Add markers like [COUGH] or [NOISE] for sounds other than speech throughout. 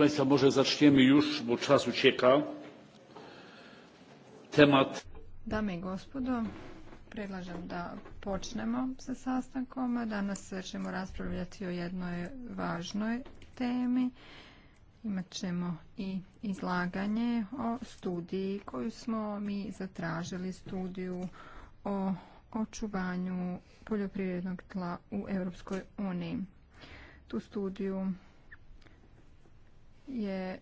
Państwa, może zaczniemy już, bo czas ucieka. Temat... Dame i gospodo, predlažem da počnemo sa sastankom. Danas ćemo raspravljati o jednoj važnoj temi. Imat ćemo i izlaganje o studiji koju smo mi zatražili, studiju o očuvanju poljoprivrednog tla u Europskoj uniji. Tu studiju je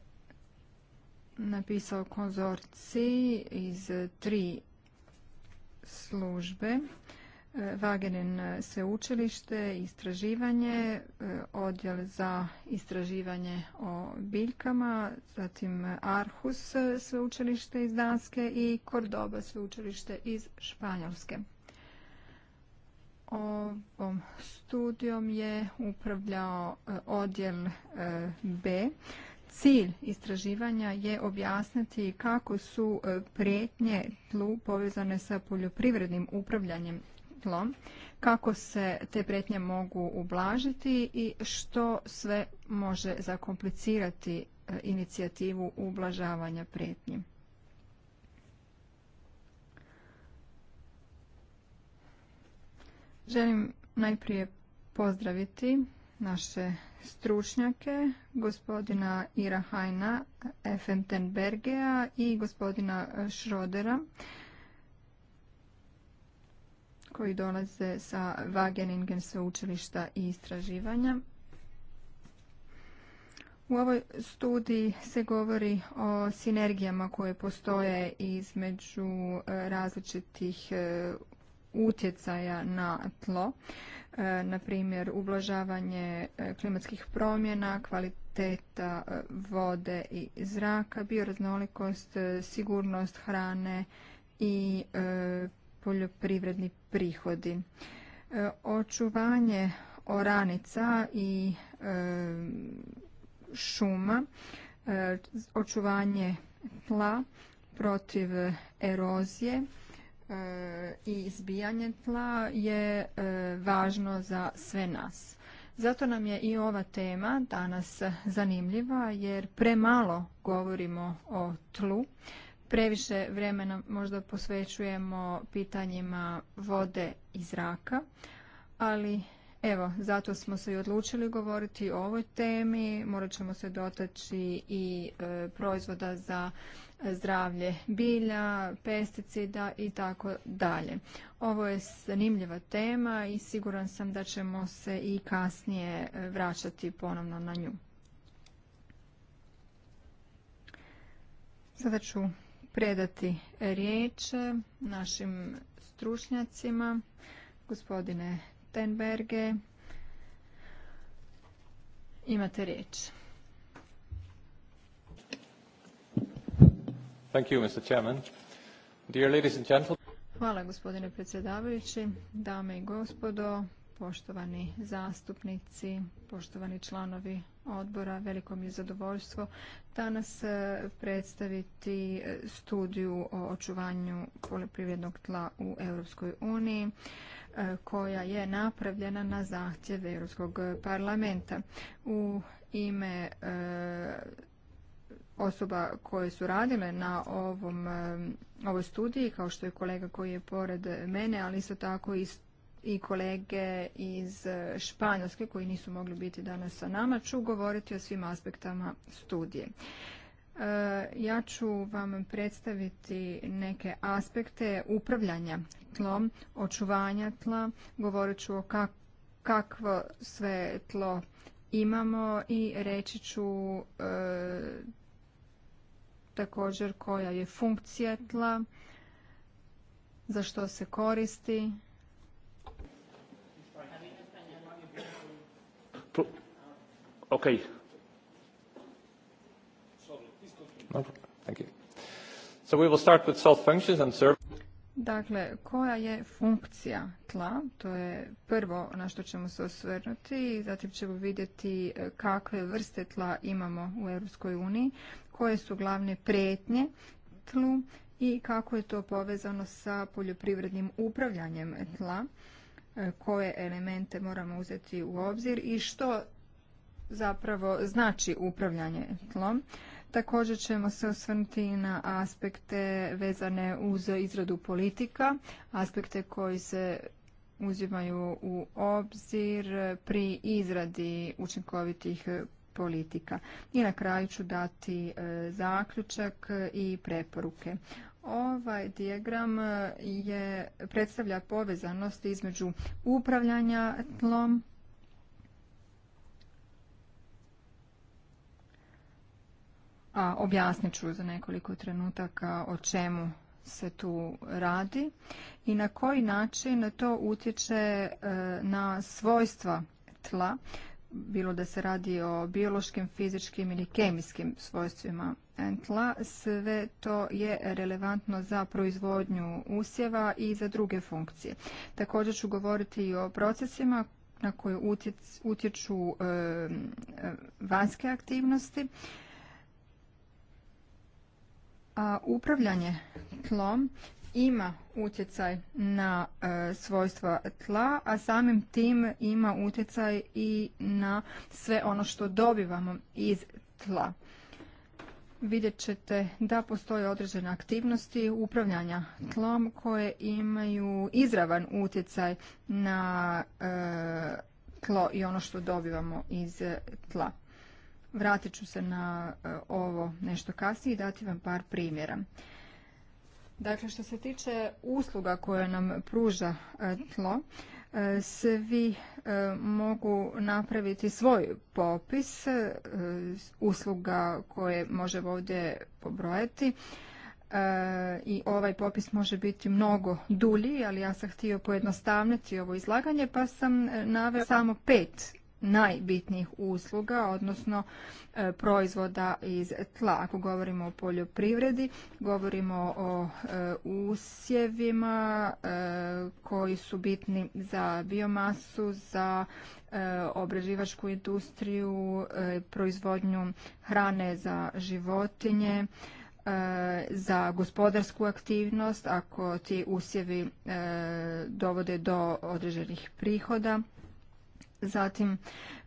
napisao konzorcij iz tri službe. Vagenin e, sveučilište, istraživanje, e, odjel za istraživanje o biljkama, zatim Arhus sveučilište iz Danske i Kordoba sveučilište iz Španjolske. Ovom studijom je upravljao e, odjel B Cilj istraživanja je objasniti kako su e, prijetnje tlu povezane sa poljoprivrednim upravljanjem tlom, kako se te prijetnje mogu ublažiti i što sve može zakomplicirati e, inicijativu ublažavanja prijetnji. Želim najprije pozdraviti naše stručnjake, gospodina Ira Hajna, Bergea i gospodina Šrodera, koji dolaze sa Wageningen sveučilišta i istraživanja. U ovoj studiji se govori o sinergijama koje postoje između e, različitih e, utjecaja na tlo. E, na primjer ublažavanje e, klimatskih promjena, kvaliteta e, vode i zraka, bioraznolikost, sigurnost hrane i poljoprivredni prihodi. Očuvanje oranica i šuma, očuvanje tla protiv erozije E, i izbijanje tla je e, važno za sve nas. Zato nam je i ova tema danas zanimljiva jer premalo govorimo o tlu. Previše vremena možda posvećujemo pitanjima vode i zraka, ali Evo, zato smo se i odlučili govoriti o ovoj temi. Morat ćemo se dotaći i e, proizvoda za e, zdravlje bilja, pesticida i tako dalje. Ovo je zanimljiva tema i siguran sam da ćemo se i kasnije e, vraćati ponovno na nju. Sada ću predati riječ našim stručnjacima. Gospodine Lichtenberge. Imate riječ. Thank you, Mr. Chairman. Dear ladies and gentlemen. Hvala gospodine predsjedavajući, dame i gospodo, poštovani zastupnici, poštovani članovi odbora. Veliko mi je zadovoljstvo danas e, predstaviti e, studiju o očuvanju poljoprivrednog tla u Europskoj uniji. E, koja je napravljena na zahtjev Europskog parlamenta. U ime e, osoba koje su radile na ovom, e, ovoj studiji, kao što je kolega koji je pored mene, ali isto tako i i kolege iz Španjolske koji nisu mogli biti danas sa nama, ću govoriti o svim aspektama studije. Ja ću vam predstaviti neke aspekte upravljanja tlo, očuvanja tla, govorit ću o kakvo sve tlo imamo i reći ću e, također koja je funkcija tla, za što se koristi. Ok. So we will start with functions and Dakle, koja je funkcija tla? To je prvo na što ćemo se osvrnuti. Zatim ćemo vidjeti e, kakve vrste tla imamo u EU, koje su glavne prijetnje tlu i kako je to povezano sa poljoprivrednim upravljanjem tla, e, koje elemente moramo uzeti u obzir i što zapravo znači upravljanje tlom. Također ćemo se osvrnuti na aspekte vezane uz izradu politika, aspekte koji se uzimaju u obzir pri izradi učinkovitih politika. I na kraju ću dati e, zaključak i preporuke. Ovaj dijagram e, je, predstavlja povezanost između upravljanja tlom, a objasnit ću za nekoliko trenutaka o čemu se tu radi i na koji način to utječe e, na svojstva tla, bilo da se radi o biološkim, fizičkim ili kemijskim svojstvima tla. Sve to je relevantno za proizvodnju usjeva i za druge funkcije. Također ću govoriti i o procesima na koje utječu e, e, vanjske aktivnosti a upravljanje tlom ima utjecaj na e, svojstva tla, a samim tim ima utjecaj i na sve ono što dobivamo iz tla. Vidjet ćete da postoje određene aktivnosti upravljanja tlom koje imaju izravan utjecaj na e, tlo i ono što dobivamo iz tla. Vratit ću se na e, ovo nešto kasnije i dati vam par primjera. Dakle, što se tiče usluga koje nam pruža e, tlo, e, svi mogu napraviti svoj popis usluga koje možemo ovdje pobrojati i ovaj popis može biti mnogo dulji, ali ja sam htio pojednostavniti ovo izlaganje pa sam naveo samo pet najbitnijih usluga, odnosno e, proizvoda iz tla. Ako govorimo o poljoprivredi, govorimo o e, usjevima e, koji su bitni za biomasu, za obraživačku industriju, proizvodnju hrane za životinje, za gospodarsku aktivnost ako ti usjevi dovode do određenih prihoda Zatim,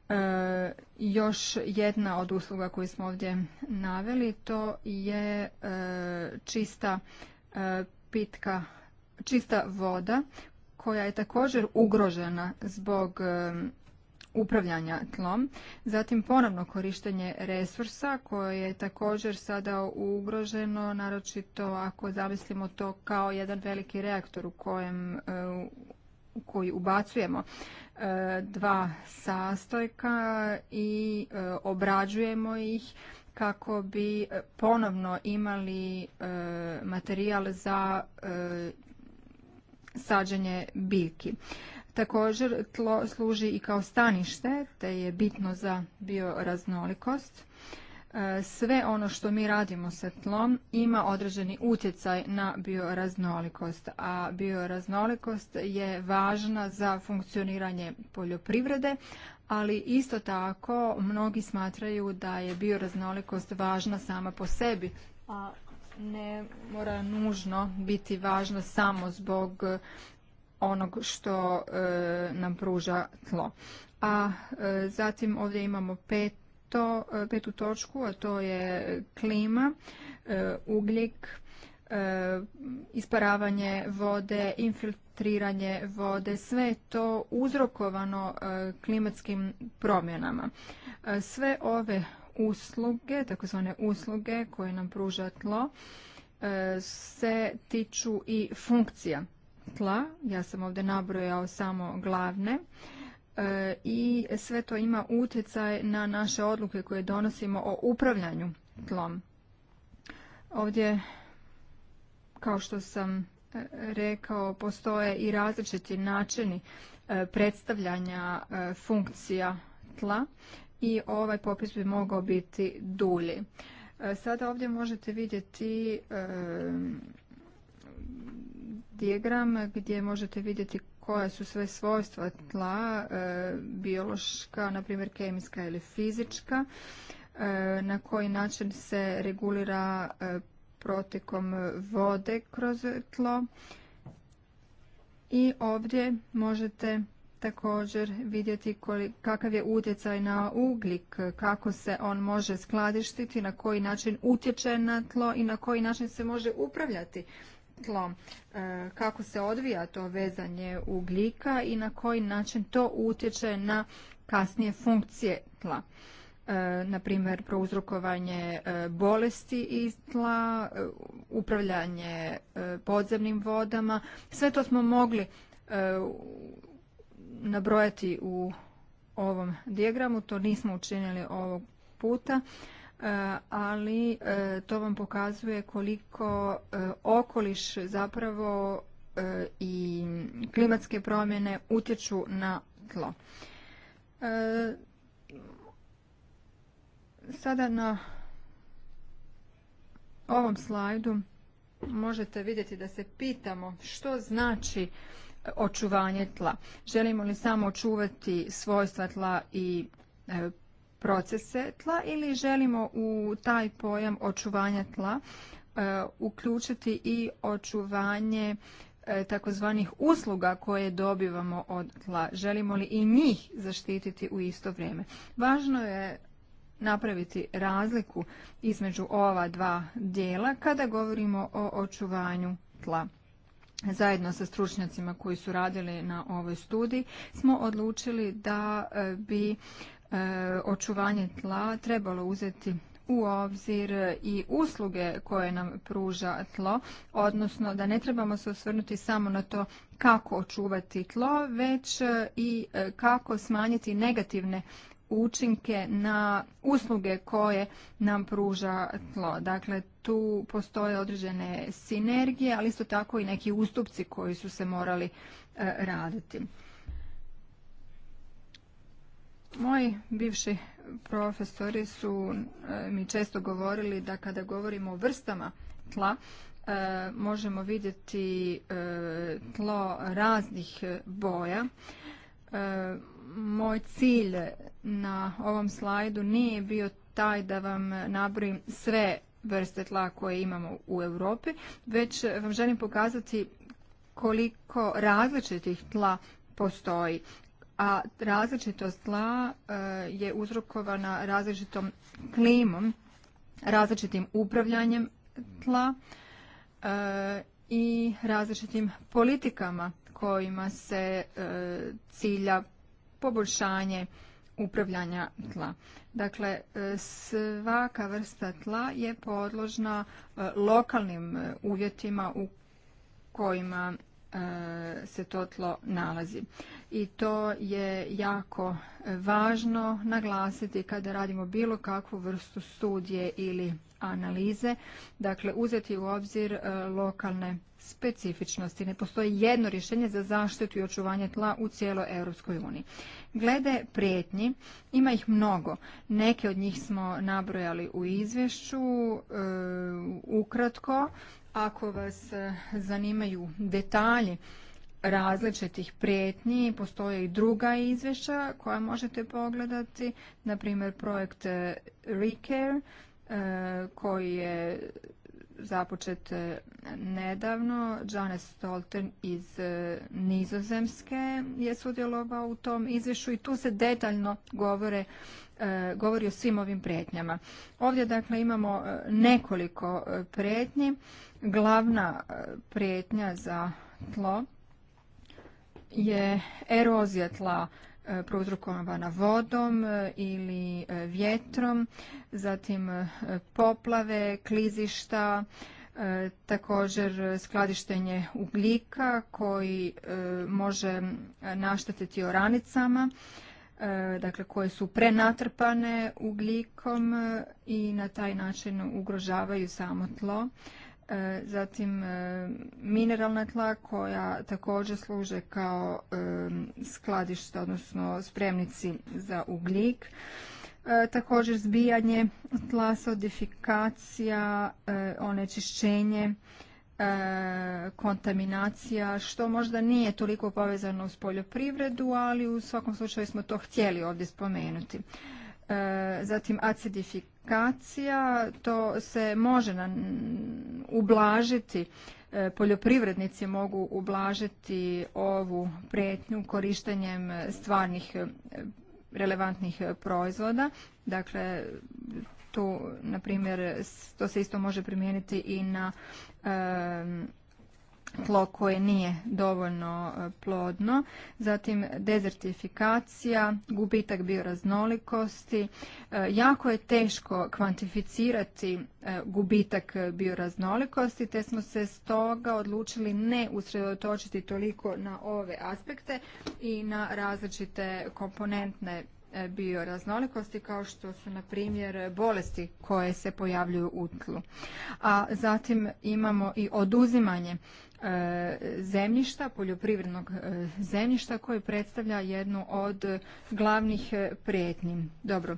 e, još jedna od usluga koju smo ovdje naveli, to je e, čista e, pitka, čista voda koja je također ugrožena zbog upravljanja tlom, zatim ponovno korištenje resursa koje je također sada ugroženo, naročito ako zamislimo to kao jedan veliki reaktor u kojem koji ubacujemo dva sastojka i e, obrađujemo ih kako bi e, ponovno imali e, materijal za sađenje biljki. Također tlo služi i kao stanište, te je bitno za bioraznolikost. E, sve ono što mi radimo sa tlom ima određeni utjecaj na bioraznolikost, a bioraznolikost je važna za funkcioniranje poljoprivrede, ali isto tako mnogi smatraju da je bioraznolikost važna sama po sebi, a ne mora nužno biti važna samo zbog onog što e, nam pruža tlo. A e, zatim ovdje imamo pet peto, petu točku, a to je klima, e, ugljik, e, isparavanje vode, infiltriranje vode, sve je to uzrokovano e, klimatskim promjenama. Sve ove usluge, takozvane usluge koje nam pruža tlo, se tiču i funkcija tla. Ja sam ovdje nabrojao samo glavne. E, i sve to ima utjecaj na naše odluke koje donosimo o upravljanju tlom. Ovdje, kao što sam e, rekao, postoje i različiti načini e, predstavljanja funkcija tla i ovaj popis bi mogao biti dulji. Sada ovdje možete vidjeti dijagram gdje možete vidjeti koja su sve svojstva tla, e, biološka, na primjer kemijska ili fizička, e, na koji način se regulira e, protekom vode kroz tlo. I ovdje možete također vidjeti kakav je utjecaj na ugljik, kako se on može skladištiti, na koji način utječe na tlo i na koji način se može upravljati tlo e, kako se odvija to vezanje ugljika i na koji način to utječe na kasnije funkcije tla. E, na primjer, prouzrokovanje e, bolesti iz tla, upravljanje podzemnim vodama. Sve to smo mogli nabrojati u ovom dijagramu, to nismo učinili ovog puta. E, ali e, to vam pokazuje koliko e, okoliš zapravo i klimatske promjene utječu na tlo. Sada na ovom slajdu možete vidjeti da se pitamo što znači očuvanje tla. Želimo li samo očuvati svojstva tla i procese tla ili želimo u taj pojam očuvanja tla e, uključiti i očuvanje e, takozvanih usluga koje dobivamo od tla. Želimo li i njih zaštititi u isto vrijeme? Važno je napraviti razliku između ova dva dijela kada govorimo o očuvanju tla. Zajedno sa stručnjacima koji su radili na ovoj studiji smo odlučili da e, bi E, očuvanje tla trebalo uzeti u obzir i usluge koje nam pruža tlo, odnosno da ne trebamo se osvrnuti samo na to kako očuvati tlo, već e, i e, kako smanjiti negativne učinke na usluge koje nam pruža tlo. Dakle, tu postoje određene sinergije, ali isto tako i neki ustupci koji su se morali raditi. Moji bivši profesori su e, mi često govorili da kada govorimo o vrstama tla, e, možemo vidjeti e, tlo raznih boja. Moj cilj na ovom slajdu nije bio taj da vam nabrojim sve vrste tla koje imamo u Europi, već vam želim pokazati koliko različitih tla postoji a različitost tla e, je uzrokovana različitom klimom, različitim upravljanjem tla e, i različitim politikama kojima se e, cilja poboljšanje upravljanja tla. Dakle, svaka vrsta tla je podložna lokalnim uvjetima u kojima E, se to tlo nalazi. I to je jako važno naglasiti kada radimo bilo kakvu vrstu studije ili analize, dakle uzeti u obzir e, lokalne specifičnosti. Ne postoji jedno rješenje za zaštitu i očuvanje tla u cijeloj Europskoj uniji. Glede prijetnji, ima ih mnogo. Neke od njih smo nabrojali u izvješću, e, ukratko, ako vas e, zanimaju detalji različitih prijetnji, postoje i druga izvješća koja možete pogledati, na primjer projekt e, Recare e, koji je započet nedavno. Janes Stolten iz Nizozemske je sudjelovao u tom izvješću i tu se detaljno govore, govori o svim ovim prijetnjama. Ovdje dakle imamo nekoliko prijetnji Glavna e, prijetnja za tlo je erozija tla e, prouzrokovana vodom e, ili vjetrom, zatim poplave, klizišta, također skladištenje ugljika koji može naštetiti oranicama, dakle koje su prenatrpane ugljikom i na taj način ugrožavaju samo tlo. E, zatim e, mineralna tla koja također služe kao e, skladište, odnosno spremnici za ugljik. Također zbijanje tla, sodifikacija, onečišćenje, kontaminacija, što možda nije toliko povezano s poljoprivredu, ali u svakom slučaju smo to htjeli ovdje spomenuti. E, zatim acidifikacija, to se može ublažiti, e, poljoprivrednici mogu ublažiti ovu prijetnju korištenjem stvarnih e, relevantnih proizvoda. Dakle, tu, na primjer, to se isto može primijeniti i na tlo koje nije dovoljno e, plodno, zatim dezertifikacija, gubitak bioraznolikosti. E, jako je teško kvantificirati e, gubitak bioraznolikosti, te smo se stoga odlučili ne usredotočiti toliko na ove aspekte i na različite komponentne bioraznolikosti kao što su na primjer bolesti koje se pojavljuju u tlu. A zatim imamo i oduzimanje E, zemljišta, poljoprivrednog e, zemljišta koje predstavlja jednu od glavnih e, prijetnji. Dobro,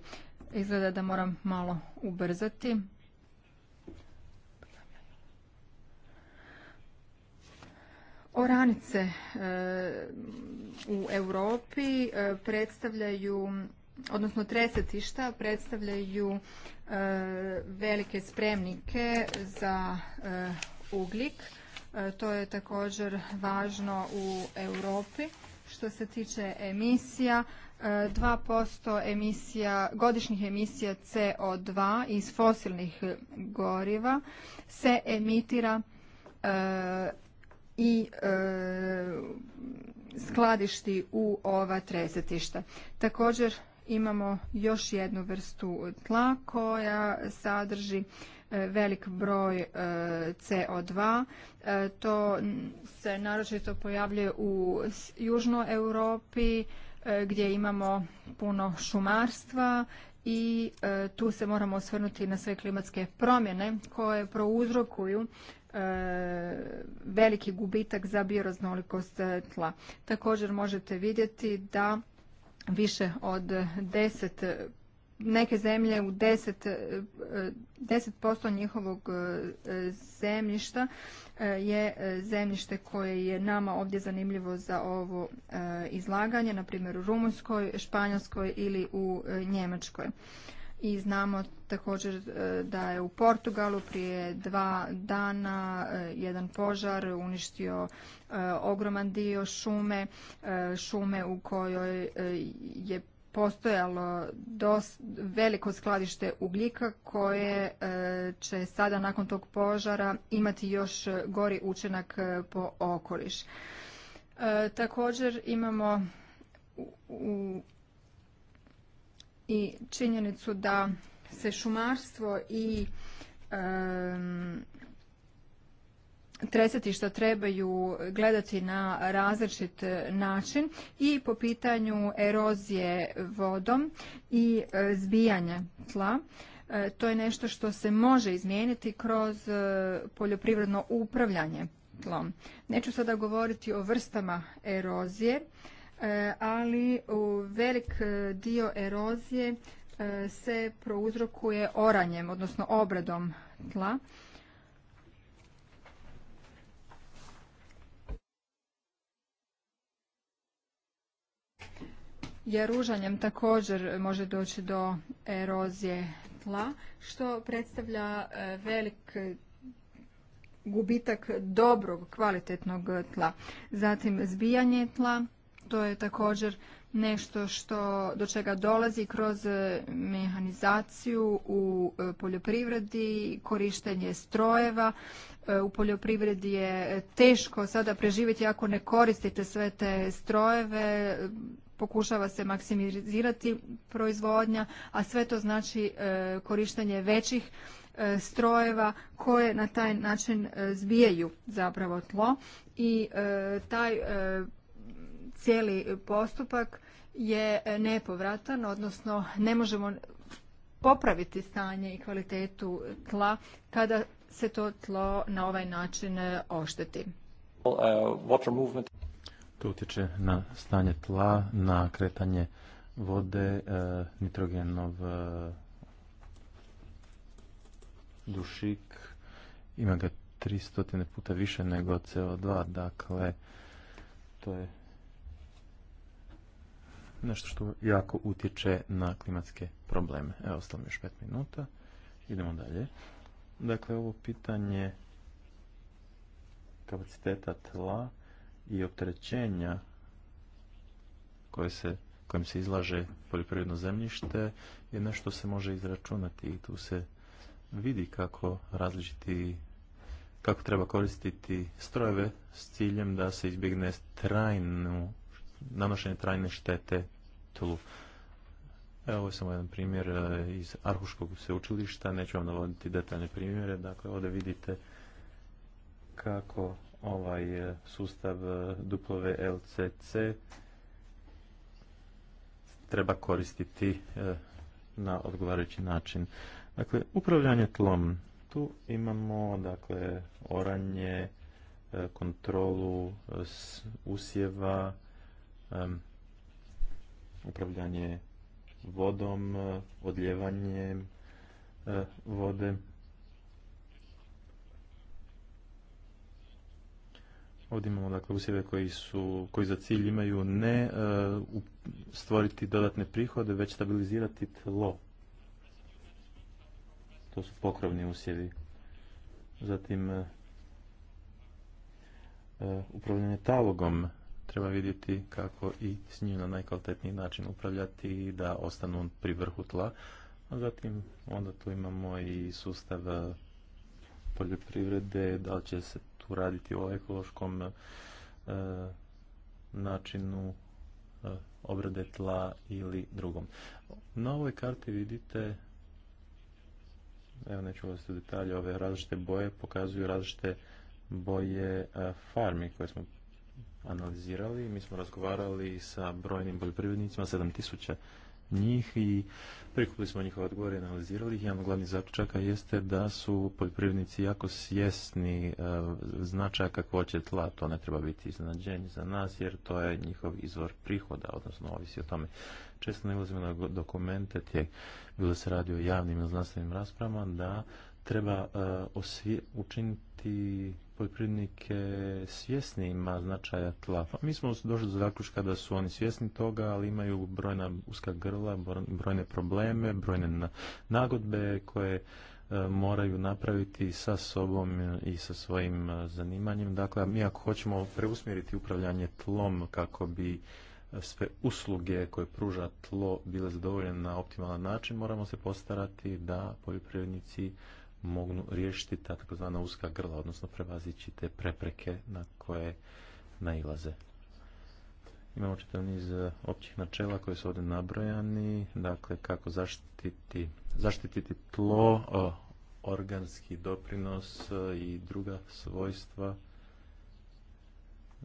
izgleda da moram malo ubrzati. Oranice u Europi predstavljaju odnosno tresetišta predstavljaju velike spremnike za ugljik E, to je također važno u Europi. Što se tiče emisija, 2% e, emisija, godišnjih emisija CO2 iz fosilnih goriva se emitira e, i skladišti u ova trezetišta. Također imamo još jednu vrstu tla koja sadrži E, velik broj e, CO2. E, to se naročito pojavljuje u Južnoj Europi gdje imamo puno šumarstva i tu se moramo osvrnuti na sve klimatske promjene koje prouzrokuju veliki gubitak za bioraznolikost tla. Također možete vidjeti da više od 10 neke zemlje u 10%, 10 e, njihovog e, zemljišta e, je zemljište koje je nama ovdje zanimljivo za ovo izlaganje, na primjer u Rumunjskoj, Španjolskoj ili u Njemačkoj. I znamo također da je u Portugalu prije dva dana jedan požar uništio ogroman dio šume, šume u kojoj je postojalo veliko skladište ugljika koje e, će sada nakon tog požara imati još gori učinak e, po okoliš. E, također imamo u, i činjenicu da se šumarstvo i tresati što trebaju gledati na različit način i po pitanju erozije vodom i e, zbijanja tla. E, to je nešto što se može izmijeniti kroz e, poljoprivredno upravljanje tlom. Neću sada govoriti o vrstama erozije, ali velik dio erozije se prouzrokuje oranjem, odnosno obradom tla jer također može doći do erozije tla, što predstavlja e, velik gubitak dobrog, kvalitetnog tla. Zatim zbijanje tla, to je također nešto što do čega dolazi kroz e, mehanizaciju u e, poljoprivredi, korištenje strojeva. U poljoprivredi je teško sada preživjeti ako ne koristite sve te strojeve, pokušava se maksimizirati proizvodnja, a sve to znači e, korištenje većih e, strojeva koje na taj način e, zbijaju zapravo tlo i taj cijeli postupak je nepovratan, odnosno ne možemo popraviti stanje i kvalitetu tla kada se to tlo na ovaj način ošteti. Uh, to utječe na stanje tla, na kretanje vode, e, nitrogenov e, dušik. Ima ga 300 puta više nego CO2, dakle to je nešto što jako utječe na klimatske probleme. Evo, ostalo još 5 minuta. Idemo dalje. Dakle, ovo pitanje kapaciteta tla i opterećenja koje se, kojim se izlaže poljoprivredno zemljište je nešto se može izračunati i tu se vidi kako različiti kako treba koristiti strojeve s ciljem da se izbjegne trajnu, nanošenje trajne štete tlu. Evo, ovo je samo jedan primjer e, iz Arhuškog sveučilišta, neću vam navoditi detaljne primjere, dakle ovdje vidite kako ovaj e, sustav e, LCC treba koristiti e, na odgovarajući način. Dakle, upravljanje tlom. Tu imamo dakle, oranje, kontrolu usjeva, upravljanje vodom, odljevanjem vode. Ovdje imamo dakle usjeve koji su, koji za cilj imaju ne e, stvoriti dodatne prihode, već stabilizirati tlo. To su pokrovni usjevi. Zatim e, e, upravljanje talogom treba vidjeti kako i s njim na najkvalitetniji način upravljati i da ostanu pri vrhu tla. A zatim onda tu imamo i sustav poljoprivrede, da li će se tu raditi o ekološkom e, načinu e, obrade tla ili drugom. Na ovoj karti vidite evo neću vas detalje, ove različite boje pokazuju različite boje e, farmi koje smo analizirali. Mi smo razgovarali sa brojnim poljoprivrednicima, 7000 njih i prikupili smo njihove odgovore i analizirali ih. Jedan od glavnih zaključaka jeste da su poljoprivrednici jako svjesni značaja e, značaja kakvoće tla. To ne treba biti iznenađenje za nas jer to je njihov izvor prihoda, odnosno ovisi o tome. Često ne ulazimo na dokumente, tijek, bilo se radi o javnim i znanstvenim raspravama, da treba e, učiniti poljoprivrednike svjesni ima značaja tla. Pa mi smo došli do zaključka da su oni svjesni toga, ali imaju brojna uska grla, brojne probleme, brojne nagodbe koje e, moraju napraviti sa sobom i sa svojim e, zanimanjem. Dakle, mi ako hoćemo preusmjeriti upravljanje tlom kako bi e, sve usluge koje pruža tlo bile zadovoljene na optimalan način, moramo se postarati da poljoprivrednici mogu riješiti ta tzv. uska grla, odnosno prevazići te prepreke na koje nailaze. Imamo čitav niz e, općih načela koje su ovdje nabrojani, dakle kako zaštititi, zaštititi tlo, e, organski doprinos e, i druga svojstva,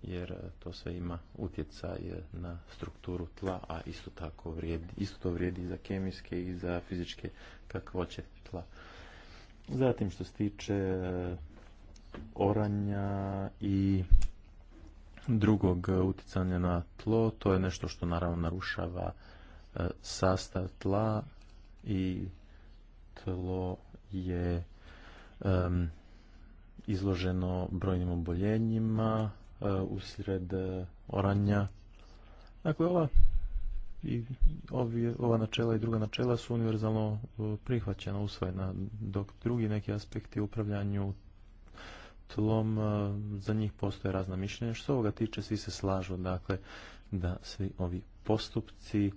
jer to sve ima utjecaj na strukturu tla, a isto tako vrijedi, isto to vrijedi i za kemijske i za fizičke kakvoće tla. Zatim što se tiče e, oranja i drugog e, utjecanja na tlo, to je nešto što naravno narušava e, sastav tla i tlo je izloženo brojnim oboljenjima usred oranja. Dakle, ova i ovi, ova načela i druga načela su univerzalno e, prihvaćena, usvojena, dok drugi neki aspekti upravljanju tlom, e, za njih postoje razna mišljenja. Što ovoga tiče, svi se slažu, dakle, da svi ovi postupci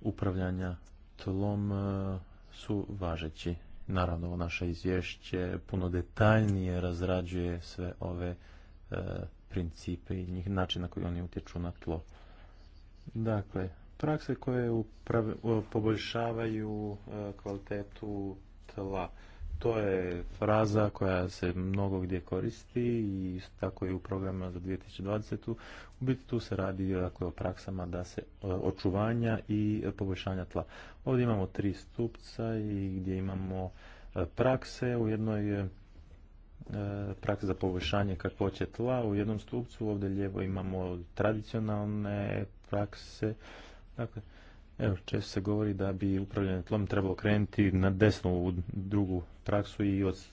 upravljanja tlom e, su važeći. Naravno, ovo naše izvješće puno detaljnije razrađuje sve ove principe i njih, način na koji oni utječu na tlo. Dakle, prakse koje poboljšavaju e, kvalitetu tla. To je fraza koja se mnogo gdje koristi i tako i u programima za 2020. U biti tu se radi dakle, o praksama da se e, očuvanja i poboljšanja tla. Ovdje imamo tri stupca i gdje imamo e, prakse u jednoj prakse za poboljšanje kakvoće tla u jednom stupcu, ovdje lijevo imamo tradicionalne prakse Dakle, evo, često se govori da bi upravljanje tlom trebalo krenuti na desnu u drugu praksu i od,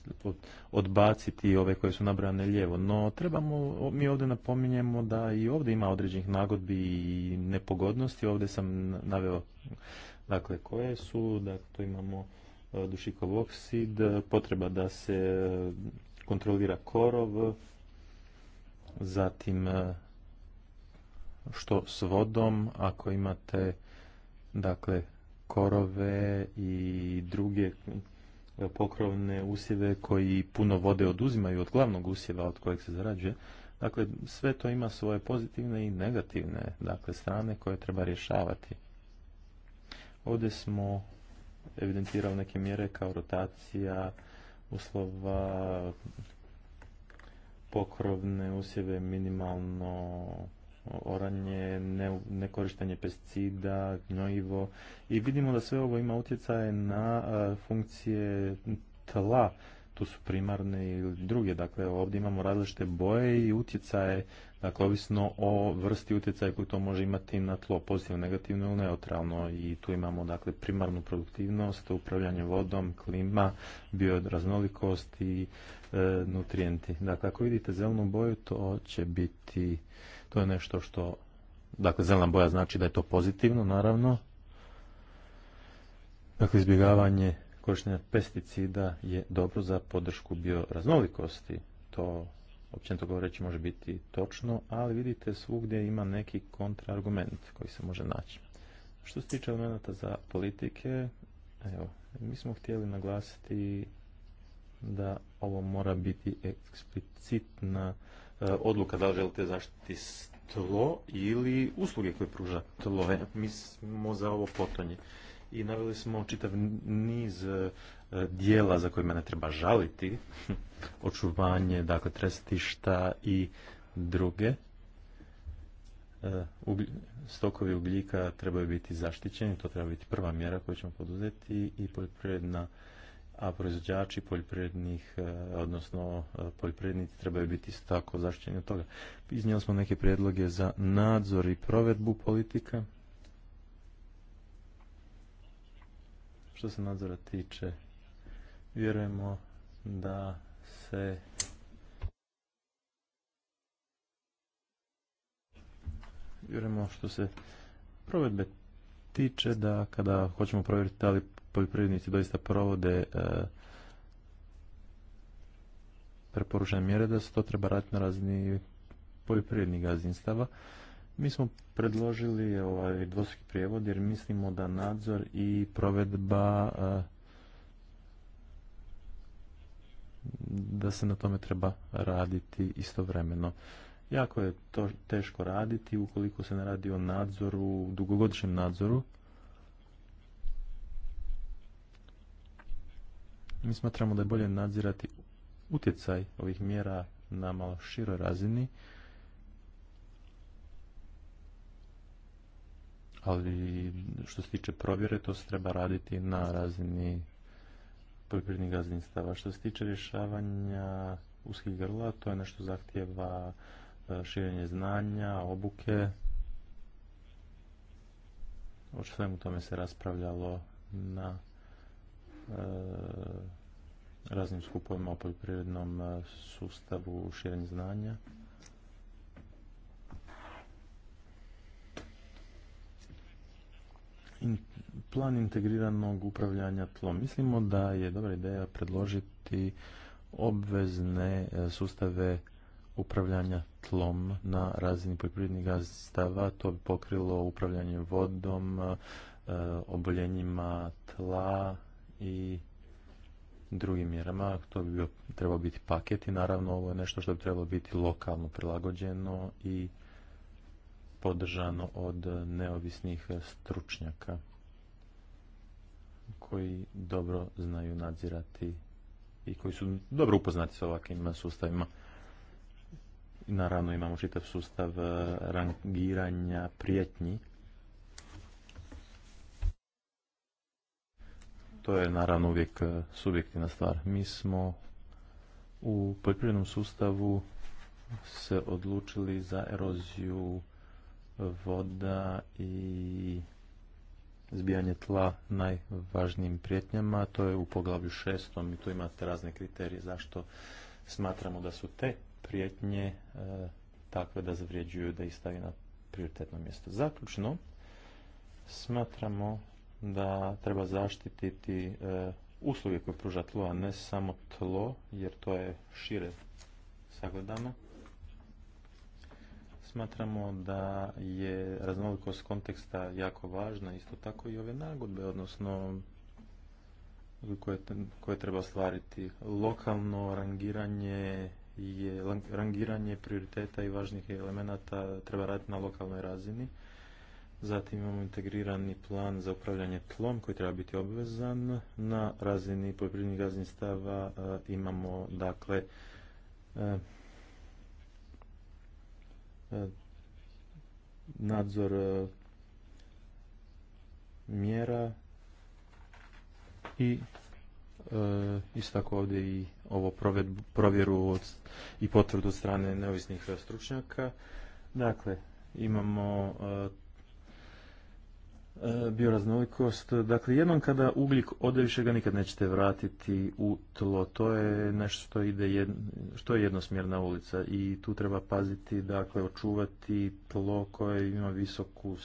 odbaciti ove koje su nabrane lijevo. No, trebamo, mi ovdje napominjemo da i ovdje ima određenih nagodbi i nepogodnosti. Ovdje sam naveo, dakle, koje su, dakle, to imamo e, dušikov oksid, potreba da se kontrolira korov, zatim e, što s vodom, ako imate dakle korove i druge pokrovne usjeve koji puno vode oduzimaju od glavnog usjeva od kojeg se zarađuje. Dakle, sve to ima svoje pozitivne i negativne dakle, strane koje treba rješavati. Ovdje smo evidentirali neke mjere kao rotacija, uslova, pokrovne usjeve minimalno oranje, nekorištenje ne pesticida, gnojivo i vidimo da sve ovo ima utjecaje na funkcije tla, tu su primarne i druge, dakle ovdje imamo različite boje i utjecaje, dakle ovisno o vrsti utjecaja koju to može imati na tlo, pozitivno, negativno ili neutralno i tu imamo dakle primarnu produktivnost, upravljanje vodom, klima, bioraznolikost i e, nutrijenti. Dakle, ako vidite zelenu boju, to će biti to je nešto što, dakle, zelena boja znači da je to pozitivno, naravno. Dakle, izbjegavanje korištenja pesticida je dobro za podršku bioraznolikosti. To, općenito govoreći, može biti točno, ali vidite svugdje ima neki kontraargument koji se može naći. Što se tiče elementa za politike, evo, mi smo htjeli naglasiti da ovo mora biti eksplicitna E, odluka da li želite zaštiti tlo ili usluge koje pruža tlo. E, mi smo za ovo potonje. I naveli smo čitav niz e, dijela za kojima ne treba žaliti, [LAUGHS] očuvanje, dakle, trestišta i druge. Stokovi ugljika trebaju biti zaštićeni, to treba biti prva mjera koju ćemo poduzeti i poljoprivredna a proizvođači poljoprivrednih, e, odnosno e, poljoprivrednici trebaju biti tako zaštićeni od toga. Iznijeli smo neke prijedloge za nadzor i provedbu politika. Što se nadzora tiče, vjerujemo da se vjerujemo što se provedbe tiče da kada hoćemo provjeriti da li poljoprivrednici doista provode e, preporučene mjere, da se to treba raditi na razini poljoprivrednih gazdinstava. Mi smo predložili e, ovaj dvostruki prijevod jer mislimo da nadzor i provedba e, da se na tome treba raditi istovremeno. Jako je to teško raditi ukoliko se ne radi o nadzoru, dugogodišnjem nadzoru Mi smatramo da je bolje nadzirati utjecaj ovih mjera na malo široj razini, ali što se tiče provjere, to se treba raditi na razini poljoprivrednih gazdinstava. Što se tiče rješavanja uskih grla, to je nešto zahtjeva e, širenje znanja, obuke. O svemu tome se raspravljalo na E, raznim skupovima o poljoprivrednom e, sustavu širenja znanja. plan integriranog upravljanja tlom. Mislimo da je dobra ideja predložiti obvezne e, sustave upravljanja tlom na razini poljoprivrednih gazdstava. To bi pokrilo upravljanje vodom, oboljenjima tla, i drugim mjerama. To bi bio, trebao biti paket i naravno ovo je nešto što bi trebalo biti lokalno prilagođeno i podržano od neovisnih stručnjaka koji dobro znaju nadzirati i koji su dobro upoznati sa ovakvim sustavima. Naravno imamo čitav sustav rangiranja prijetnji to je naravno uvijek e, subjektivna stvar. Mi smo u poljoprivrednom sustavu se odlučili za eroziju voda i zbijanje tla najvažnijim prijetnjama. To je u poglavlju šestom i tu imate razne kriterije zašto smatramo da su te prijetnje e, takve da zavrijeđuju da ih stavi na prioritetno mjesto. Zaključno, smatramo da treba zaštititi e, usluge koje pruža tlo, a ne samo tlo, jer to je šire sagledano. Smatramo da je raznolikost konteksta jako važna, isto tako i ove nagodbe, odnosno koje, koje treba stvariti. Lokalno rangiranje je rangiranje prioriteta i važnih elemenata treba raditi na lokalnoj razini Zatim imamo integrirani plan za upravljanje tlom koji treba biti obvezan. Na razini poljoprivrednih gazdinstava e, imamo dakle e, e, nadzor mjera i isto tako ovdje i ovo provjeru i potvrdu strane neovisnih stručnjaka. Dakle, imamo E, bioraznolikost. Dakle, jednom kada ugljik ode više ga nikad nećete vratiti u tlo. To je nešto što, ide što je jednosmjerna ulica i tu treba paziti, dakle, očuvati tlo koje ima visoku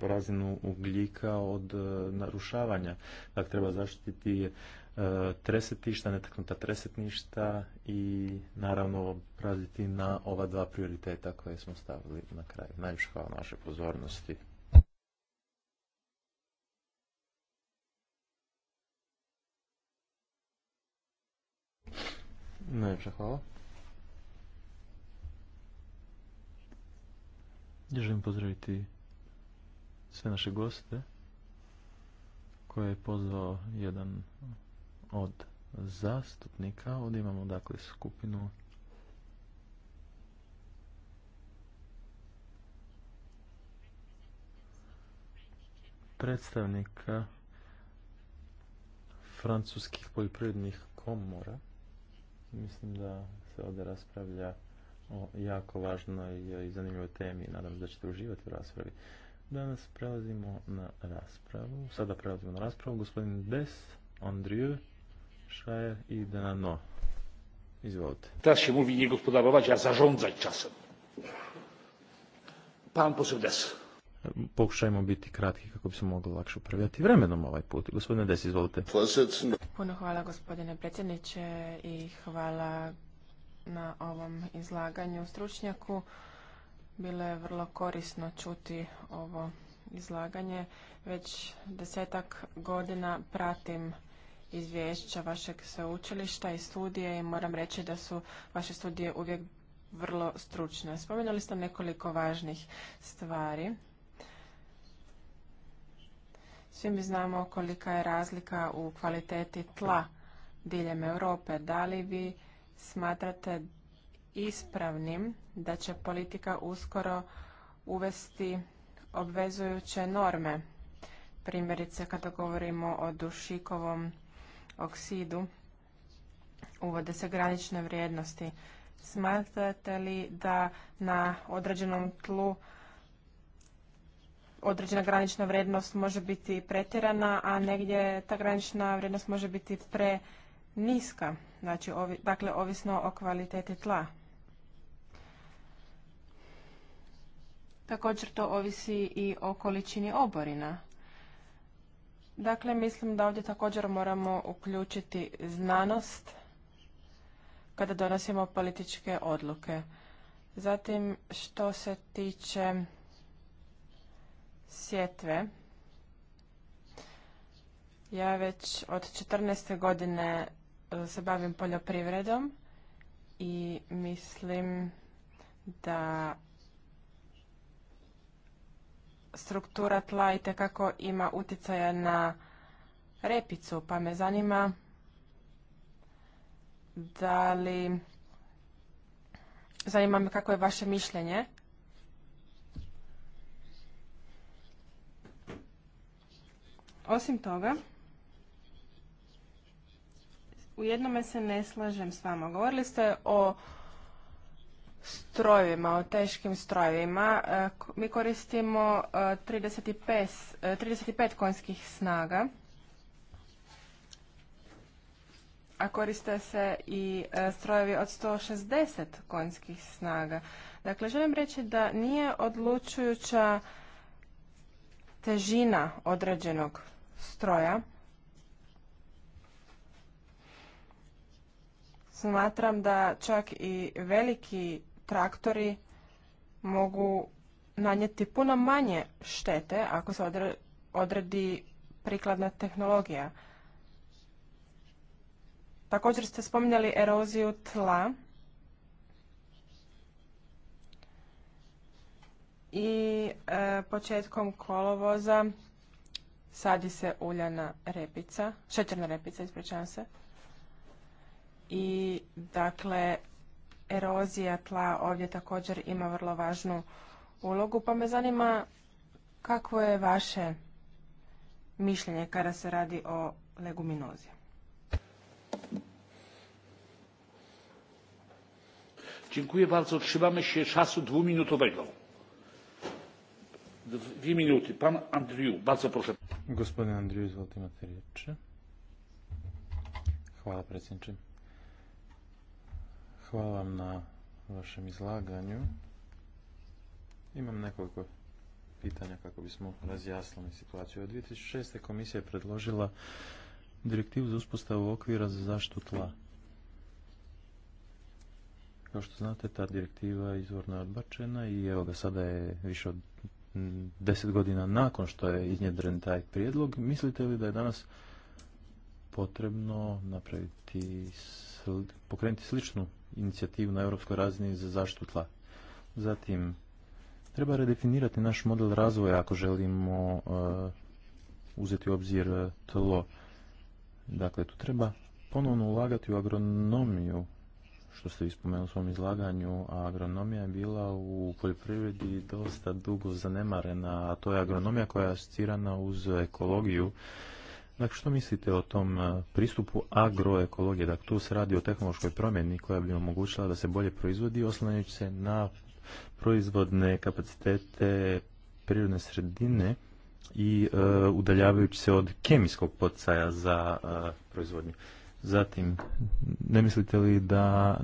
razinu ugljika od e, narušavanja. Dakle, treba zaštititi uh, tresetišta, netaknuta tresetništa i naravno praziti na ova dva prioriteta koje smo stavili na kraj. Najviše hvala naše pozornosti. Najljepša hvala. Želim pozdraviti sve naše goste koje je pozvao jedan od zastupnika. Ovdje imamo dakle skupinu predstavnika francuskih poljoprivrednih komora. Mislim da se ovdje raspravlja o jako važnoj i zanimljivoj temi. Nadam se da ćete uživati u raspravi. Danas prelazimo na raspravu. Sada prelazimo na raspravu. Gospodin Des, Andriju, Šajer i Danano, Izvolite. Teraz się mówi nie gospodarować, a zarządzać czasem. Pan poseł Des pokušajmo biti kratki kako bi se moglo lakše upravljati vremenom ovaj put. Gospodine Desi, izvolite. Puno hvala gospodine predsjedniče i hvala na ovom izlaganju stručnjaku. Bilo je vrlo korisno čuti ovo izlaganje. Već desetak godina pratim izvješća vašeg sveučilišta i studije i moram reći da su vaše studije uvijek vrlo stručne. Spomenuli ste nekoliko važnih stvari svi mi znamo kolika je razlika u kvaliteti tla diljem Europe. Da li vi smatrate ispravnim da će politika uskoro uvesti obvezujuće norme? Primjerice kada govorimo o dušikovom oksidu uvode se granične vrijednosti. Smatrate li da na određenom tlu određena granična vrijednost može biti pretjerana, a negdje ta granična vrijednost može biti pre niska, znači, ovi, dakle, ovisno o kvaliteti tla. Također to ovisi i o količini oborina. Dakle, mislim da ovdje također moramo uključiti znanost kada donosimo političke odluke. Zatim, što se tiče sjetve. Ja već od 14. godine e, se bavim poljoprivredom i mislim da struktura tla i tekako ima utjecaja na repicu, pa me zanima da li zanima me kako je vaše mišljenje Osim toga, u jednome se ne slažem s vama. Govorili ste o strojevima, o teškim strojevima. E, mi koristimo 35, e, 35 e, konjskih snaga, a koriste se i strojevi od 160 konjskih snaga. Dakle, želim reći da nije odlučujuća težina određenog stroja. Smatram da čak i veliki traktori mogu nanijeti puno manje štete ako se odredi prikladna tehnologija. Također ste spominjali eroziju tla i e, početkom kolovoza sadi se uljana repica, šećerna repica, ispričavam se. I dakle, erozija tla ovdje također ima vrlo važnu ulogu, pa me zanima kakvo je vaše mišljenje kada se radi o leguminozi. Dziękuję bardzo. Trzymamy się czasu dwuminutowego dvije Pan Andriju, Gospodin izvolite, riječ. Hvala, predsjedniče. Hvala vam na vašem izlaganju. Imam nekoliko pitanja kako bismo razjasnili situaciju. Od 2006. komisija je predložila direktivu za uspostavu okvira za zaštitu tla. Kao što znate, ta direktiva izvorno je odbačena i evo ga sada je više od deset godina nakon što je iznjedren taj prijedlog, mislite li da je danas potrebno napraviti, pokrenuti sličnu inicijativu na europskoj razini za zaštitu tla? Zatim, treba redefinirati naš model razvoja ako želimo e, uzeti u obzir tlo. Dakle, tu treba ponovno ulagati u agronomiju što ste ispomenuli u svom izlaganju, a agronomija je bila u poljoprivredi dosta dugo zanemarena, a to je agronomija koja je asocirana uz ekologiju. Dakle, što mislite o tom e, pristupu agroekologije? Dakle, tu se radi o tehnološkoj promjeni koja bi omogućila da se bolje proizvodi, oslanjajući se na proizvodne kapacitete prirodne sredine i e, udaljavajući se od kemijskog podcaja za e, proizvodnju. Zatim, ne mislite li da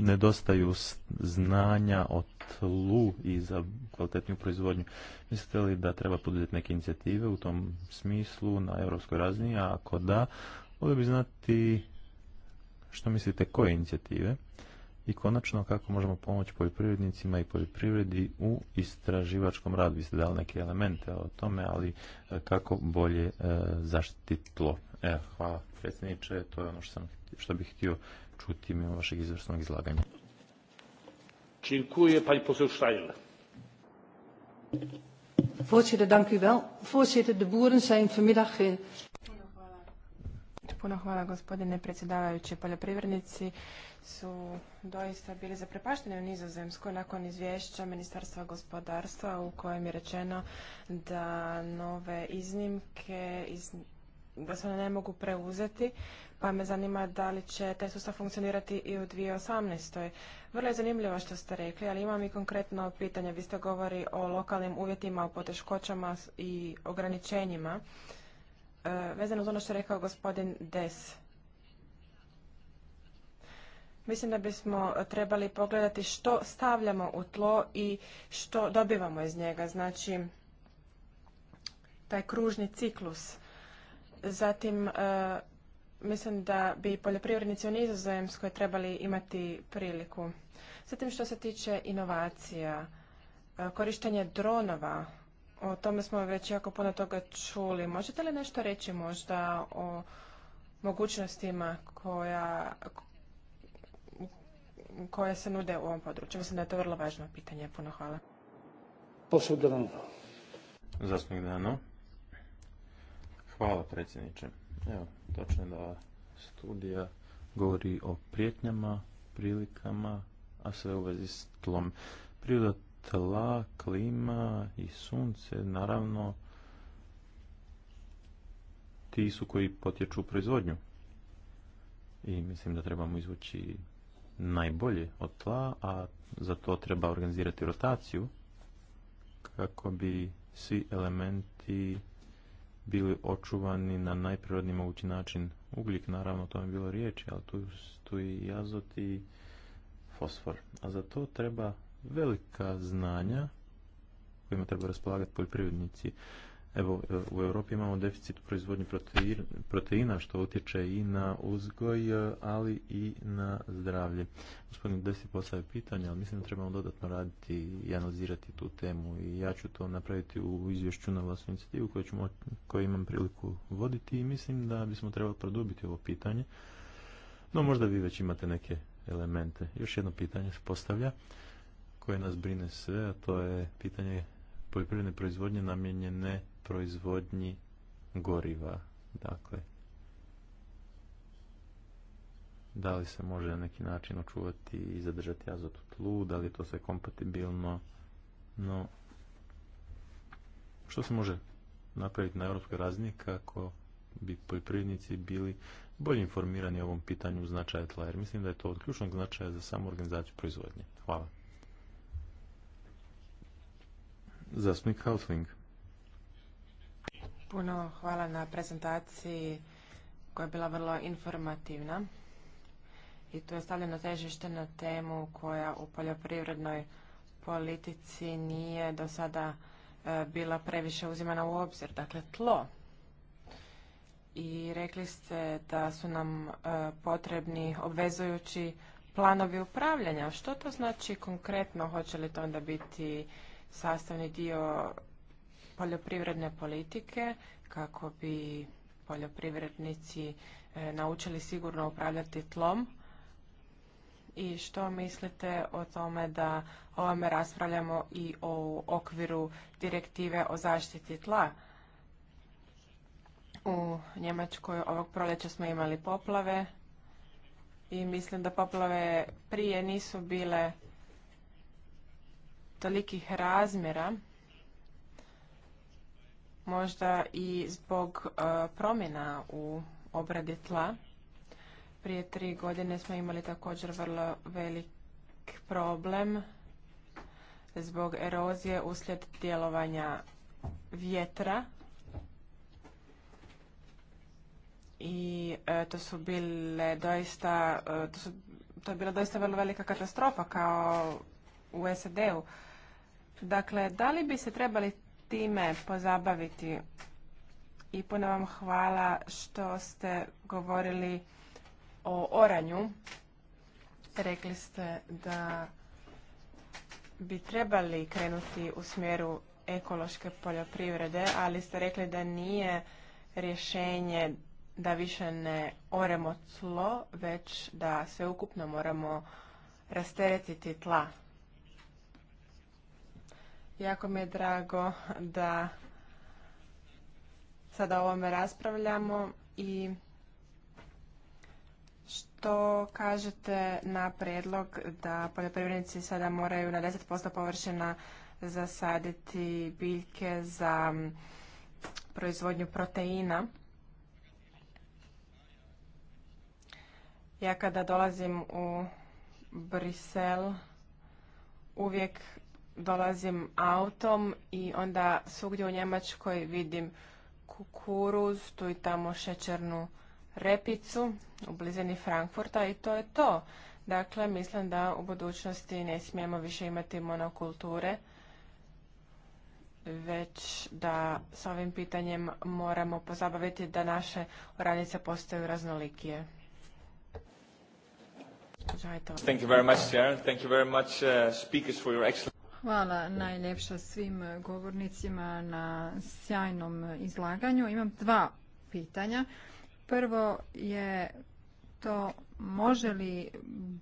nedostaju znanja o tlu i za kvalitetniju proizvodnju? Mislite li da treba poduzeti neke inicijative u tom smislu na europskoj razini? A ako da, volio bi znati što mislite koje inicijative i konačno kako možemo pomoći poljoprivrednicima i poljoprivredi u istraživačkom radu. Vi ste dali neke elemente o tome, ali e, kako bolje e, zaštiti tlo. Evo, hvala predsjedniče. To je ono što, sam, što bih htio čuti mimo vašeg izvrsnog izlaganja. Dziękuję, pani poseł Steiner. Voorzitter, dank u wel. Voorzitter, de boeren zijn vanmiddag... Puno hvala gospodine predsjedavajući. Poljoprivrednici su doista bili zaprepašteni u Nizozemskoj nakon izvješća Ministarstva gospodarstva u kojem je rečeno da nove iznimke iz da se ne mogu preuzeti, pa me zanima da li će taj sustav funkcionirati i u 2018. Vrlo je zanimljivo što ste rekli, ali imam i konkretno pitanje. Vi ste govori o lokalnim uvjetima, o poteškoćama i ograničenjima. E, vezano uz ono što je rekao gospodin Des. Mislim da bismo trebali pogledati što stavljamo u tlo i što dobivamo iz njega. Znači, taj kružni ciklus Zatim, e, mislim da bi poljoprivrednici u Nizozemskoj trebali imati priliku. Zatim, što se tiče inovacija, e, korištenje dronova, o tome smo već jako puno toga čuli. Možete li nešto reći možda o mogućnostima koja, koje se nude u ovom području? Mislim da je to vrlo važno pitanje. Puno hvala. Zastupnik Dano. Hvala predsjedniče. Evo, točno da studija govori o prijetnjama, prilikama, a sve u vezi s tlom. Priroda tla, klima i sunce, naravno, ti su koji potječu u proizvodnju. I mislim da trebamo izvući najbolje od tla, a za to treba organizirati rotaciju kako bi svi elementi bili očuvani na najprirodniji mogući način. Ugljik, naravno, o tome je bilo riječi, ali tu, tu i azot i fosfor. A za to treba velika znanja kojima treba raspolagati poljoprivrednici. Evo, e, u Europi imamo deficit proizvodnje proteina, što utječe i na uzgoj, e, ali i na zdravlje. Gospodin Desi postavio pitanje, ali mislim da trebamo dodatno raditi i analizirati tu temu. I ja ću to napraviti u izvješću na vlastnu inicijativu koju, imam priliku voditi i mislim da bismo trebali produbiti ovo pitanje. No, možda vi već imate neke elemente. Još jedno pitanje se postavlja koje nas brine sve, a to je pitanje poljoprivredne proizvodnje namijenjene proizvodnji goriva. Dakle, da li se može na neki način očuvati i zadržati azot u tlu, da li je to sve kompatibilno, no što se može napraviti na europskoj razini kako bi poljoprivrednici bili bolje informirani o ovom pitanju značaja tla, jer mislim da je to od ključnog značaja za samu organizaciju proizvodnje. Hvala. Zastupnik Hausling. Puno hvala na prezentaciji koja je bila vrlo informativna i tu je stavljeno težište na temu koja u poljoprivrednoj politici nije do sada e, bila previše uzimana u obzir, dakle tlo. I rekli ste da su nam e, potrebni obvezujući planovi upravljanja. Što to znači konkretno? Hoće li to onda biti sastavni dio poljoprivredne politike kako bi poljoprivrednici e, naučili sigurno upravljati tlom i što mislite o tome da ovome raspravljamo i o okviru direktive o zaštiti tla? U Njemačkoj ovog proljeća smo imali poplave i mislim da poplave prije nisu bile tolikih razmjera možda i zbog e, promjena u obradi tla. Prije tri godine smo imali također vrlo velik problem zbog erozije uslijed djelovanja vjetra i e, to su bile doista e, to, su, to je bila doista vrlo velika katastrofa kao u SAD-u. Dakle, da li bi se trebali time pozabaviti. I puno vam hvala što ste govorili o oranju. Rekli ste da bi trebali krenuti u smjeru ekološke poljoprivrede, ali ste rekli da nije rješenje da više ne oremo tlo, već da sveukupno moramo rasteretiti tla. Jako mi je drago da sada o ovome raspravljamo i što kažete na predlog da poljoprivrednici sada moraju na 10% površina zasaditi biljke za proizvodnju proteina. Ja kada dolazim u Brisel uvijek dolazim autom i onda svugdje u Njemačkoj vidim kukuruz, tu i tamo šećernu repicu u blizini Frankfurta i to je to. Dakle, mislim da u budućnosti ne smijemo više imati monokulture, već da s ovim pitanjem moramo pozabaviti da naše oranice postaju raznolikije. Thank you very much, Sharon. Thank you very much, uh, speakers for your excellent... Hvala najljepša svim govornicima na sjajnom izlaganju. Imam dva pitanja. Prvo je to može li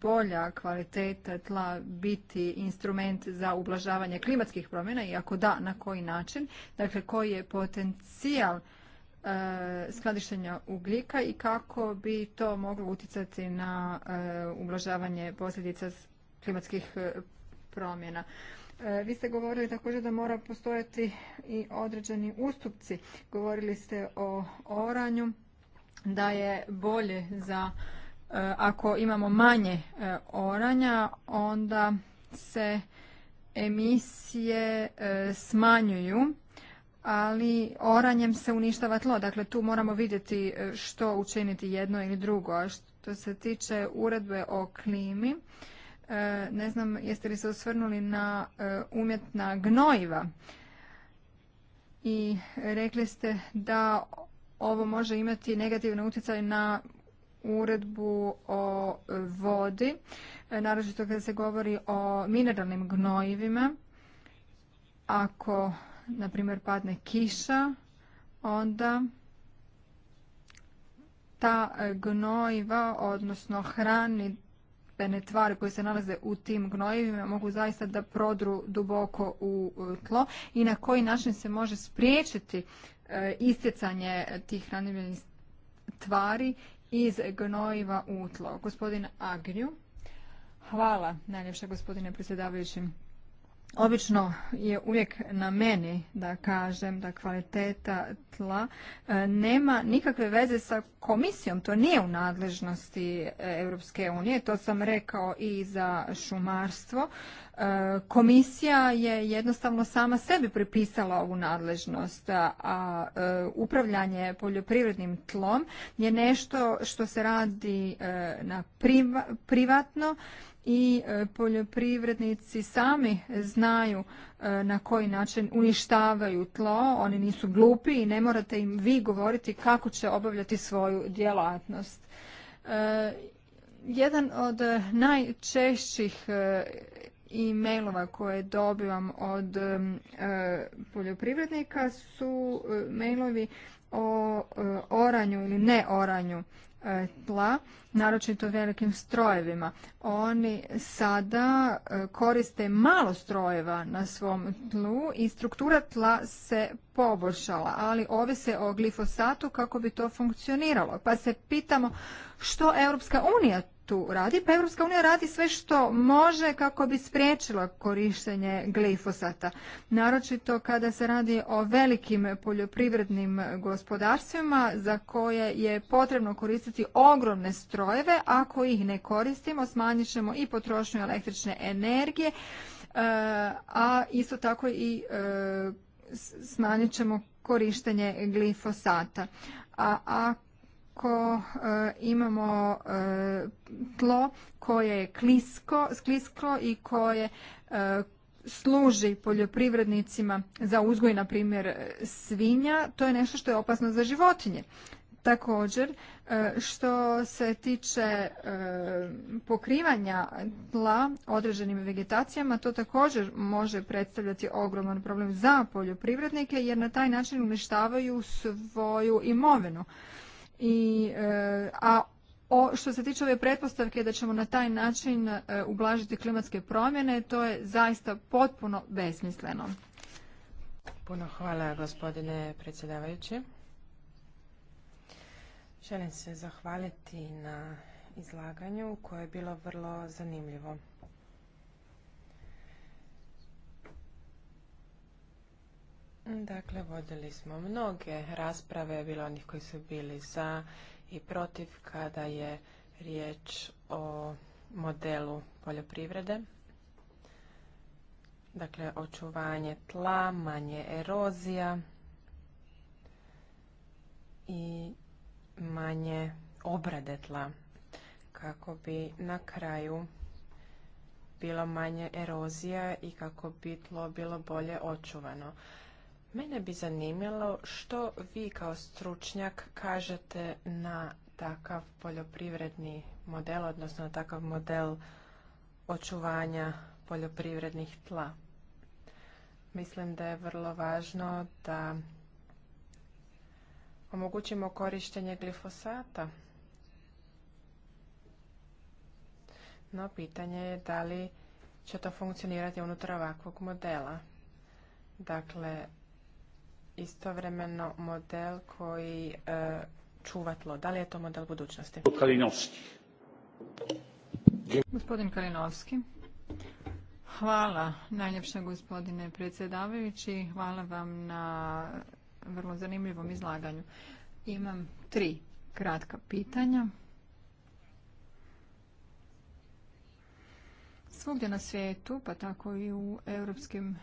bolja kvaliteta tla biti instrument za ublažavanje klimatskih promjena i ako da, na koji način? Dakle, koji je potencijal e, skladištenja ugljika i kako bi to moglo utjecati na e, ublažavanje posljedica klimatskih e, promjena. E, vi ste govorili također da mora postojati i određeni ustupci. Govorili ste o oranju, da je bolje za e, ako imamo manje e, oranja, onda se emisije smanjuju, ali oranjem se uništava tlo. Dakle, tu moramo vidjeti što učiniti jedno ili drugo. A što se tiče uredbe o klimi, E, ne znam jeste li se osvrnuli na e, umjetna gnojiva i rekli ste da ovo može imati negativni utjecaj na uredbu o vodi, e, naročito kada se govori o mineralnim gnojivima. Ako, na primjer, padne kiša, onda ta gnojiva, odnosno hrani tvari koje se nalaze u tim gnojivima mogu zaista da prodru duboko u e, tlo i na koji način se može spriječiti e, istjecanje tih hranjivih tvari iz gnojiva u tlo. Gospodin Agriju. Hvala najljepša gospodine predsjedavajući. Obično je uvijek na meni da kažem da kvaliteta tla e, nema nikakve veze sa komisijom. To nije u nadležnosti e, Europske unije, to sam rekao i za šumarstvo. E, komisija je jednostavno sama sebi pripisala ovu nadležnost, a upravljanje poljoprivrednim tlom je nešto što se radi na privatno i e, poljoprivrednici sami znaju e, na koji način uništavaju tlo, oni nisu glupi i ne morate im vi govoriti kako će obavljati svoju djelatnost. E, jedan od najčešćih e-mailova koje dobivam od poljoprivrednika su mailovi o oranju ili ne oranju E, tla, naročito velikim strojevima. Oni sada e, koriste malo strojeva na svom tlu i struktura tla se poboljšala, ali ovise o glifosatu kako bi to funkcioniralo. Pa se pitamo što Europska unija tu radi. Pa Evropska unija radi sve što može kako bi spriječila korištenje glifosata. Naročito kada se radi o velikim poljoprivrednim gospodarstvima za koje je potrebno koristiti ogromne strojeve. Ako ih ne koristimo, smanjit ćemo i potrošnju električne energije, e, a isto tako i e, smanjit ćemo korištenje glifosata. A ako ako e, imamo e, tlo koje je klisko, sklisko i koje e, služi poljoprivrednicima za uzgoj, na primjer, svinja, to je nešto što je opasno za životinje. Također, što se tiče pokrivanja tla određenim vegetacijama, to također može predstavljati ogroman problem za poljoprivrednike jer na taj način uništavaju svoju imovinu. I, e, a o, što se tiče ove pretpostavke da ćemo na taj način e, ublažiti klimatske promjene, to je zaista potpuno besmisleno. Puno hvala gospodine predsjedavajući. Želim se zahvaliti na izlaganju koje je bilo vrlo zanimljivo. Dakle, vodili smo mnoge rasprave, bilo onih koji su bili za i protiv kada je riječ o modelu poljoprivrede. Dakle, očuvanje tla, manje erozija i manje obrade tla kako bi na kraju bilo manje erozija i kako bi tlo bilo bolje očuvano. Mene bi zanimalo što vi kao stručnjak kažete na takav poljoprivredni model, odnosno na takav model očuvanja poljoprivrednih tla. Mislim da je vrlo važno da omogućimo korištenje glifosata. No, pitanje je da li će to funkcionirati unutar ovakvog modela. Dakle, istovremeno model koji e, čuva tlo. Da li je to model budućnosti? Kalinovski. Gospodin Kalinovski. Hvala najljepša gospodine predsjedavajući. Hvala vam na vrlo zanimljivom izlaganju. Imam tri kratka pitanja. Svugdje na svijetu, pa tako i u europskim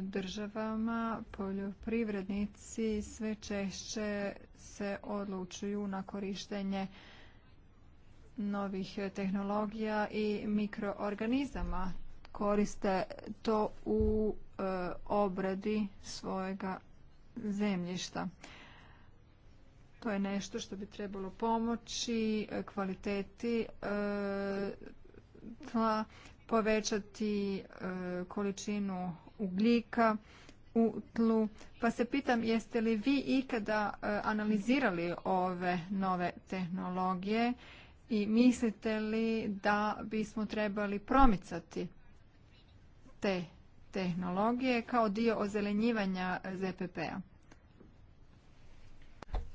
državama poljoprivrednici sve češće se odlučuju na korištenje novih tehnologija i mikroorganizama. Koriste to u e, obradi svojega zemljišta. To je nešto što bi trebalo pomoći kvaliteti e, tla, povećati e, količinu ugljika u tlu. Pa se pitam jeste li vi ikada e, analizirali ove nove tehnologije i mislite li da bismo trebali promicati te tehnologije kao dio ozelenjivanja ZPP-a?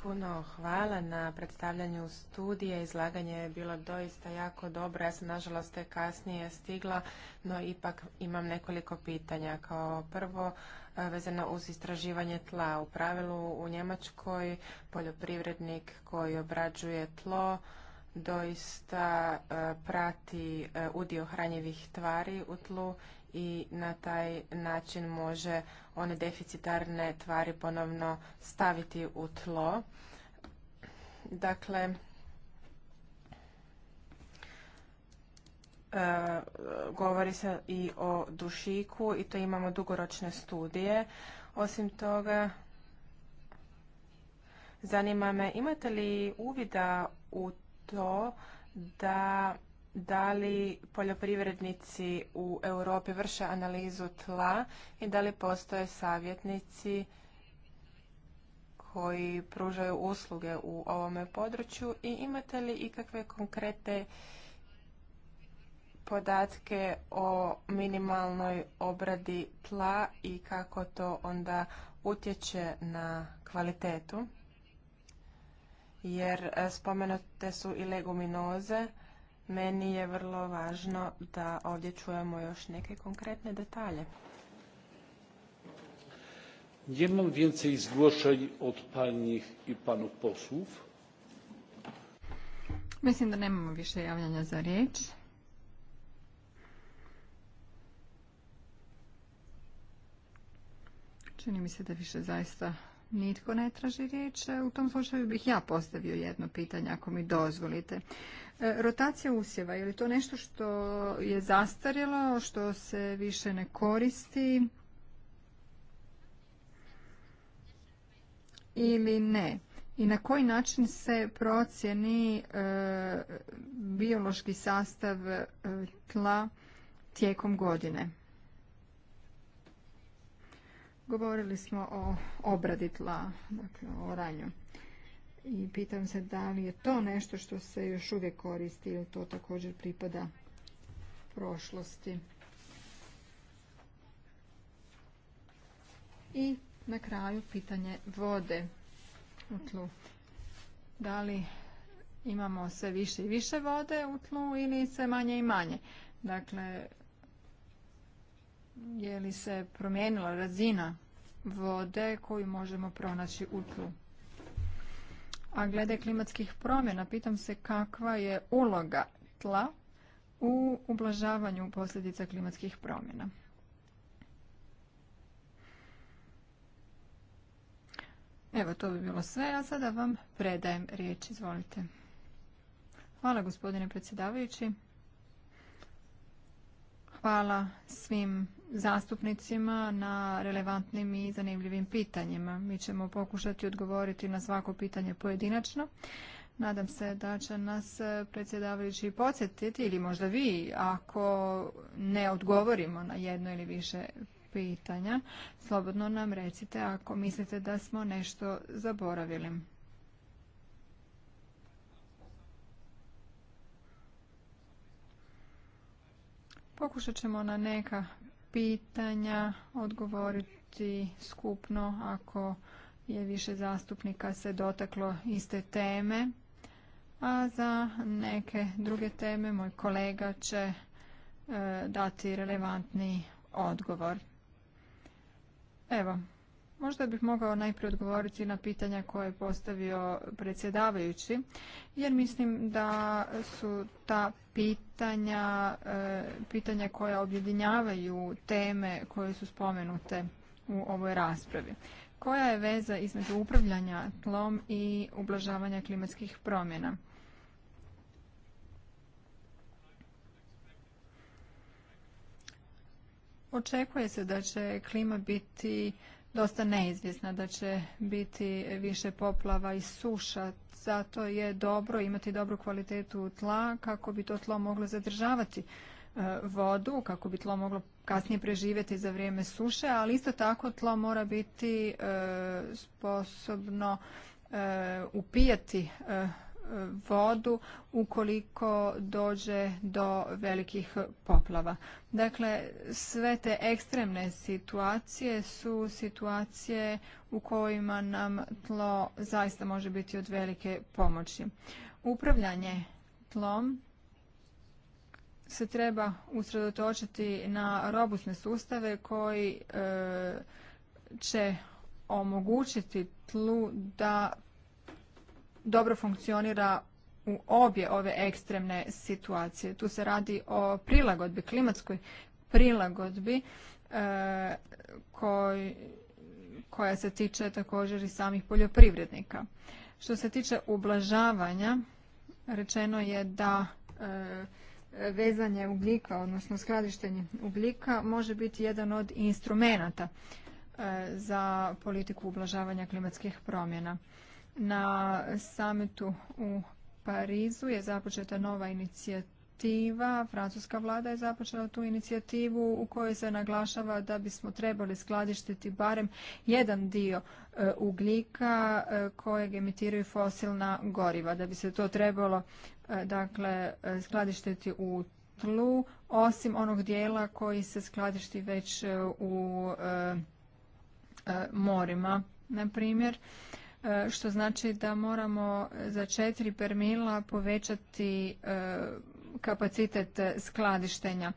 Puno hvala na predstavljanju studije. Izlaganje je bilo doista jako dobro. Ja sam nažalost te kasnije stigla, no ipak imam nekoliko pitanja. Kao prvo, e, vezano uz istraživanje tla. U pravilu u Njemačkoj poljoprivrednik koji obrađuje tlo doista e, prati e, udio hranjivih tvari u tlu i na taj način može one deficitarne tvari ponovno staviti u tlo. Dakle, e, govori se i o dušiku i to imamo dugoročne studije. Osim toga, zanima me imate li uvida u to da da li poljoprivrednici u Europi vrše analizu tla i da li postoje savjetnici koji pružaju usluge u ovome području i imate li ikakve konkretne podatke o minimalnoj obradi tla i kako to onda utječe na kvalitetu jer e, spomenute su i leguminoze meni je vrlo važno da ovdje čujemo još neke konkretne detalje. Nie mam więcej zgłoszeń od pani i panów posłów. Mislim da nemamo više javljanja za riječ. Čini mi se da više zaista Nitko ne traži riječ. E, u tom slučaju bih ja postavio jedno pitanje, ako mi dozvolite. E, rotacija usjeva, je li to nešto što je zastarjelo, što se više ne koristi ili ne? I na koji način se procjeni e, biološki sastav tla tijekom godine? Govorili smo o obradi tla, dakle o oranju. I pitam se da li je to nešto što se još uvijek koristi ili to također pripada prošlosti. I na kraju pitanje vode u tlu. Da li imamo sve više i više vode u tlu ili sve manje i manje? Dakle, je li se promijenila razina vode koju možemo pronaći u tlu. A glede klimatskih promjena, pitam se kakva je uloga tla u ublažavanju posljedica klimatskih promjena. Evo, to bi bilo sve, a sada vam predajem riječ, izvolite. Hvala gospodine predsjedavajući. Hvala svim zastupnicima na relevantnim i zanimljivim pitanjima. Mi ćemo pokušati odgovoriti na svako pitanje pojedinačno. Nadam se da će nas predsjedavajući podsjetiti ili možda vi ako ne odgovorimo na jedno ili više pitanja, slobodno nam recite ako mislite da smo nešto zaboravili. Pokušat ćemo na neka pitanja odgovoriti skupno ako je više zastupnika se dotaklo iste teme. A za neke druge teme moj kolega će e, dati relevantni odgovor. Evo, Možda bih mogao najprije odgovoriti na pitanja koje je postavio predsjedavajući, jer mislim da su ta pitanja, e, pitanja koja objedinjavaju teme koje su spomenute u ovoj raspravi. Koja je veza između upravljanja tlom i ublažavanja klimatskih promjena? Očekuje se da će klima biti dosta neizvjesna da će biti više poplava i suša. Zato je dobro imati dobru kvalitetu tla kako bi to tlo moglo zadržavati e, vodu, kako bi tlo moglo kasnije preživjeti za vrijeme suše, ali isto tako tlo mora biti e, sposobno e, upijati vodu ukoliko dođe do velikih poplava. Dakle, sve te ekstremne situacije su situacije u kojima nam tlo zaista može biti od velike pomoći. Upravljanje tlom se treba usredotočiti na robustne sustave koji e, će omogućiti tlu da dobro funkcionira u obje ove ekstremne situacije. Tu se radi o prilagodbi, klimatskoj prilagodbi e, koja se tiče također i samih poljoprivrednika. Što se tiče ublažavanja, rečeno je da e, vezanje ugljika, odnosno skladištenje ugljika, može biti jedan od instrumenata e, za politiku ublažavanja klimatskih promjena. Na samitu u Parizu je započeta nova inicijativa. Francuska vlada je započela tu inicijativu u kojoj se naglašava da bismo trebali skladištiti barem jedan dio e, ugljika e, kojeg emitiraju fosilna goriva. Da bi se to trebalo e, dakle, skladištiti u tlu, osim onog dijela koji se skladišti već u morima, na primjer. E, što znači da moramo e, za 4 permila povećati e, kapacitet skladištenja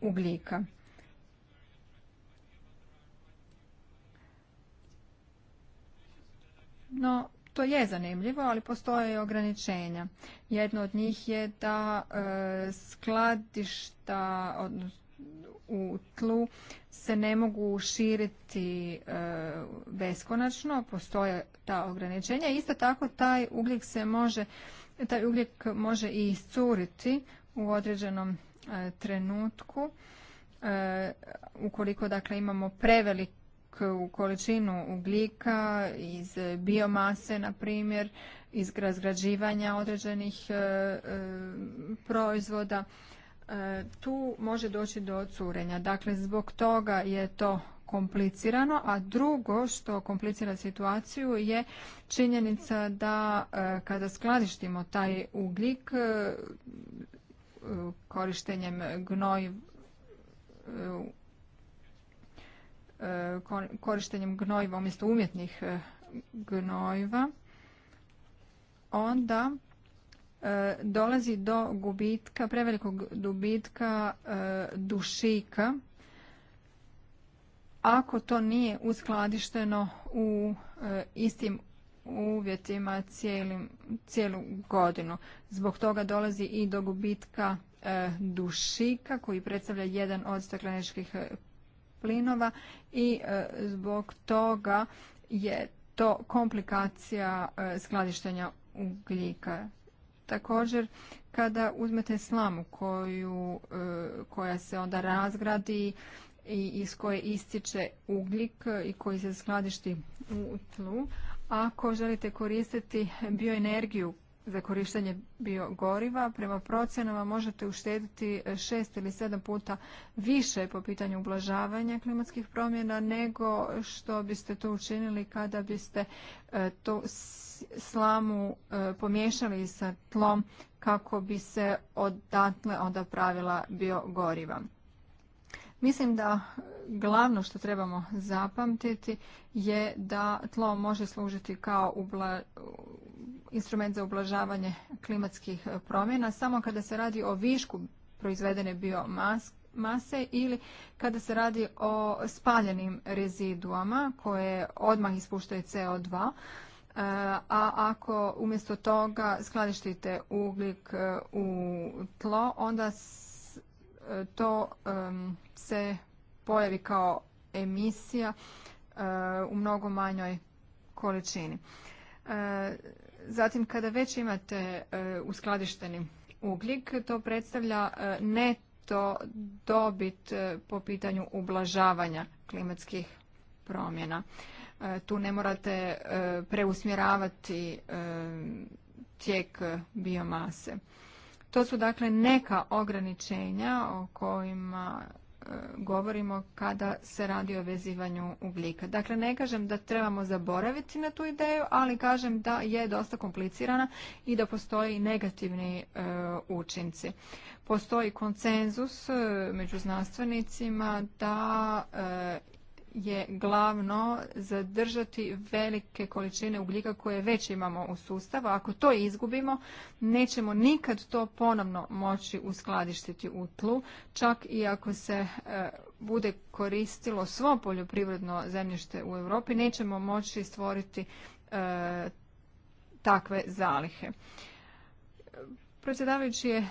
ugljika. No, to je zanimljivo, ali postoje i ograničenja. Jedno od njih je da skladišta, u tlu se ne mogu širiti e, beskonačno, postoje ta ograničenja. Isto tako taj ugljik se može, taj ugljik može i iscuriti u određenom e, trenutku. E, ukoliko dakle imamo prevelik u količinu ugljika iz biomase, na primjer, iz razgrađivanja određenih proizvoda. E, tu može doći do curenja. Dakle, zbog toga je to komplicirano, a drugo što komplicira situaciju je činjenica da e, kada skladištimo taj ugljik e, korištenjem gnoj korištenjem gnojiva umjesto umjetnih gnojiva onda E, dolazi do gubitka, prevelikog gubitka e, dušika ako to nije uskladišteno u e, istim uvjetima cijelu godinu. Zbog toga dolazi i do gubitka dušika koji predstavlja jedan od stakleničkih plinova i zbog toga je to komplikacija skladištenja ugljika Također, kada uzmete slamu koju, e, koja se onda razgradi i iz koje ističe ugljik i koji se skladišti u tlu, ako želite koristiti bioenergiju za korištenje biogoriva, prema procjenama možete uštediti šest ili sedam puta više po pitanju ublažavanja klimatskih promjena nego što biste to učinili kada biste e, to slamu e, pomiješali sa tlom kako bi se odatle onda pravila biogoriva. Mislim da glavno što trebamo zapamtiti je da tlo može služiti kao ubla... instrument za ublažavanje klimatskih promjena samo kada se radi o višku proizvedene biomase ili kada se radi o spaljenim reziduama koje odmah ispuštaju CO2 E, a ako umjesto toga skladištite ugljik e, u tlo, onda e, to se pojavi kao emisija u mnogo manjoj količini. Zatim, kada već imate uskladišteni ugljik, to predstavlja neto dobit po pitanju ublažavanja klimatskih promjena. E, tu ne morate e, preusmjeravati e, tijek biomase. To su dakle neka ograničenja o kojima govorimo kada se radi o vezivanju ugljika. Dakle, ne kažem da trebamo zaboraviti na tu ideju, ali kažem da je dosta komplicirana i da postoji negativni učinci. Postoji konsenzus među znanstvenicima da je glavno zadržati velike količine ugljika koje već imamo u sustavu. Ako to izgubimo, nećemo nikad to ponovno moći uskladištiti u tlu, čak i ako se e, bude koristilo svo poljoprivredno zemljište u Europi, nećemo moći stvoriti e, takve zalihe. Predsjedavajući je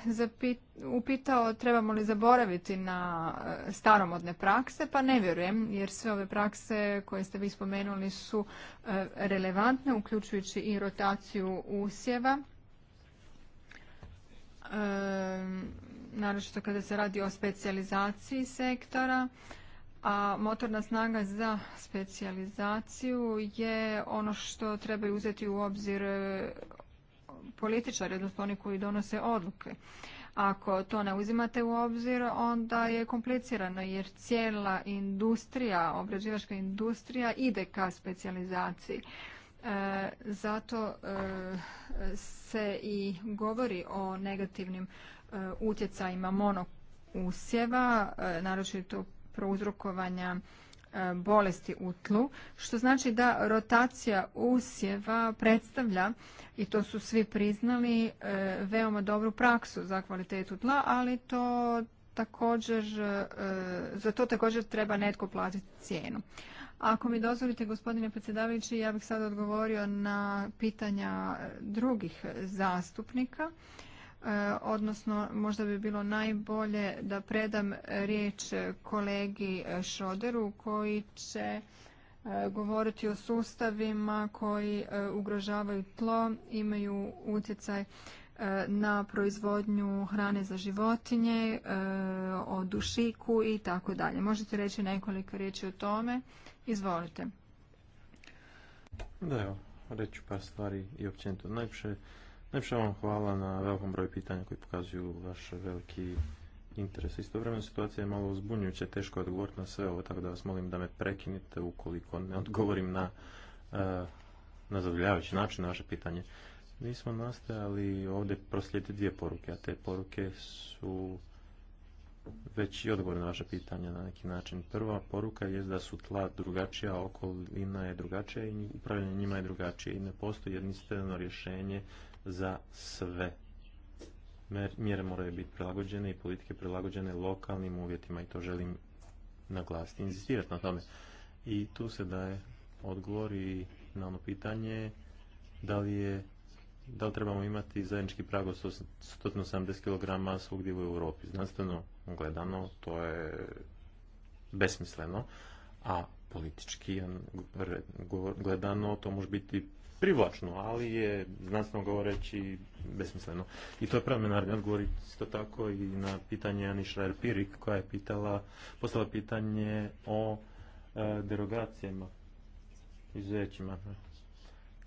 upitao trebamo li zaboraviti na e, staromodne prakse, pa ne vjerujem jer sve ove prakse koje ste vi spomenuli su e, relevantne, uključujući i rotaciju usjeva. Naravno e, naročito kada se radi o specijalizaciji sektora, a motorna snaga za specijalizaciju je ono što treba uzeti u obzir političari, odnosno oni koji donose odluke. Ako to ne uzimate u obzir, onda je komplicirano jer cijela industrija, obrađivačka industrija ide ka specijalizaciji. E, zato e, se i govori o negativnim e, utjecajima monousjeva, e, naročito prouzrokovanja E, bolesti u tlu, što znači da rotacija usjeva predstavlja, i to su svi priznali, e, veoma dobru praksu za kvalitetu tla, ali to također, e, za to također treba netko platiti cijenu. Ako mi dozvolite, gospodine predsjedavajući, ja bih sada odgovorio na pitanja drugih zastupnika. E, odnosno možda bi bilo najbolje da predam riječ kolegi Šoderu koji će e, govoriti o sustavima koji e, ugrožavaju tlo, imaju utjecaj na proizvodnju hrane za životinje, o dušiku i tako dalje. Možete reći nekoliko riječi o tome? Izvolite. Da, evo, par stvari i općenito. Najpše, Najviše vam hvala na velikom broju pitanja koji pokazuju vaš veliki interes. Istovremeno situacija je malo uzbunjujuća, teško je odgovoriti na sve ovo, tako da vas molim da me prekinite ukoliko ne odgovorim na e, na zadovoljavajući način na vaše pitanje. Mi smo nastojali ovdje proslijediti dvije poruke, a te poruke su već i odgovor na vaše pitanje na neki način. Prva poruka je da su tla drugačija, okolina je drugačija i upravljanje njima je drugačije i ne postoji jedinstveno rješenje za sve. Mjere moraju biti prilagođene i politike prilagođene lokalnim uvjetima i to želim naglasiti, inzistirati na tome. I tu se daje odgovor i na ono pitanje da li je da li trebamo imati zajednički prag od 170 kg svugdje u Europi. Znanstveno gledano to je besmisleno, a politički gledano to može biti privlačno, ali je znanstveno govoreći besmisleno. I to je pramenarni odgovor isto tako i na pitanje Ani pirik koja je pitala, postala pitanje o e, derogacijama, izuzećima.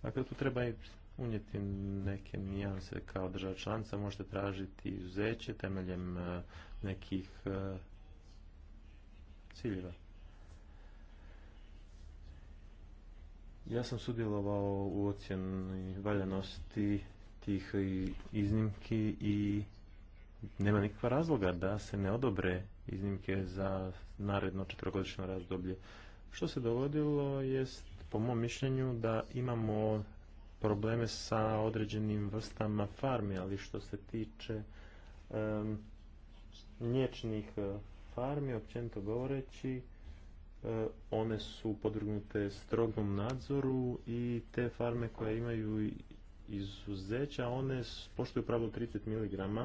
Dakle, tu treba i unijeti neke nijanse kao država članica, možete tražiti izuzeće temeljem e, nekih e, ciljeva. Ja sam sudjelovao u ocjeni valjanosti tih iznimki i nema nikakva razloga da se ne odobre iznimke za naredno četvrogodišnje razdoblje. Što se dogodilo jest, po mom mišljenju, da imamo probleme sa određenim vrstama farmi, ali što se tiče mliječnih e, farmi, općenito govoreći, E, one su podvrgnute strogom nadzoru i te farme koje imaju izuzeća, one poštuju pravilo 30 mg.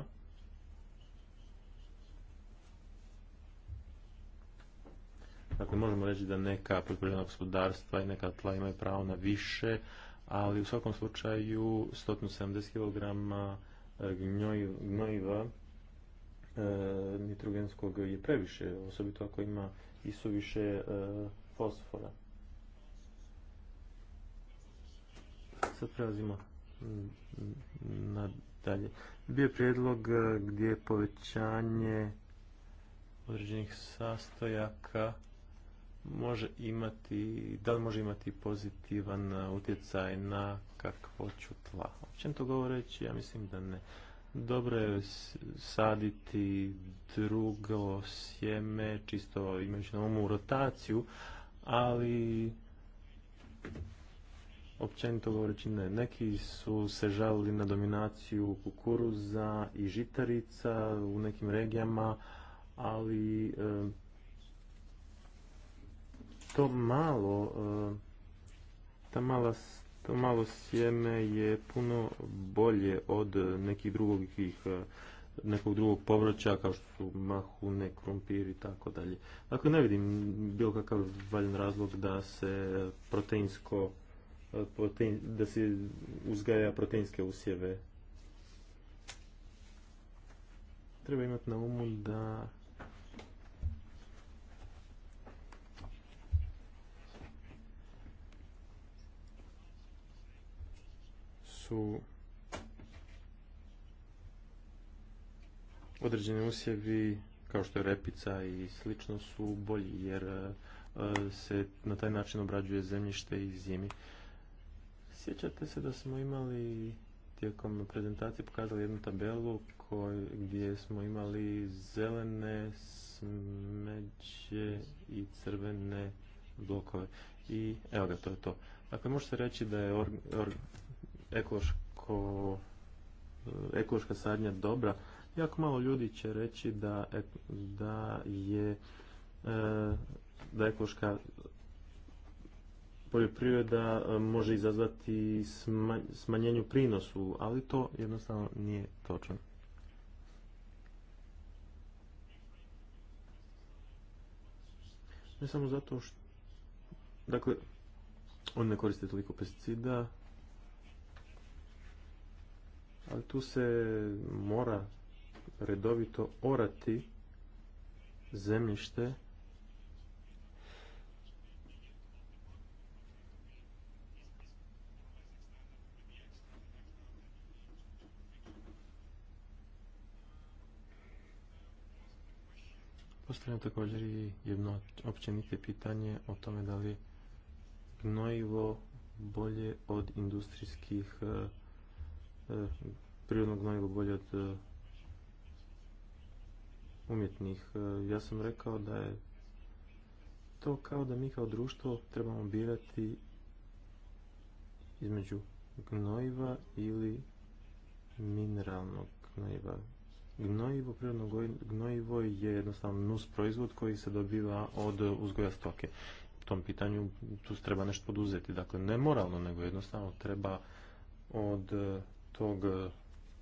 Dakle, možemo reći da neka poljoprivredna gospodarstva i neka tla imaju pravo na više, ali u svakom slučaju 170 kg e, gnojiva e, nitrogenskog je previše, osobito ako ima i su više e, fosfora. Sad prelazimo mm, dalje Bio je prijedlog e, gdje je povećanje određenih sastojaka može imati, da li može imati pozitivan e, utjecaj na kakvoću tla. to govoreći, ja mislim da ne. Dobro je saditi drugo sjeme, čisto imajući na umu rotaciju, ali općenito govoreći ne. Neki su se žalili na dominaciju kukuruza i žitarica u nekim regijama, ali e, to malo, e, ta mala to malo sjeme je puno bolje od nekih drugih eh, nekog drugog povrća kao što su mahune, krompir i tako dalje. Dakle, ne vidim bilo kakav valjan razlog da se proteinsko eh, protein, da se uzgaja proteinske usjeve. Treba imati na umu da su određeni usjevi kao što je repica i slično su bolji jer e, se na taj način obrađuje zemljište i zimi. Sjećate se da smo imali tijekom prezentacije pokazali jednu tabelu koj, gdje smo imali zelene smeđe i crvene blokove. I evo ga, to je to. Dakle, može se reći da je or, ekološko, ekološka sadnja dobra, jako malo ljudi će reći da, e, da je e, da ekološka poljoprivreda e, može izazvati smanjenju prinosu, ali to jednostavno nije točno. Ne samo zato što... Dakle, on ne koriste toliko pesticida, ali tu se mora redovito orati zemljište Postavljam također i jedno općenite pitanje o tome da li gnojivo bolje od industrijskih e, E, prirodnog gnojivo bolje od e, umjetnih. E, ja sam rekao da je to kao da mi kao društvo trebamo birati između gnojiva ili mineralnog gnojiva. Gnojivo, prirodno gnojivo je jednostavno nus proizvod koji se dobiva od uzgoja stoke. U tom pitanju tu treba nešto poduzeti. Dakle, ne moralno, nego jednostavno treba od tog,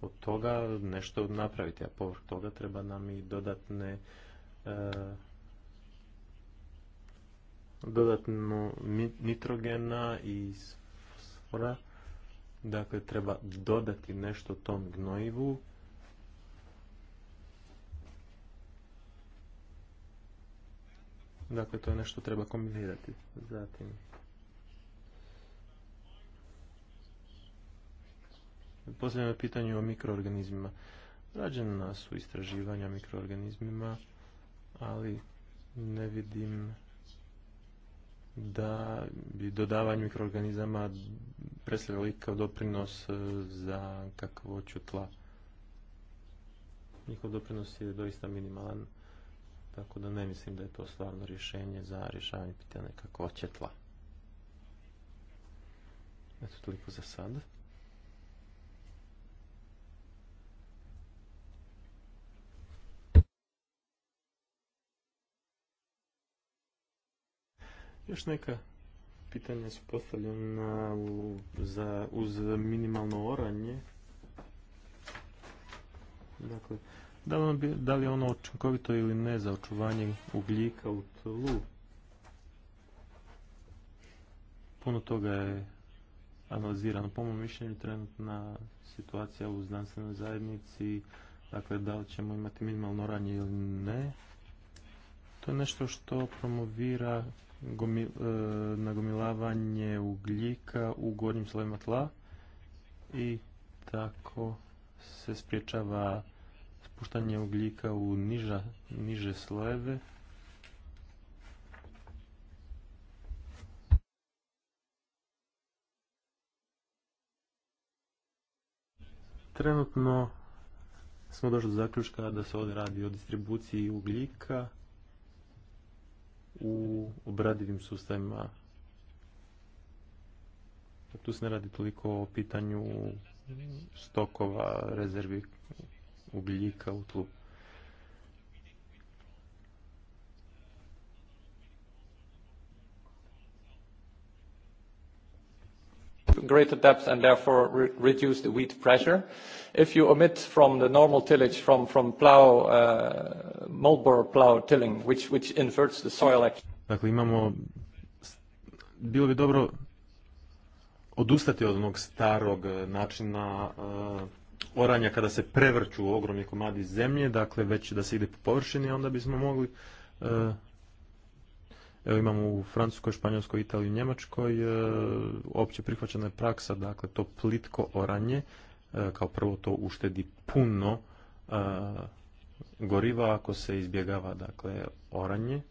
od toga nešto napraviti, a povrh toga treba nam i dodatne e, dodatno nitrogena i fosfora dakle treba dodati nešto tom gnojivu dakle to je nešto treba kombinirati zatim je pitanje o mikroorganizmima. Rađena su istraživanja mikroorganizmima, ali ne vidim da bi dodavanje mikroorganizama predstavljali kao doprinos e, za kakvoću tla. Njihov doprinos je doista minimalan, tako da ne mislim da je to stvarno rješenje za rješavanje pitanja kakvoće tla. Eto toliko za sada. Još neka pitanja su postavljena za, uz minimalno oranje. Dakle, da li, ono da je ono učinkovito ili ne za očuvanje ugljika u tlu? Puno toga je analizirano. Po mom mišljenju trenutna situacija u znanstvenoj zajednici, dakle da li ćemo imati minimalno oranje ili ne, to je nešto što promovira E, nagomilavanje ugljika u gornjim slojima tla i tako se spriječava spuštanje ugljika u niža, niže slojeve. Trenutno smo došli do zaključka da se ovdje radi o distribuciji ugljika u obradivim sustavima. Dakle, tu se ne radi toliko o pitanju stokova, rezervi ugljika u tlu. greater depth and therefore reduce the weed pressure. If you omit from the normal tillage from, from plow, uh, mold plow tilling, which, which inverts the soil action. Dakle, imamo, bilo bi dobro odustati od onog starog uh, načina uh, oranja kada se prevrću ogromni komadi zemlje, dakle već da se ide po površini, onda bismo mogli uh, Evo imamo u Francuskoj, Španjolskoj, Italiji, Njemačkoj e, opće prihvaćena je praksa, dakle to plitko oranje, e, kao prvo to uštedi puno e, goriva ako se izbjegava dakle oranje.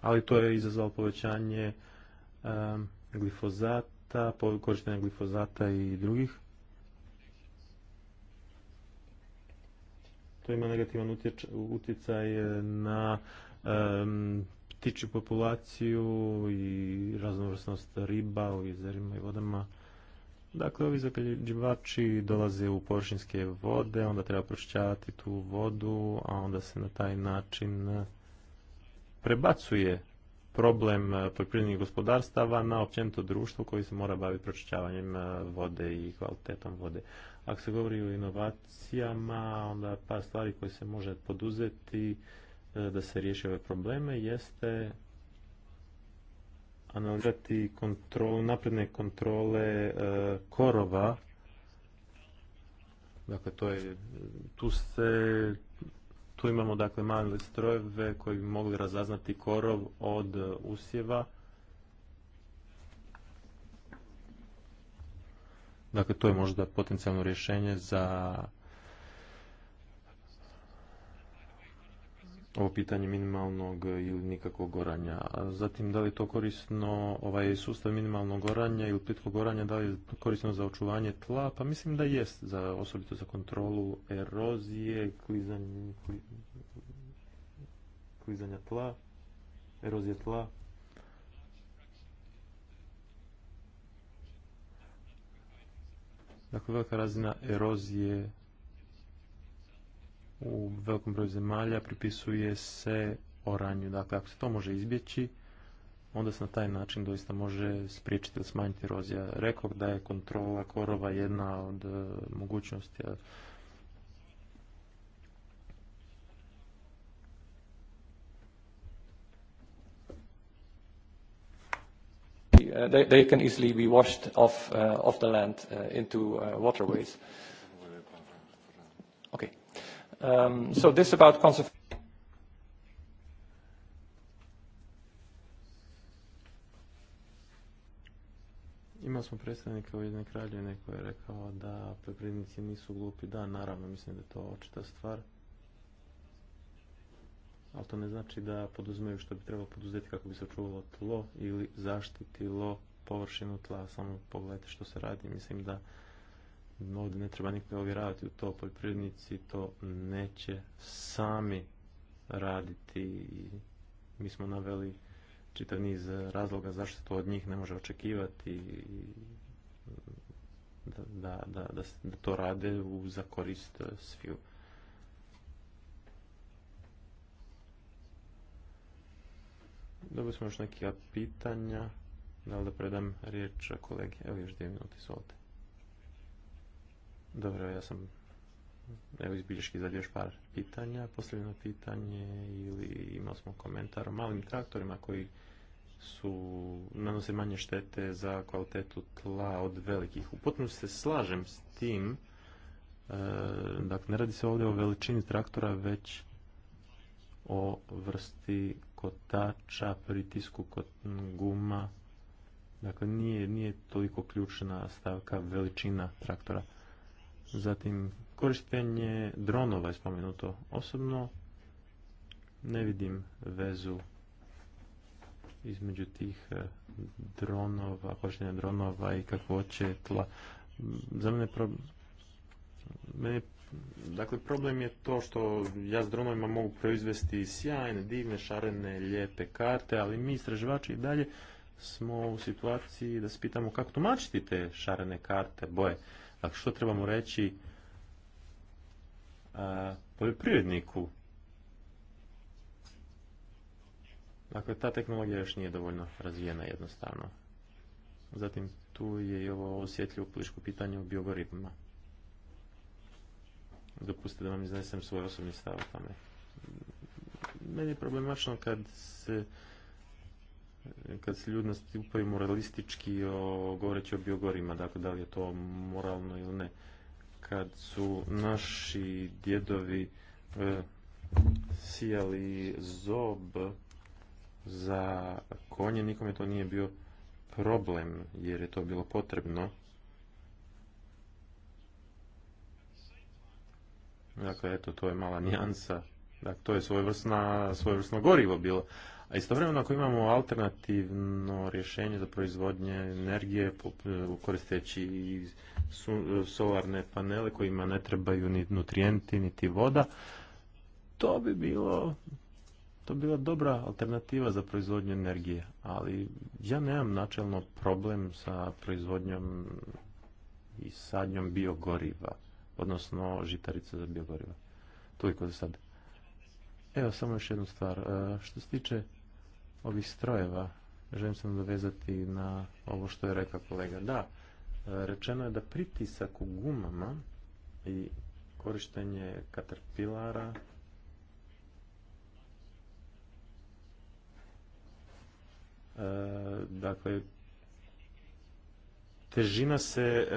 Ali to je izazvalo povećanje glifozata, korištenja glifozata i drugih to ima negativan utjecaj e, na um, populaciju i raznovrsnost riba u jezerima i vodama. Dakle, ovi zakljivači dolaze u površinske vode, onda treba pročišćavati tu vodu, a onda se na taj način e, prebacuje problem e, poljoprivrednih gospodarstava na općenito društvo koji se mora baviti pročišćavanjem vode i kvalitetom vode. Ako se govori o inovacijama, onda par stvari koje se može poduzeti e, da se riješi ove probleme jeste analizirati kontrol, napredne kontrole e, korova. Dakle, to je, tu se, tu imamo dakle manje strojeve koji bi mogli razaznati korov od usjeva Dakle, to je možda potencijalno rješenje za ovo pitanje minimalnog ili nikakvog goranja. Zatim, da li to korisno, ovaj sustav minimalnog goranja ili plitkog goranja, da li je korisno za očuvanje tla? Pa mislim da jest, za, osobito za kontrolu erozije, klizanja tla, erozije tla. Dakle, velika razina erozije u velikom broju zemalja pripisuje se oranju. Dakle, ako se to može izbjeći, onda se na taj način doista može spriječiti ili smanjiti erozija. Rekao da je kontrola korova jedna od eh, mogućnosti uh, they, they can easily be washed off uh, off the land uh, into uh, waterways. Okay, um, so this about conservation. Imali smo predstavnika jedne kraljevine koji je rekao da poljoprivrednici nisu glupi. Da, naravno, mislim da je to očita stvar ali to ne znači da poduzmeju što bi trebalo poduzeti kako bi se očuvalo tlo ili zaštitilo površinu tla. Samo pogledajte što se radi. Mislim da ovdje ne treba nikoga ovjeravati u to. Poljoprivrednici to neće sami raditi i mi smo naveli čitav niz razloga zašto to od njih ne može očekivati da, da, da, da to rade u, za korist eh, sviju. Dobili smo još neka pitanja. Da li da predam riječ kolegi? Evo još dvije minuti izvolite. Dobro, ja sam evo iz bilješki još par pitanja. Posljedno pitanje ili imali smo komentar o malim traktorima koji su nanose manje štete za kvalitetu tla od velikih. U potpunosti se slažem s tim. E, dakle, ne radi se ovdje o veličini traktora, već o vrsti kotača, pritisku kot guma. Dakle, nije, nije toliko ključna stavka veličina traktora. Zatim, korištenje dronova je spomenuto osobno. Ne vidim vezu između tih e, dronova, korištenja dronova i kakvoće tla. Za mene, mene je Dakle, problem je to što ja s dronovima mogu proizvesti sjajne, divne, šarene, lijepe karte, ali mi istraživači i dalje smo u situaciji da se pitamo kako tumačiti te šarene karte, boje. Dakle, što trebamo reći a, poljoprivredniku? Dakle, ta tehnologija još nije dovoljno razvijena jednostavno. Zatim, tu je i ovo osjetljivo političko pitanje u biogoritmima dopustite da vam iznesem svoj osobni stav Meni je problemačno kad se kad se ljudi nastupaju moralistički o, govoreći o biogorima, dakle da li je to moralno ili ne. Kad su naši djedovi e, sijali zob za konje, nikome to nije bio problem jer je to bilo potrebno Dakle, eto, to je mala nijansa. Dakle, to je svojevrsna, svojevrsno gorivo bilo. A istovremeno ako imamo alternativno rješenje za proizvodnje energije e, koristeći e, solarne panele kojima ne trebaju ni nutrijenti niti voda, to bi bilo to bi bila dobra alternativa za proizvodnju energije, ali ja nemam načelno problem sa proizvodnjom i sadnjom biogoriva odnosno žitarica za biogoriva. Toliko za sad. Evo samo još jednu stvar. E, što se tiče ovih strojeva, želim se dovezati na ovo što je rekao kolega. Da, e, rečeno je da pritisak u gumama i korištenje katerpilara e, dakle težina se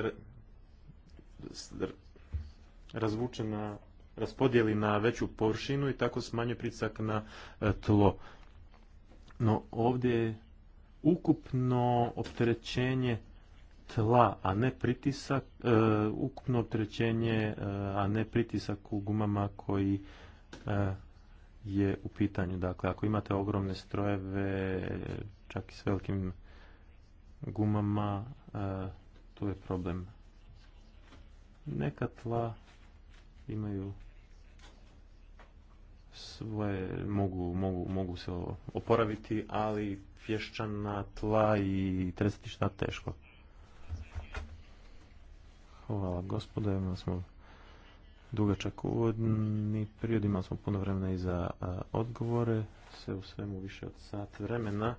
razvuče na, raspodijeli na veću površinu i tako smanje pritisak na e, tlo. No ovdje je ukupno opterećenje tla, a ne pritisak, e, ukupno opterećenje, e, a ne pritisak u gumama koji je u pitanju. Dakle, ako imate ogromne strojeve, čak i s velikim gumama, tu je problem. Neka tla imaju svoje, mogu, mogu, mogu se oporaviti, ali pješčana tla i tresati šta teško. Hvala gospodo, imali smo dugačak uvodni period, imali smo puno vremena i za odgovore, sve u svemu više od sat vremena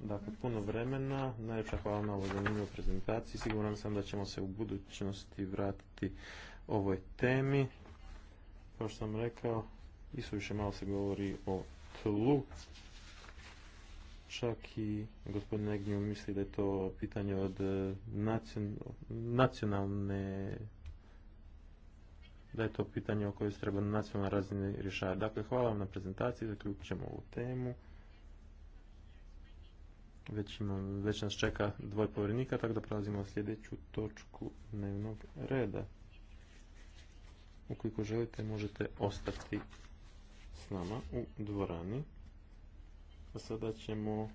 dakle, puno vremena. Najljepša hvala na ovoj zanimljivoj prezentaciji. Siguran sam da ćemo se u budućnosti vratiti ovoj temi. Kao što sam rekao, i više malo se govori o tlu. Čak i gospodin Egnju misli da je to pitanje od e, nacionalne da je to pitanje o kojoj se treba na nacionalnoj razini rješavati. Dakle, hvala vam na prezentaciji, zaključit ćemo ovu temu. Već, već nas čeka dvoj povjerenika, tako da prelazimo na sljedeću točku dnevnog reda. Ukoliko želite, možete ostati s nama u dvorani. A sada ćemo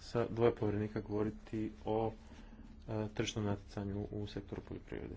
sa dvoje povjerenika govoriti o e, tržišnom natjecanju u sektoru poljoprivrede.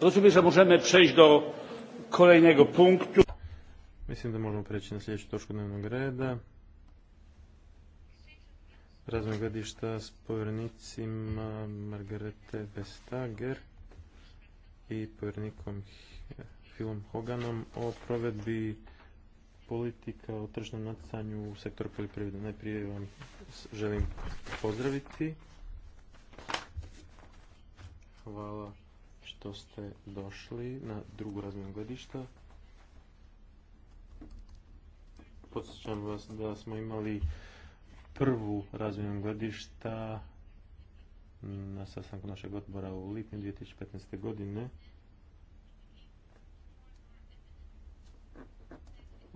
Rozumiem, że możemy przejść do kolejnego punktu. Mislim da možemo preći na sljedeću točku dnevnog reda. Razmogledišta s povjernicima Margarete Vestager i povjernikom Filom Hoganom o provedbi politika o tržnom natjecanju u sektoru poljoprivrede. Najprije vam želim pozdraviti. Hvala što ste došli na drugu razmjenu gledišta. Podsjećam vas da smo imali prvu razmjenu gledišta na sastanku našeg odbora u lipnju 2015. godine.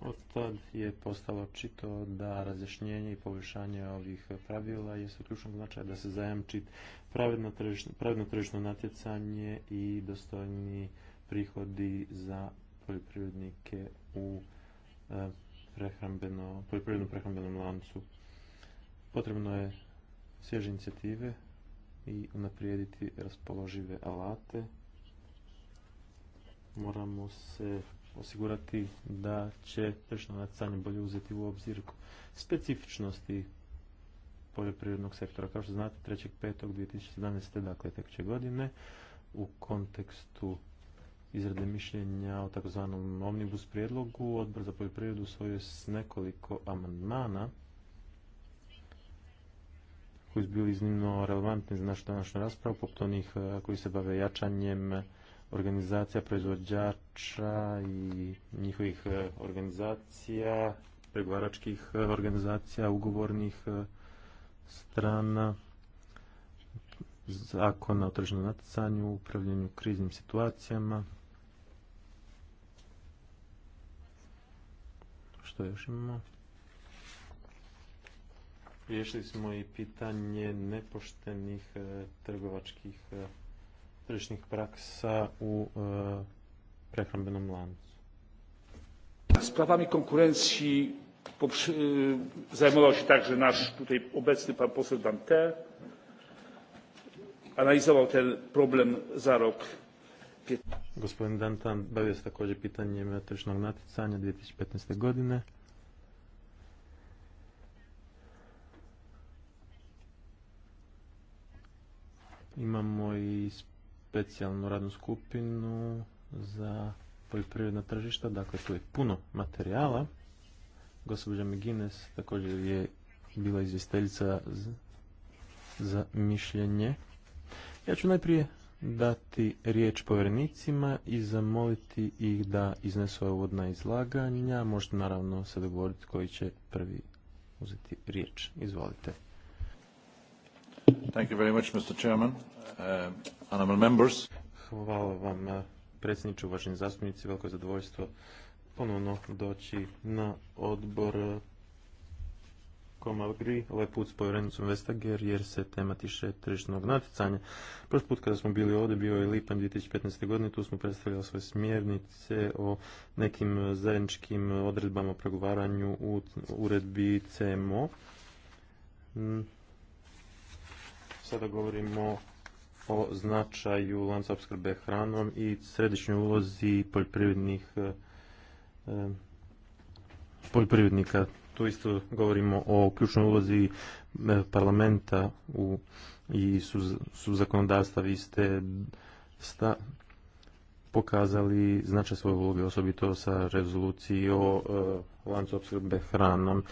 Od tad je postalo očito da razjašnjenje i poboljšanje ovih pravila je su ključnog značaj da se zajamči pravedno tržišno, natjecanje i dostojni prihodi za poljoprivrednike u e, prehrambeno, poljoprivrednom prehrambenom lancu. Potrebno je svježe inicijative i unaprijediti raspoložive alate. Moramo se osigurati da će tržno natjecanje bolje uzeti u obzir specifičnosti poljoprivrednog sektora. Kao što znate, 3.5.2017. dakle tekuće godine u kontekstu izrade mišljenja o takozvanom omnibus prijedlogu Odbor za poljoprivredu svoje s nekoliko amandmana koji su bili iznimno relevantni za našu današnju raspravu, poput onih eh, koji se bave jačanjem organizacija proizvođača i njihovih e, organizacija, pregovaračkih e, organizacija, ugovornih e, strana, zakona o tržnom natjecanju, upravljanju kriznim situacijama. Što još imamo? Riješili smo i pitanje nepoštenih trgovačkih tržišnih praksa u e, prehrambenom lancu. Sprawami konkurencji e, zajmował się także nasz tutaj obecny pan poseł Dante. Analizował ten problem za rok. Gospodin Dante bavio se također pitanjem tržišnog natjecanja 2015. godine. Imamo i specijalnu radnu skupinu za poljoprivredna tržišta, dakle tu je puno materijala. Gospođa Megines također je bila izvjestiteljica za mišljenje. Ja ću najprije dati riječ povjerenicima i zamoliti ih da iznesu uvodna izlaganja. Možete naravno se dogovoriti koji će prvi uzeti riječ. Izvolite. Uh, Hvala vam, uh, predsjedniče, uvaženi zastupnici. Veliko je zadovoljstvo ponovno doći na odbor uh, GRI, ovaj put s povjerenicom Vestager, jer se tema tiše tržišnog natjecanja. Prvi put kada smo bili ovdje, bio je lipanj 2015. godine, tu smo predstavljali svoje smjernice o nekim zajedničkim odredbama o pregovaranju u uredbi CMO. Mm, sada govorimo o značaju lanca opskrbe hranom i središnjoj ulozi poljoprivrednih e, e, poljoprivrednika. Tu isto govorimo o ključnoj ulozi e, parlamenta u, i su, zakonodavstva. Vi ste sta, pokazali značaj svoje uloge, osobito sa rezoluciji o e, lancu opskrbe hranom.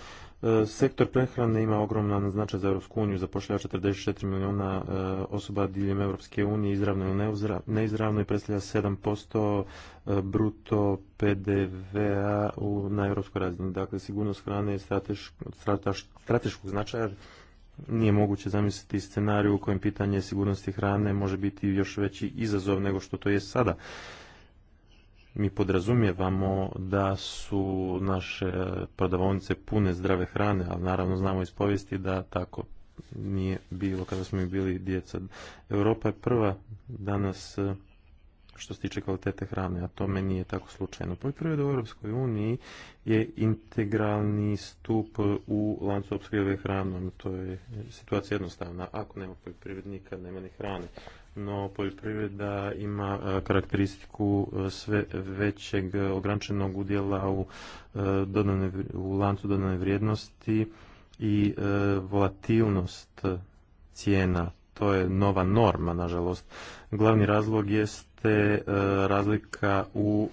E, sektor prehrane ima ogroman značaj za Europsku uniju, zapošljava 44 milijuna e, osoba diljem Europske unije, izravno ili neizravno i predstavlja 7% e, bruto PDV-a na europskoj razini. Dakle, sigurnost hrane je strateškog značaja, nije moguće zamisliti scenariju u kojem pitanje sigurnosti hrane može biti još veći izazov nego što to je sada mi podrazumijevamo da su naše prodavonice pune zdrave hrane, ali naravno znamo iz povijesti da tako nije bilo kada smo mi bili djeca. Europa je prva danas eh, što se tiče kvalitete hrane, a to meni je tako slučajno. Poljoprivreda u Europskoj uniji je integralni stup u lancu opskrbe hranom. To je situacija jednostavna. Ako nema poljoprivrednika, nema ni hrane no poljoprivreda ima e, karakteristiku e, sve većeg ograničenog udjela u, e, dodane, u lancu dodane vrijednosti i volatilnost cijena. To je nova norma, nažalost. Glavni razlog jeste razlika u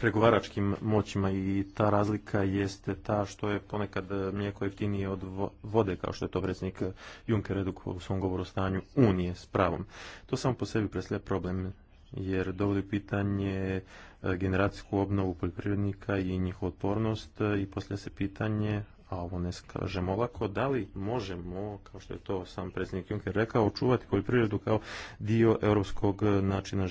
pregovaračkim moćima i ta razlika jeste ta što je ponekad mlijeko jeftinije od vode, kao što je to predsjednik Juncker redukovao u svom govoru o stanju Unije s pravom. To samo po sebi predstavlja problem, jer dovodi pitanje e, generacijsku obnovu poljoprivrednika i njihovu otpornost e, i poslije se pitanje a ovo ne kažemo lako. da li možemo, kao što je to sam predsjednik Juncker rekao, očuvati poljoprivredu kao dio europskog načina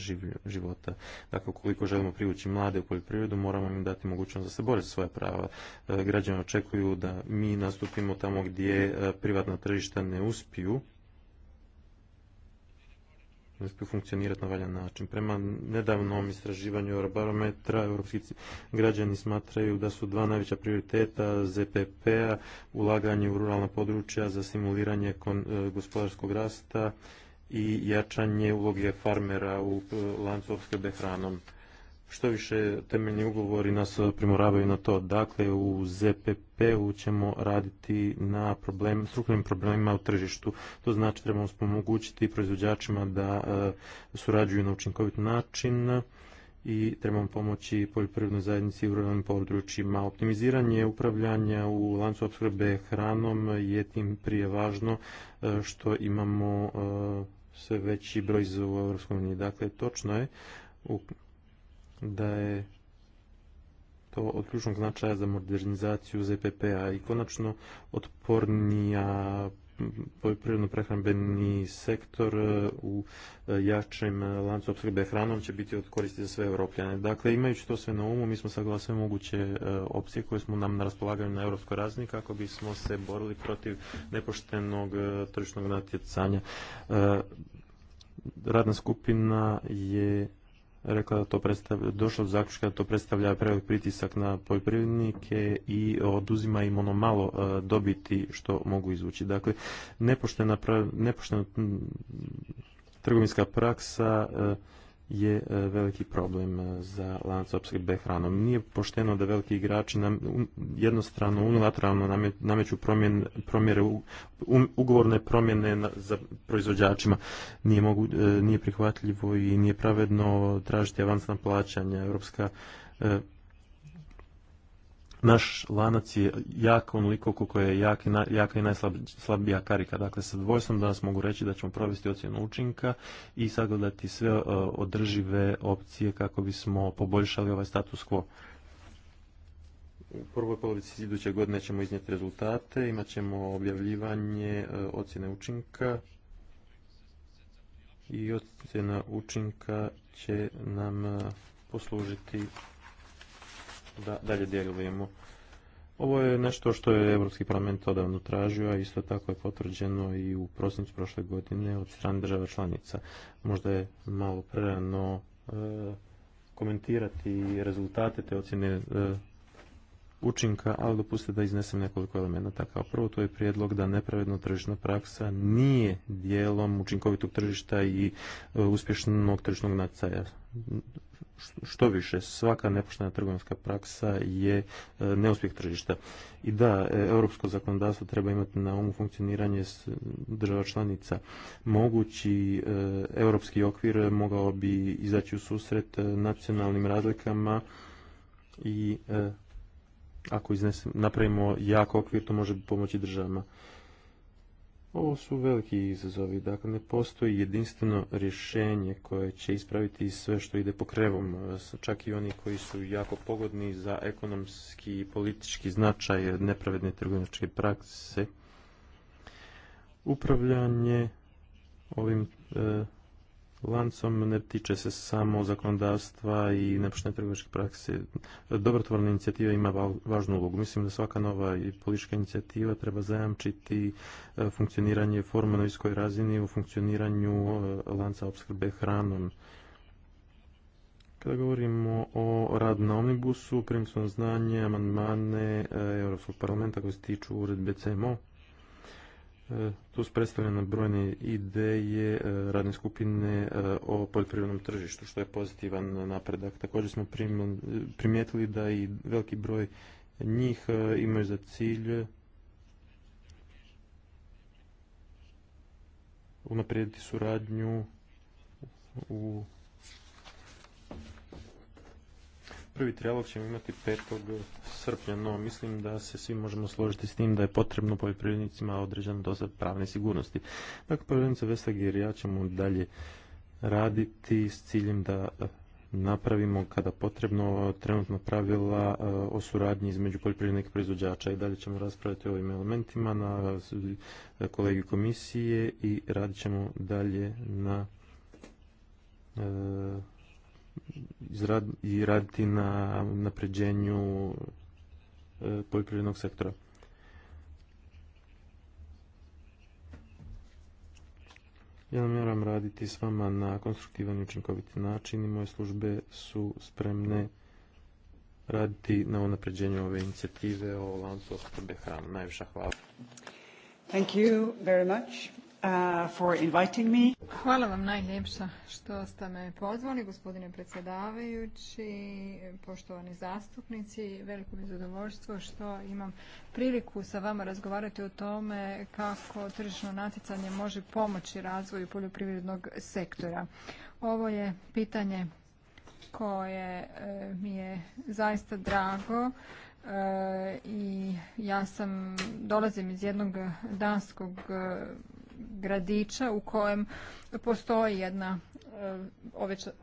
života. Dakle, ukoliko želimo privući mlade u poljoprivredu, moramo im dati mogućnost da se bore za svoje prava. E, građani očekuju da mi nastupimo tamo gdje e, privatna tržišta ne uspiju, ne uspiju funkcionirati na valjan način. Prema nedavnom istraživanju Eurobarometra, europski građani smatraju da su dva najveća prioriteta ZPP-a, ulaganje u ruralna područja za simuliranje e, gospodarskog rasta i jačanje uloge farmera u e, lancu opskrbe hranom što više temeljni ugovori nas primoravaju na to. Dakle, u ZPP-u ćemo raditi na problem, strukturnim problemima u tržištu. To znači trebamo spomogućiti proizvođačima da e, surađuju na učinkovit način i trebamo pomoći poljoprivrednoj zajednici u ruralnim područjima. Optimiziranje upravljanja u lancu opskrbe hranom je tim prije važno e, što imamo e, sve veći broj u EU. Dakle, točno je da je to od ključnog značaja za modernizaciju ZPP-a i konačno otpornija poljoprivredno prehrambeni sektor e, u e, jačem e, lancu opskrbe hranom će biti od koristi za sve europljane. Dakle, imajući to sve na umu, mi smo saglasili sve moguće opcije koje smo nam na raspolaganju na europskoj razini kako bismo se borili protiv nepoštenog tržišnog natjecanja. Radna skupina je rekla da to predstavlja, do zaključka da to predstavlja prevelik pritisak na poljoprivrednike i oduzima im ono malo e, dobiti što mogu izvući. Dakle, nepoštena, nepoštena trgovinska praksa e, je e, veliki problem e, za lanac opskrbe hranom. Nije pošteno da veliki igrači nam jednostrano, unilateralno nameću promjene promjere, ugovorne promjene za proizvođačima. Nije, mogu, e, nije prihvatljivo i nije pravedno tražiti avansna plaćanja. Europska naš lanac je jak onoliko koliko je jak, jaka i najslabija karika. Dakle, sa dvojstvom danas mogu reći da ćemo provesti ocjenu učinka i sagledati sve e, održive opcije kako bismo poboljšali ovaj status quo. U prvoj polovici iduće godine ćemo iznijeti rezultate, imat ćemo objavljivanje e, ocjene učinka i ocjena učinka će nam e, poslužiti da dalje djelujemo. Ovo je nešto što je Europski parlament odavno tražio, a isto tako je potvrđeno i u prosincu prošle godine od strane država članica. Možda je malo prerano e, komentirati rezultate te ocjene e, učinka, ali dopustite da iznesem nekoliko elemenata. Kao prvo, to je prijedlog da nepravedna tržišna praksa nije dijelom učinkovitog tržišta i e, uspješnog tržišnog nacaja. Što više, svaka nepoštena trgovinska praksa je e, neuspjeh tržišta. I da, e, europsko zakonodavstvo treba imati na umu funkcioniranje država članica. Mogući europski okvir mogao bi izaći u susret nacionalnim razlikama i ako iznesem, napravimo jak okvir, to može pomoći državama. Ovo su veliki izazovi, dakle ne postoji jedinstveno rješenje koje će ispraviti sve što ide po krevom, čak i oni koji su jako pogodni za ekonomski i politički značaj nepravedne trgovačke prakse. Upravljanje ovim e, lancom ne tiče se samo zakonodavstva i nepoštene trgovačke prakse. Dobrotvorna inicijativa ima važnu ulogu. Mislim da svaka nova i politička inicijativa treba zajamčiti e, funkcioniranje forma na viskoj razini u funkcioniranju e, lanca opskrbe hranom. Kada govorimo o radu na omnibusu, su smo znanje amandmane e, Europskog parlamenta koji se tiču uredbe CMO. Tu su predstavljene brojne ideje e, radne skupine e, o poljoprivrednom tržištu, što je pozitivan napredak. Također smo primijetili da i veliki broj njih e, imaju za cilj unaprijediti suradnju u Prvi trijalog ćemo imati 5. srpnja, no mislim da se svi možemo složiti s tim da je potrebno poljoprivrednicima određena doza pravne sigurnosti. Dakle, povjerenica jer ja ćemo dalje raditi s ciljem da eh, napravimo kada potrebno trenutno pravila eh, o suradnji između poljoprivrednih proizvođača i dalje ćemo raspraviti o ovim elementima na eh, kolegi komisije i radit ćemo dalje na i raditi na napređenju e, poljoprivrednog sektora. Ja namjeram raditi s vama na konstruktivan i učinkoviti način i moje službe su spremne raditi na unapređenju ove inicijative o lancu opskrbe Najviša Najviše hvala. Thank you very Uh, Hvala vam najljepša što ste me pozvali, gospodine predsjedavajući, poštovani zastupnici. Veliko mi je zadovoljstvo što imam priliku sa vama razgovarati o tome kako tržišno natjecanje može pomoći razvoju poljoprivrednog sektora. Ovo je pitanje koje eh, mi je zaista drago eh, i ja sam dolazim iz jednog danskog eh, gradića u kojem postoji jedna e,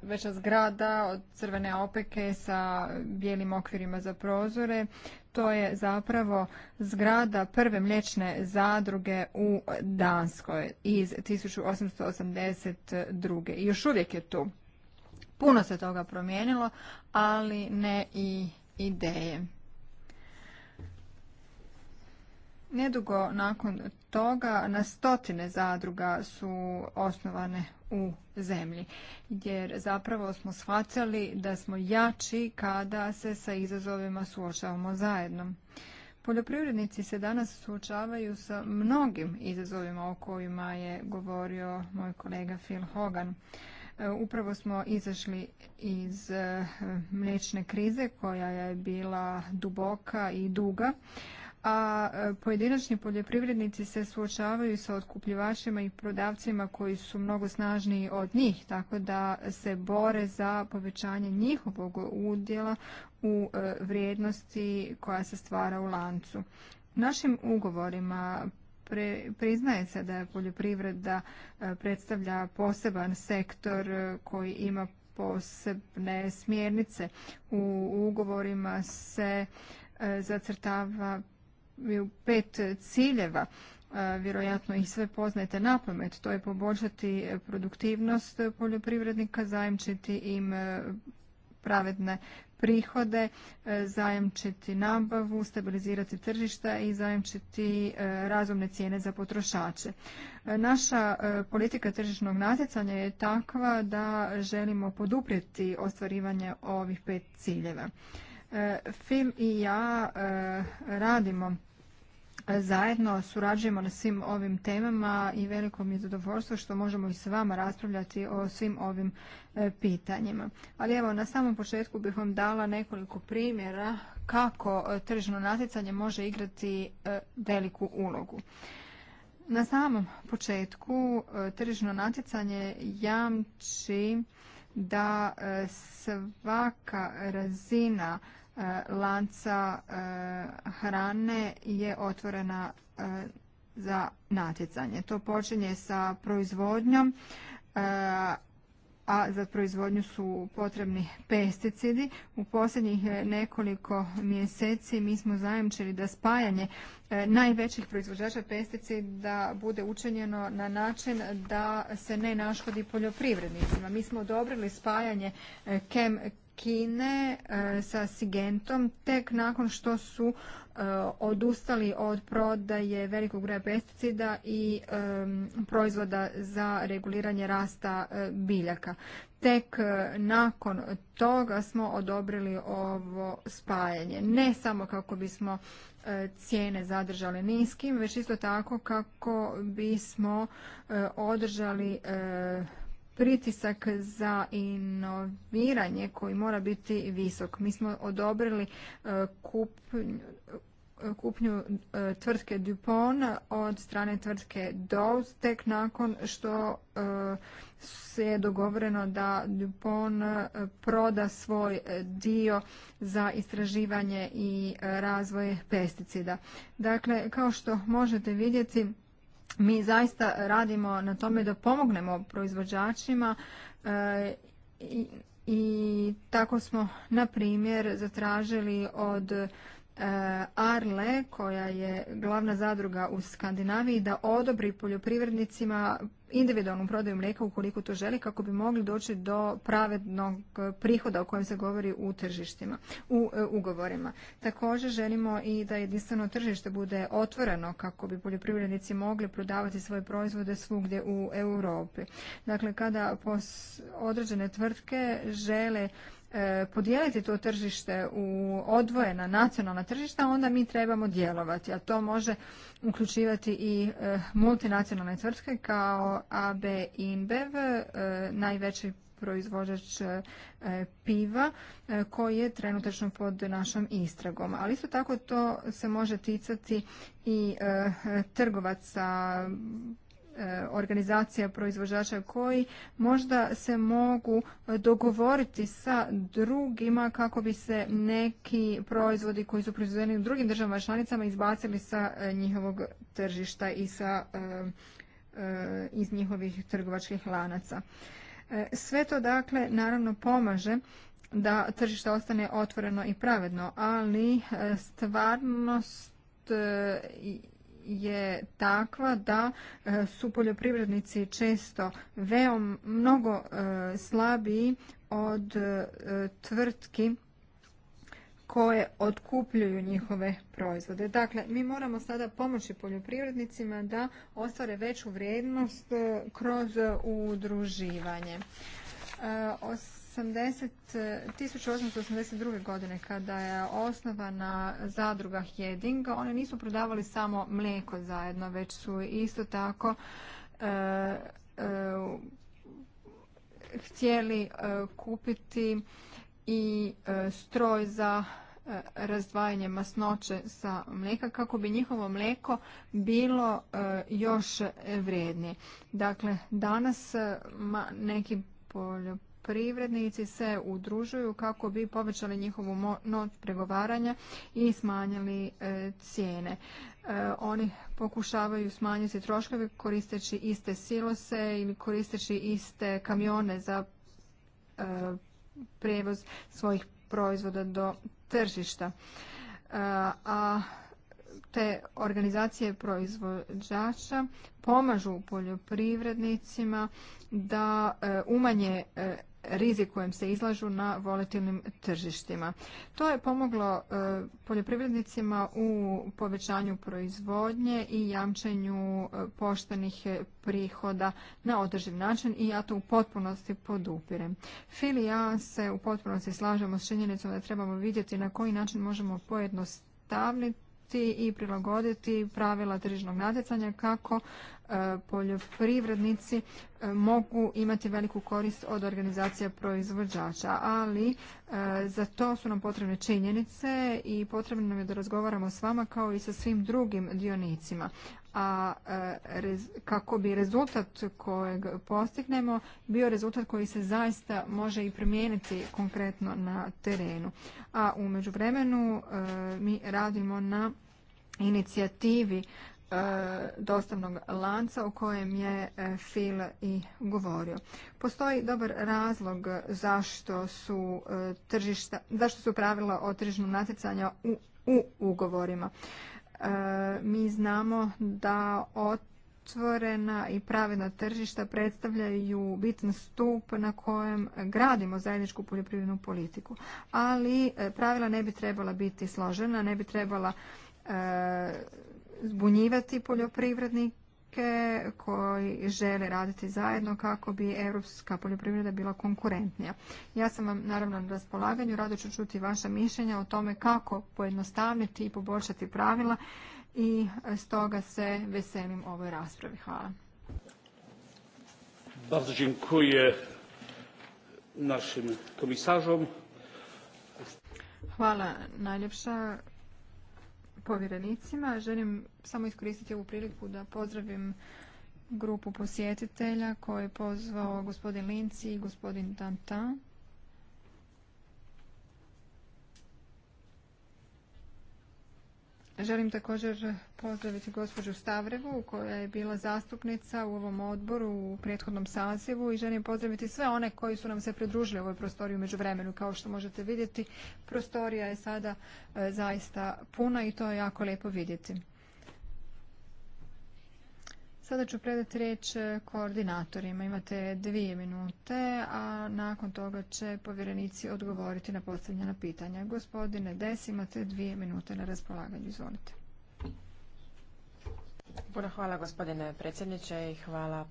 veća zgrada od crvene opeke sa bijelim okvirima za prozore. To je zapravo zgrada prve mlječne zadruge u Danskoj iz 1882. I još uvijek je tu. Puno se toga promijenilo, ali ne i ideje. Nedugo nakon toga na stotine zadruga su osnovane u zemlji, jer zapravo smo shvacali da smo jači kada se sa izazovima suočavamo zajedno. Poljoprivrednici se danas suočavaju sa mnogim izazovima o kojima je govorio moj kolega Phil Hogan. E, upravo smo izašli iz e, mliječne krize koja je bila duboka i duga a e, pojedinačni poljoprivrednici se suočavaju sa otkupljivačima i prodavcima koji su mnogo snažniji od njih, tako da se bore za povećanje njihovog udjela u e, vrijednosti koja se stvara u lancu. Našim ugovorima priznaje se da je poljoprivreda e, predstavlja poseban sektor koji ima posebne smjernice. U ugovorima se zacrtava pet ciljeva vjerojatno ih sve poznajte na pamet, to je poboljšati produktivnost poljoprivrednika, zajamčiti im e, pravedne prihode, e, zajamčiti nabavu, stabilizirati tržišta i zajamčiti e, razumne cijene za potrošače. Naša politika tržišnog natjecanja je takva da želimo poduprijeti ostvarivanje ovih pet ciljeva. Film i ja radimo zajedno surađujemo na svim ovim temama i veliko mi je zadovoljstvo što možemo i s vama raspravljati o svim ovim e, pitanjima. Ali evo, na samom početku bih vam dala nekoliko primjera kako e, tržno natjecanje može igrati e, veliku ulogu. Na samom početku tržišno natjecanje jamči da svaka razina E, lanca e, hrane je otvorena e, za natjecanje. To počinje sa proizvodnjom, a za proizvodnju su potrebni pesticidi. U posljednjih nekoliko mjeseci mi smo zajamčili da spajanje najvećih proizvođača pesticida bude učinjeno na način da se ne naškodi poljoprivrednicima. Mi smo odobrili spajanje KEM Kine e, sa Sigentom tek nakon što su e, odustali od prodaje velikog broja pesticida i e, proizvoda za reguliranje rasta biljaka. Tek nakon toga smo odobrili ovo spajanje. Ne samo kako bismo cijene zadržali niskim, već isto tako kako bismo održali pritisak za inoviranje koji mora biti visok. Mi smo odobrili e, kupnju e, e, tvrtke Dupont od strane tvrtke Dowstek tek nakon što se je dogovoreno da Dupont proda svoj dio za istraživanje i razvoj pesticida. Dakle, kao što možete vidjeti mi zaista radimo na tome da pomognemo proizvođačima e, i, tako smo na primjer zatražili od e, Arle koja je glavna zadruga u Skandinaviji da odobri poljoprivrednicima individualnu prodaju mlijeka ukoliko to želi kako bi mogli doći do pravednog e, prihoda o kojem se govori u tržištima, u e, ugovorima. Također želimo i da jedinstveno tržište bude otvoreno kako bi poljoprivrednici mogli prodavati svoje proizvode svugdje u Europi. Dakle, kada određene tvrtke žele E, podijeliti to tržište u odvojena nacionalna tržišta, onda mi trebamo djelovati, a to može uključivati i e, multinacionalne tvrtke kao AB InBev, e, najveći proizvođač piva koji je trenutačno pod našom istragom. Ali isto tako to se može ticati i trgovaca E, organizacija proizvođača koji možda se mogu dogovoriti sa drugima kako bi se neki proizvodi koji su proizvedeni u drugim državama članicama izbacili sa e, njihovog tržišta i sa e, iz njihovih trgovačkih lanaca. Sve to dakle naravno pomaže da tržište ostane otvoreno i pravedno, ali stvarnost je takva da e, su poljoprivrednici često veom mnogo e, slabiji od e, tvrtki koje otkupljuju njihove proizvode. Dakle, mi moramo sada pomoći poljoprivrednicima da ostvare veću vrijednost kroz udruživanje. 1882. godine kada je osnovana zadruga Hjeding, one nisu prodavali samo mlijeko zajedno, već su isto tako e, e, htjeli e, kupiti i stroj za razdvajanje masnoće sa mlijeka kako bi njihovo mlijeko bilo još vrijednije. Dakle, danas neki privrednici se udružuju kako bi povećali njihovu not pregovaranja i smanjili e, cijene. E, oni pokušavaju smanjiti troškove koristeći iste silose ili koristeći iste kamione za e, prijevoz svojih proizvoda do tržišta. A te organizacije proizvođača pomažu poljoprivrednicima da umanje rizik kojem se izlažu na volatilnim tržištima. To je pomoglo e, poljoprivrednicima u povećanju proizvodnje i jamčenju e, poštenih prihoda na održiv način i ja to u potpunosti podupirem. Fil i ja se u potpunosti slažemo s činjenicom da trebamo vidjeti na koji način možemo pojednostaviti i prilagoditi pravila tržišnog natjecanja kako e, poljoprivrednici e, mogu imati veliku korist od organizacija proizvođača, ali e, za to su nam potrebne činjenice i potrebno nam je da razgovaramo s vama kao i sa svim drugim dionicima a e, kako bi rezultat kojeg postignemo bio rezultat koji se zaista može i promijeniti konkretno na terenu. A u međuvremenu e, mi radimo na inicijativi e, dostavnog lanca o kojem je Phil i govorio. Postoji dobar razlog zašto su, tržišta, zašto su pravila o tržišnog natjecanja u ugovorima. E, mi znamo da otvorena i pravedna tržišta predstavljaju bitan stup na kojem gradimo zajedničku poljoprivrednu politiku. Ali e, pravila ne bi trebala biti složena, ne bi trebala e, zbunjivati poljoprivrednik koji žele raditi zajedno kako bi europska poljoprivreda bila konkurentnija. Ja sam vam naravno na raspolaganju, rado ću čuti vaša mišljenja o tome kako pojednostavniti i poboljšati pravila i stoga se veselim ovoj raspravi. Hvala. Bardzo dziękuję naszym komisarzom. Hvala najljepša povjerenicima. Želim samo iskoristiti ovu priliku da pozdravim grupu posjetitelja koje je pozvao gospodin Linci i gospodin Tantan Želim također pozdraviti gospođu Stavrevu koja je bila zastupnica u ovom odboru u prethodnom sazivu i želim pozdraviti sve one koji su nam se pridružili u ovoj prostoriji u vremenu. Kao što možete vidjeti, prostorija je sada e, zaista puna i to je jako lijepo vidjeti. Sada ću predati riječ e, koordinatorima. Imate dvije minute, a nakon toga će povjerenici odgovoriti na postavljena pitanja. Gospodine Des, imate dvije minute na raspolaganju. Izvolite. Puno hvala gospodine predsjedniče i hvala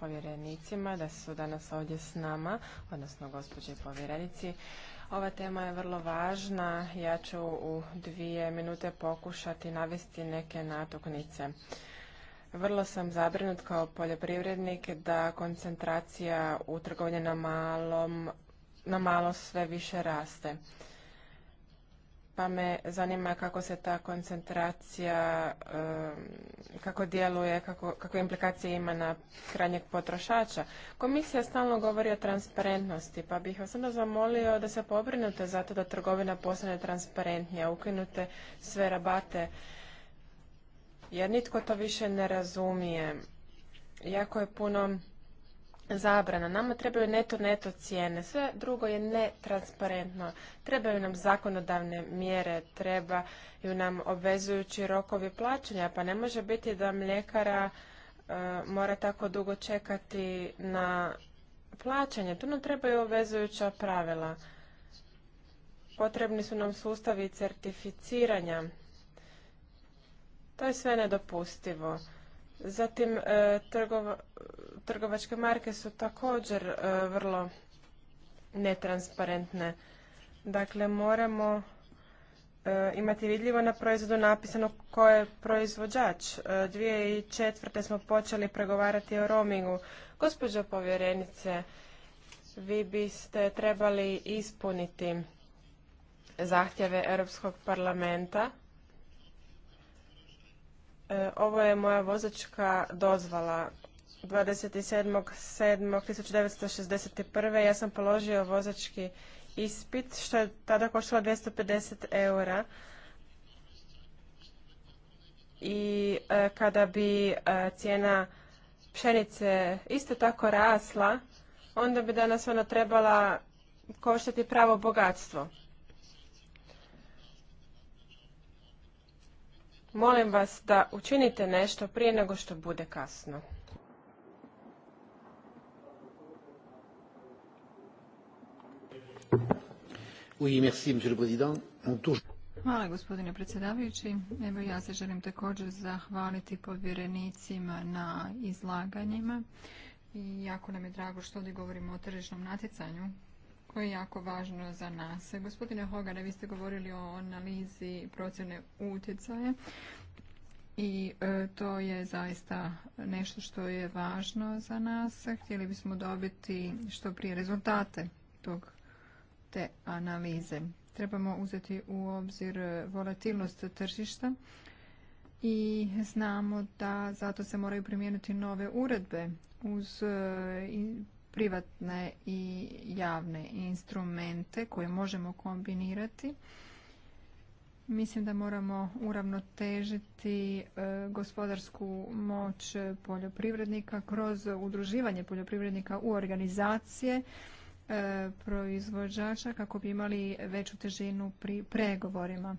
povjerenicima da su danas ovdje s nama, odnosno gospođe povjerenici. Ova tema je vrlo važna. Ja ću u dvije minute pokušati navesti neke natuknice. Vrlo sam zabrinut kao poljoprivrednik da koncentracija u trgovini na malom, na malo sve više raste. Pa me zanima kako se ta koncentracija, kako djeluje, kako, implikacije ima na krajnjeg potrošača. Komisija stalno govori o transparentnosti, pa bih vas onda zamolio da se pobrinute zato da trgovina postane transparentnija, ukinute sve rabate jer nitko to više ne razumije. Jako je puno zabrana. Nama trebaju neto-neto cijene. Sve drugo je netransparentno. Trebaju nam zakonodavne mjere, trebaju nam obvezujući rokovi plaćanja. Pa ne može biti da mljekara e, mora tako dugo čekati na plaćanje. Tu nam trebaju obvezujuća pravila. Potrebni su nam sustavi certificiranja to je sve nedopustivo. Zatim, e, trgovačke marke su također e, vrlo netransparentne. Dakle, moramo e, imati vidljivo na proizvodu napisano ko je proizvođač. 2004. smo počeli pregovarati o roamingu. Gospođo povjerenice, vi biste trebali ispuniti zahtjeve Europskog parlamenta E, ovo je moja vozačka dozvala. 27.7.1961. ja sam položio vozački ispit, što je tada koštalo 250 eura. I e, kada bi e, cijena pšenice isto tako rasla, onda bi danas ona trebala koštati pravo bogatstvo. Molim vas da učinite nešto prije nego što bude kasno. Hvala gospodine predsjedavajući. Evo ja se želim također zahvaliti povjerenicima na izlaganjima i jako nam je drago što ovdje govorimo o tržišnom natjecanju koje je jako važno za nas. Gospodine Hogane, vi ste govorili o analizi procjene utjecaja i e, to je zaista nešto što je važno za nas. Htjeli bismo dobiti što prije rezultate tog te analize. Trebamo uzeti u obzir volatilnost tržišta i znamo da zato se moraju primijeniti nove uredbe uz e, privatne i javne instrumente koje možemo kombinirati. Mislim da moramo uravnotežiti e, gospodarsku moć poljoprivrednika kroz udruživanje poljoprivrednika u organizacije e, proizvođača kako bi imali veću težinu pri pregovorima.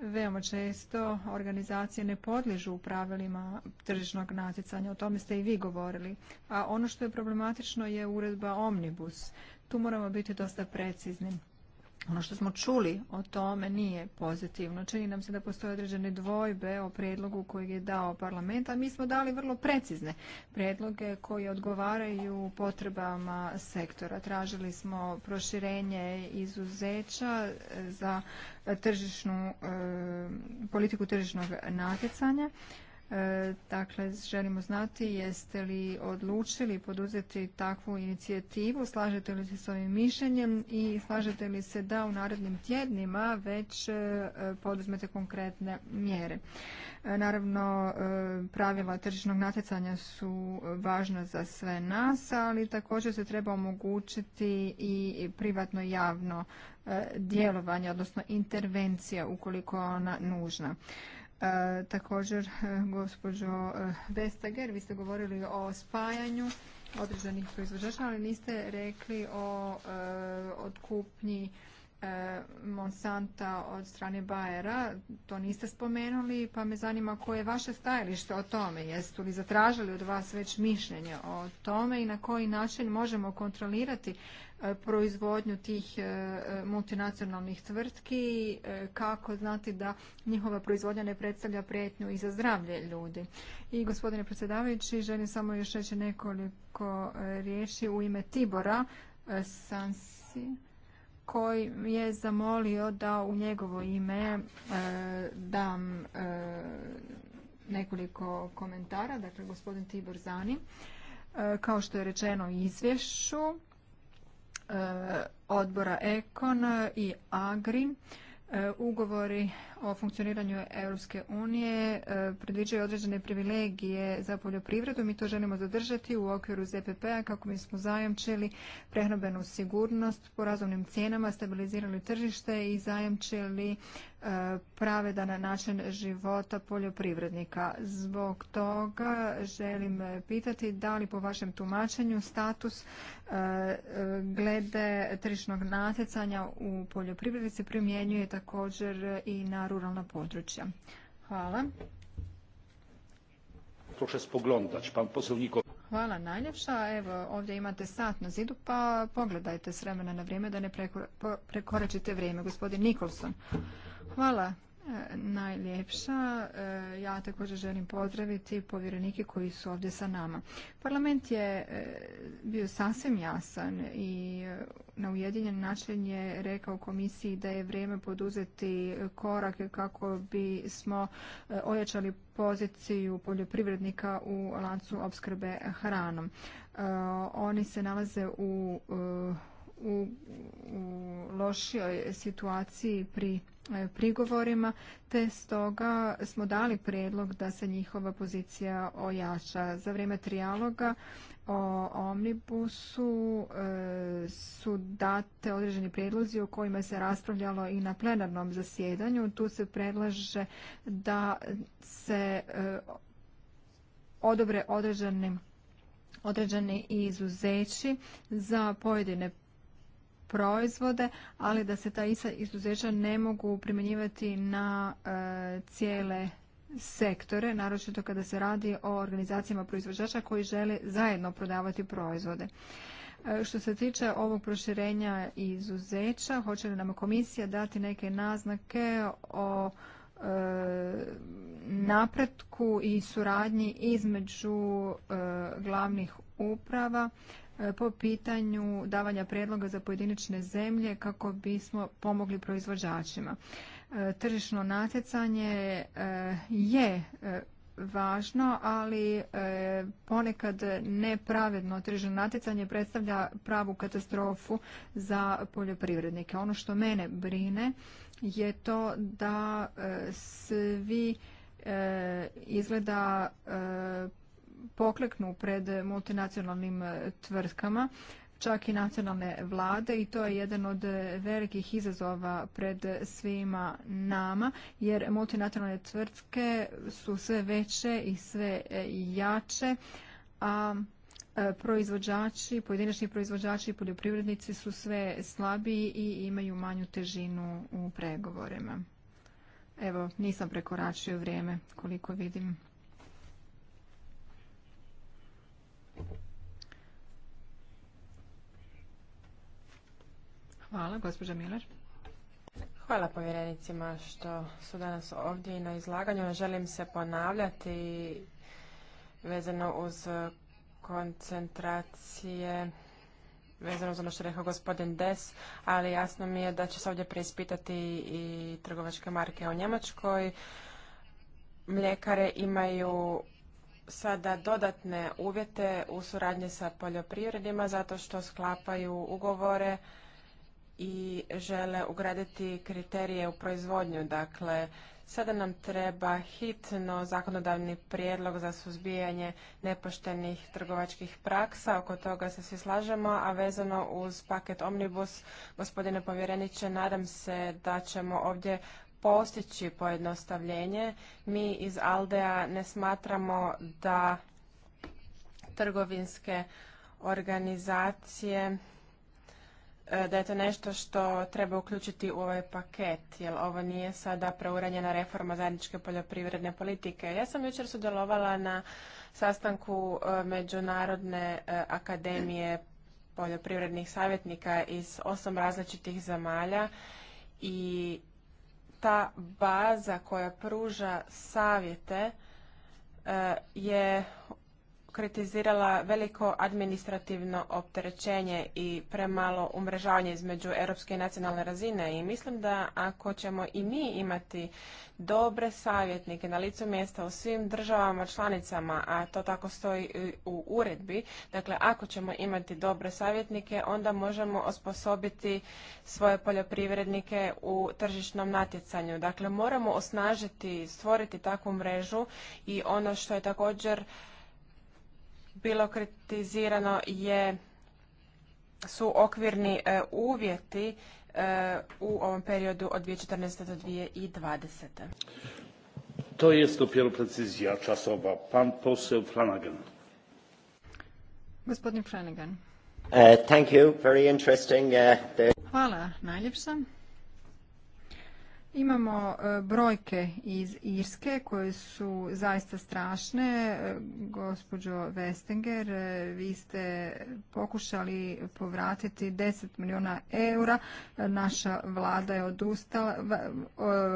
Veoma često organizacije ne podliježu pravilima tržišnog natjecanja, o tome ste i vi govorili. A ono što je problematično je uredba Omnibus. Tu moramo biti dosta precizni ono što smo čuli o tome nije pozitivno. Čini nam se da postoje određene dvojbe o predlogu kojeg je dao parlament, a mi smo dali vrlo precizne predloge koje odgovaraju potrebama sektora. Tražili smo proširenje izuzeća za tržišnu, eh, politiku tržišnog natjecanja E, dakle, želimo znati jeste li odlučili poduzeti takvu inicijativu, slažete li se s ovim mišljenjem i slažete li se da u narednim tjednima već e, poduzmete konkretne mjere. E, naravno, pravila tržišnog natjecanja su važna za sve nas, ali također se treba omogućiti i privatno javno djelovanje, odnosno intervencija ukoliko je ona nužna. E, također, e, gospođo e, Vestager, vi ste govorili o spajanju određenih proizvođača, ali niste rekli o odkupnji Monsanta od strane Bayera. To niste spomenuli, pa me zanima koje je vaše stajalište o tome. Jeste li zatražili od vas već mišljenje o tome i na koji način možemo kontrolirati E, proizvodnju tih e, multinacionalnih tvrtki, e, kako znati da njihova proizvodnja ne predstavlja prijetnju i za zdravlje ljudi. I gospodine predsjedavajući, želim samo još reći nekoliko riješi u ime Tibora Sansi koji je zamolio da u njegovo ime dam nekoliko komentara, dakle gospodin Tibor Zani. Kao što je rečeno u izvješću, E, odbora Ekon i Agri e, ugovori o funkcioniranju Europske unije e, predviđaju određene privilegije za poljoprivredu. Mi to želimo zadržati u okviru ZPP-a kako mi smo zajamčili prehnobenu sigurnost po razumnim cijenama, stabilizirali tržište i zajamčili e, pravedan način života poljoprivrednika. Zbog toga želim pitati da li po vašem tumačenju status e, glede tržišnog natjecanja u poljoprivredi se primjenjuje također i na ruralna područja. Hvala. Hvala najljepša. Evo, ovdje imate sat na zidu, pa pogledajte s vremena na vrijeme da ne prekoračite vrijeme. Gospodin Nikolson. Hvala Najljepša. E, ja također želim pozdraviti povjerenike koji su ovdje sa nama. Parlament je e, bio sasvim jasan i e, na ujedinjen način je rekao komisiji da je vrijeme poduzeti korake kako bi smo ojačali poziciju poljoprivrednika u lancu opskrbe hranom. Oni se nalaze u, u, u lošijoj situaciji pri E, prigovorima, te stoga smo dali prijedlog da se njihova pozicija ojača. Za vrijeme trijaloga o omnibusu e, su date određeni prijedlozi o kojima se raspravljalo i na plenarnom zasjedanju. Tu se predlaže da se e, odobre određeni određeni izuzeći za pojedine proizvode, ali da se ta izuzeća ne mogu primjenjivati na e, cijele sektore, naročito kada se radi o organizacijama proizvođača koji žele zajedno prodavati proizvode. E, što se tiče ovog proširenja izuzeća, hoće li nam komisija dati neke naznake o e, napretku i suradnji između glavnih uprava E, po pitanju davanja predloga za pojedinačne zemlje kako bismo pomogli proizvođačima. E, tržišno natjecanje e, je važno, ali ponekad nepravedno tržišno natjecanje predstavlja pravu katastrofu za poljoprivrednike. Ono što mene brine je to da svi izgleda pokleknu pred multinacionalnim e, tvrtkama, čak i nacionalne vlade i to je jedan od velikih izazova pred svima nama jer multinacionalne tvrtke su sve veće i sve e, jače, a e, proizvođači, pojedinačni proizvođači i poljoprivrednici su sve slabiji i imaju manju težinu u pregovorima. Evo, nisam prekoračio vrijeme koliko vidim. Hvala, gospođa Miller. Hvala povjerenicima što su danas ovdje i na izlaganju. Želim se ponavljati vezano uz koncentracije vezano uz ono što je rekao gospodin Des, ali jasno mi je da će se ovdje preispitati i trgovačke marke u Njemačkoj. Mljekare imaju sada dodatne uvjete u suradnji sa poljoprivredima zato što sklapaju ugovore i žele ugraditi kriterije u proizvodnju. Dakle, sada nam treba hitno zakonodavni prijedlog za suzbijanje nepoštenih trgovačkih praksa. Oko toga se svi slažemo, a vezano uz paket Omnibus, gospodine povjereniče, nadam se da ćemo ovdje postići pojednostavljenje. Mi iz Aldea ne smatramo da trgovinske organizacije e, da je to nešto što treba uključiti u ovaj paket, jer ovo nije sada preuranjena reforma zajedničke poljoprivredne politike. Ja sam jučer sudjelovala na sastanku e, Međunarodne e, akademije poljoprivrednih savjetnika iz osam različitih zemalja i ta baza koja pruža savjete e, je kritizirala veliko administrativno opterećenje i premalo umrežavanje između europske i nacionalne razine i mislim da ako ćemo i mi imati dobre savjetnike na licu mjesta u svim državama članicama, a to tako stoji u uredbi, dakle ako ćemo imati dobre savjetnike, onda možemo osposobiti svoje poljoprivrednike u tržišnom natjecanju. Dakle, moramo osnažiti, stvoriti takvu mrežu i ono što je također bilo kritizirano je su okvirni e, uvjeti e, u ovom periodu od 2014. do 2020. To je dopiero precizija časova. Pan poseł Flanagan. Gospodin Flanagan. Uh, thank you. Very interesting. Uh, the... Hvala najljepša. Imamo e, brojke iz Irske koje su zaista strašne. E, gospođo Vestinger, e, vi ste pokušali povratiti 10 milijuna eura. Naša vlada je odustala,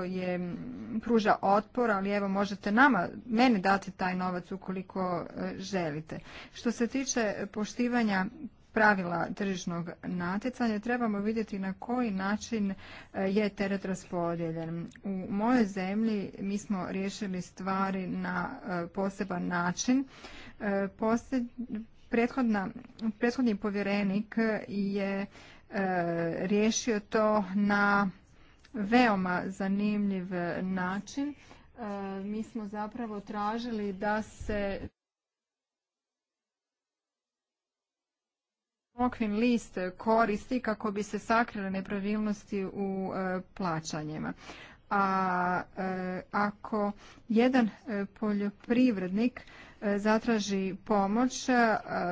je pruža otpor, ali evo možete nama, meni dati taj novac ukoliko želite. Što se tiče poštivanja pravila tržišnog natjecanja trebamo vidjeti na koji način e, je teret raspodijeljen. U mojoj zemlji mi smo riješili stvari na e, poseban način. E, prethodni povjerenik je riješio to na veoma zanimljiv način. Mi smo zapravo tražili da se Okvin list koristi kako bi se sakrile nepravilnosti u e, plaćanjima. A e, ako jedan e, poljoprivrednik zatraži pomoć,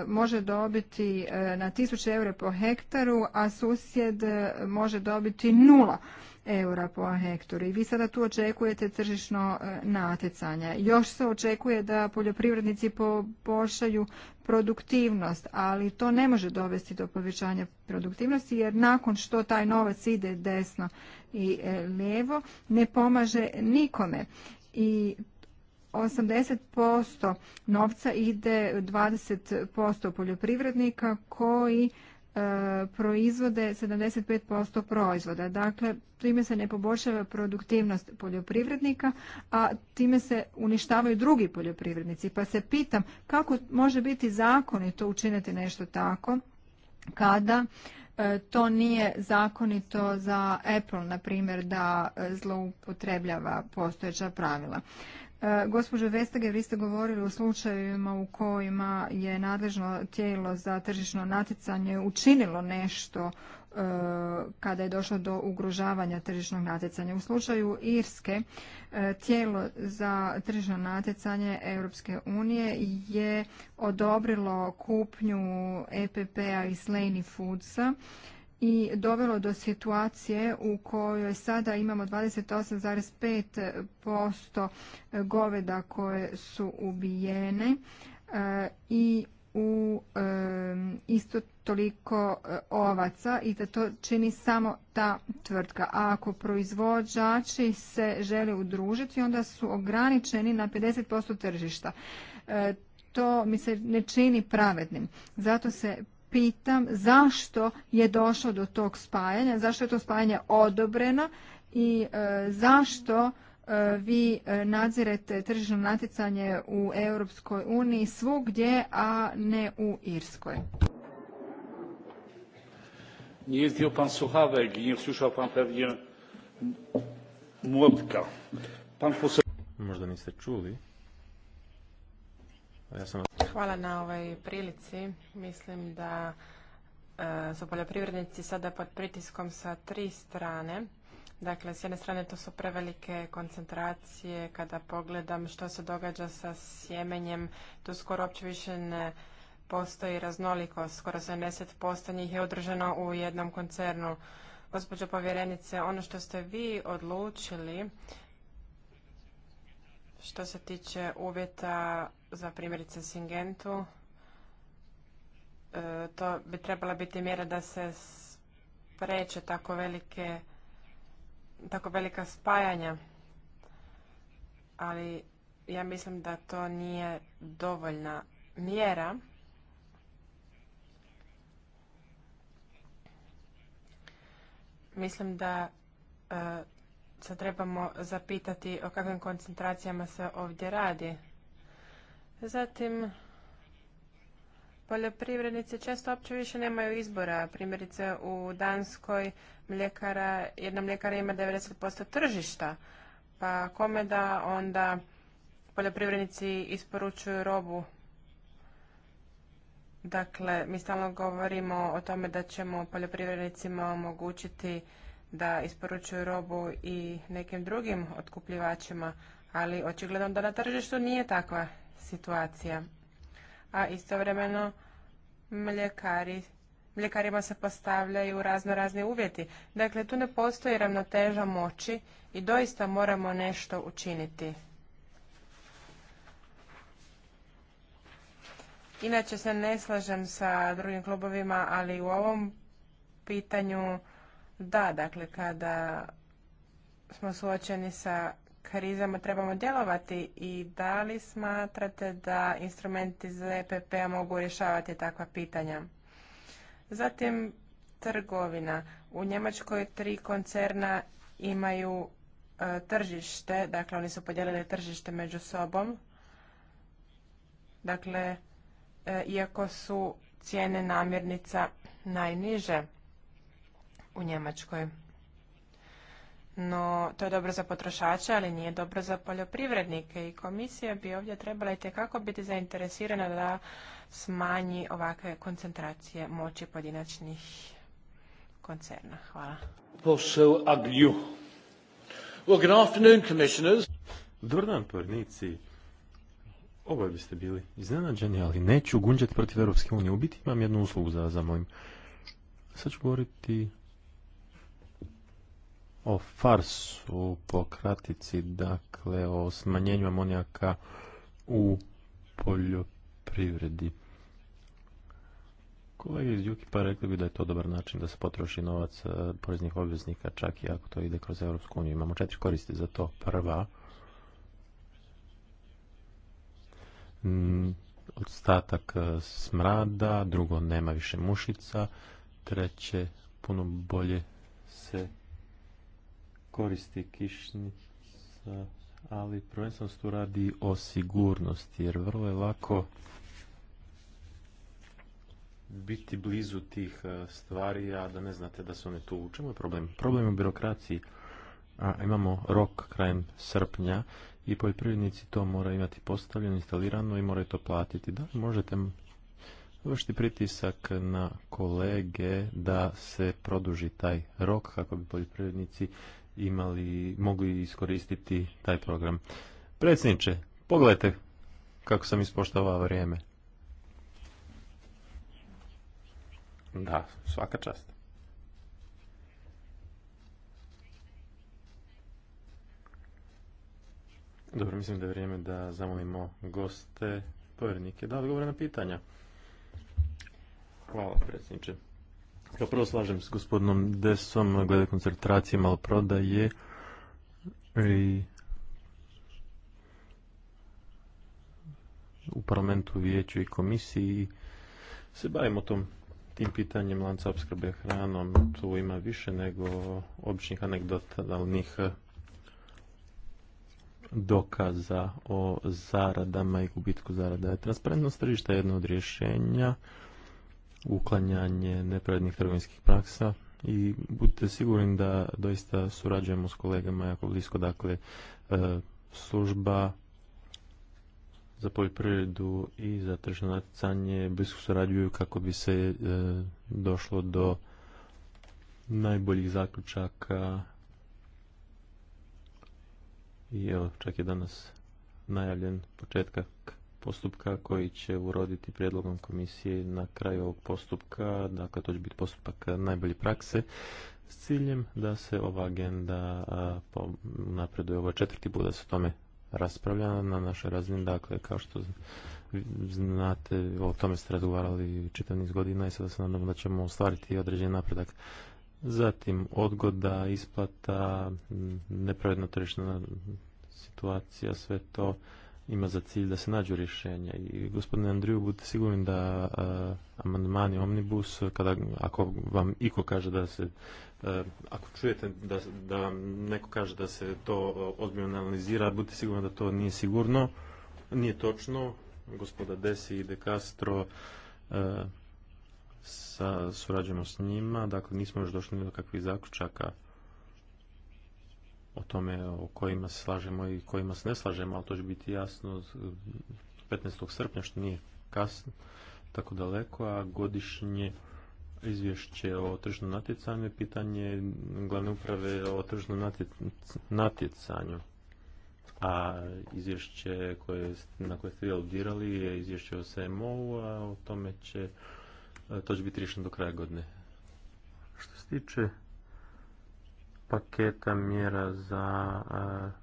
može dobiti na 1000 eura po hektaru, a susjed može dobiti nula eura po hektoru. I vi sada tu očekujete tržišno e, natjecanje. Još se očekuje da poljoprivrednici poboljšaju produktivnost, ali to ne može dovesti do povećanja produktivnosti jer nakon što taj novac ide desno i e, lijevo ne pomaže nikome. I 80% novca ide 20% poljoprivrednika koji E, proizvode 75% proizvoda. Dakle, time se ne poboljšava produktivnost poljoprivrednika, a time se uništavaju drugi poljoprivrednici. Pa se pitam kako može biti zakonito učiniti nešto tako kada e, to nije zakonito za Apple, na primjer, da zloupotrebljava postojeća pravila. E, gospođo Vestager, vi ste govorili o slučajevima u kojima je nadležno tijelo za tržišno natjecanje učinilo nešto e, kada je došlo do ugrožavanja tržišnog natjecanja. U slučaju Irske e, tijelo za tržišno natjecanje Europske unije je odobrilo kupnju EPP-a i Slaney Foodsa i dovelo do situacije u kojoj sada imamo 28,5% e, goveda koje su ubijene e, i u e, isto toliko ovaca i da to čini samo ta tvrtka. A ako proizvođači se žele udružiti, onda su ograničeni na 50% tržišta. To mi se ne čini pravednim. Zato se pitam zašto je došlo do tog spajanja, zašto je to spajanje odobreno i e, zašto e, vi e, nadzirete tržišno natjecanje u Europskoj uniji svugdje, a ne u Irskoj. Nie pan Suhavek, slušao pan Možda niste čuli. Hvala na ovoj prilici. Mislim da e, su poljoprivrednici sada pod pritiskom sa tri strane. Dakle, s jedne strane to su prevelike koncentracije. Kada pogledam što se događa sa sjemenjem, tu skoro uopće više ne postoji raznolikost. Skoro 70% njih je održano u jednom koncernu. Gospođo povjerenice, ono što ste vi odlučili što se tiče uvjeta za primjerice Singentu, e, to bi trebala biti mjera da se spreče tako velike tako velika spajanja ali ja mislim da to nije dovoljna mjera mislim da e, se trebamo zapitati o kakvim koncentracijama se ovdje radi Zatim, poljoprivrednici često uopće više nemaju izbora. Primjerice u Danskoj mljekara, jedna mljekara ima 90% tržišta, pa kome da onda poljoprivrednici isporučuju robu Dakle, mi stalno govorimo o tome da ćemo poljoprivrednicima omogućiti da isporučuju robu i nekim drugim otkupljivačima, ali očigledno da na tržištu nije takva situacija. A istovremeno mljekari mljekarima se postavljaju razno razni uvjeti. Dakle, tu ne postoji ravnoteža moći i doista moramo nešto učiniti. Inače se ne slažem sa drugim klubovima, ali u ovom pitanju da, dakle, kada smo suočeni sa krizama trebamo djelovati i da li smatrate da instrumenti za e p-a EPP mogu rješavati takva pitanja? Zatim, trgovina. U Njemačkoj tri koncerna imaju e, tržište, dakle oni su podijelili tržište među sobom. Dakle, e, iako su cijene namirnica najniže u Njemačkoj no to je dobro za potrošače, ali nije dobro za poljoprivrednike i komisija bi ovdje trebala i tekako biti zainteresirana da smanji ovakve koncentracije moći pojedinačnih koncerna. Hvala. Well, good afternoon, commissioners. Dobar dan, Oboje biste bili iznenađeni, ali neću gunđati protiv Europske unije. U biti imam jednu uslugu za mojim. Sad ću govoriti o farsu po kratici, dakle o smanjenju amonijaka u poljoprivredi. Kolege iz Jukipa rekli bi da je to dobar način da se potroši novac e, poreznih obveznika, čak i ako to ide kroz Europsku uniju. Imamo četiri koristi za to. Prva, odstatak e, smrada, drugo, nema više mušica, treće, puno bolje se koristi kišnica, ali prvenstveno se tu radi o sigurnosti, jer vrlo je lako biti blizu tih e, stvari, a da ne znate da su one tu u čemu je problem? Problem je u birokraciji. A, imamo rok krajem srpnja i poljoprivrednici to moraju imati postavljeno, instalirano i moraju to platiti. Da možete vršiti pritisak na kolege da se produži taj rok kako bi poljoprivrednici imali, mogli iskoristiti taj program. Predsjedniče, pogledajte kako sam ispoštovao vrijeme. Da, svaka čast. Dobro, mislim da je vrijeme da zamolimo goste, povjernike da odgovore na pitanja. Hvala, predsjedniče. Kao prvo slažem s gospodinom Desom glede koncentracije maloprodaje i u parlamentu, vijeću i komisiji se bavimo tom tim pitanjem lanca opskrbe hranom. Tu ima više nego običnih anegdotalnih eh, dokaza o zaradama i gubitku zarada. Transparentnost tržišta je jedno od rješenja uklanjanje nepravednih trgovinskih praksa i budite sigurni da doista surađujemo s kolegama jako blisko, dakle e, služba za poljoprivredu i za tržno natjecanje blisko surađuju kako bi se e, došlo do najboljih zaključaka i evo čak je danas najavljen početak postupka koji će uroditi prijedlogom komisije na kraju ovog postupka, dakle to će biti postupak najbolje prakse, s ciljem da se ova agenda napreduje. Ovo četvrti put da se o tome raspravlja na našoj razini, dakle kao što znate, o tome ste razgovarali čitav niz godina i sada se nadamo da ćemo ostvariti određen napredak. Zatim odgoda, isplata, nepravedna tržišna situacija, sve to ima za cilj da se nađu rješenja. I gospodine Andriju, budite sigurni da uh, amandmani Omnibus, kada, ako vam iko kaže da se, e, ako čujete da, da vam neko kaže da se to uh, ozbiljno analizira, budite sigurni da to nije sigurno, nije točno. Gospoda Desi i De Castro e, sa, surađujemo s njima, dakle nismo još došli do kakvih zaključaka o tome o kojima se slažemo i kojima se ne slažemo, ali to će biti jasno 15. srpnja, što nije kasno, tako daleko, a godišnje izvješće o tržnom natjecanju je pitanje glavne uprave o tržnom natjecanju. A izvješće koje, na koje ste vi aludirali je izvješće o SMO-u, a o tome će, e, to će biti riješeno do kraja godine. Što se tiče paketa mjera za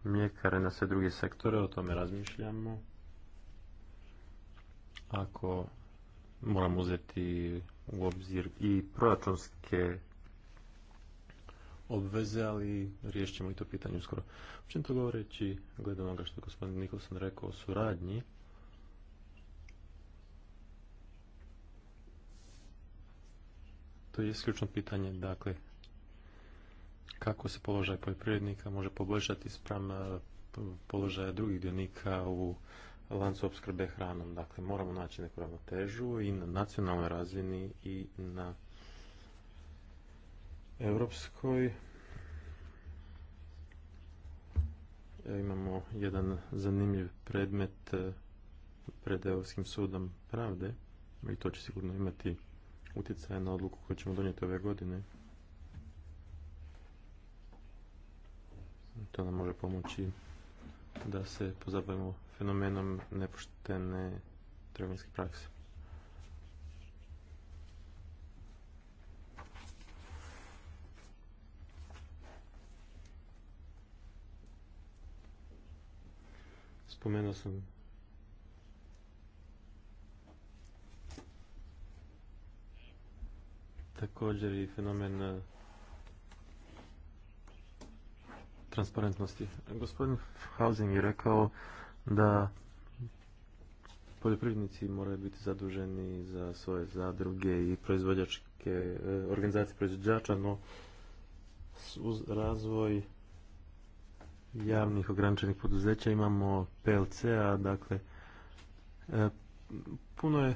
e, mljekare na sve druge sektore, o tome razmišljamo. Ako moramo uzeti u obzir i proračunske obveze, ali riješit ćemo i to pitanje uskoro. to govoreći, glede onoga što je gospodin Nikolson rekao o suradnji, to je isključno pitanje, dakle, kako se položaj poljoprivrednika može poboljšati spram eh, položaja drugih dionika u lancu opskrbe hranom. Dakle, moramo naći neku ravnotežu i na nacionalnoj razini i na europskoj. imamo jedan zanimljiv predmet eh, pred Europskim sudom pravde i to će sigurno imati utjecaj na odluku koju ćemo donijeti ove godine to nam može pomoći da se pozabavimo fenomenom nepoštene trgovinske prakse. Spomenuo sam također i fenomen transparentnosti. Gospodin Housing je rekao da poljoprivrednici moraju biti zaduženi za svoje zadruge i proizvođačke e, organizacije proizvođača, no uz razvoj javnih ograničenih poduzeća imamo PLC-a, dakle e, puno je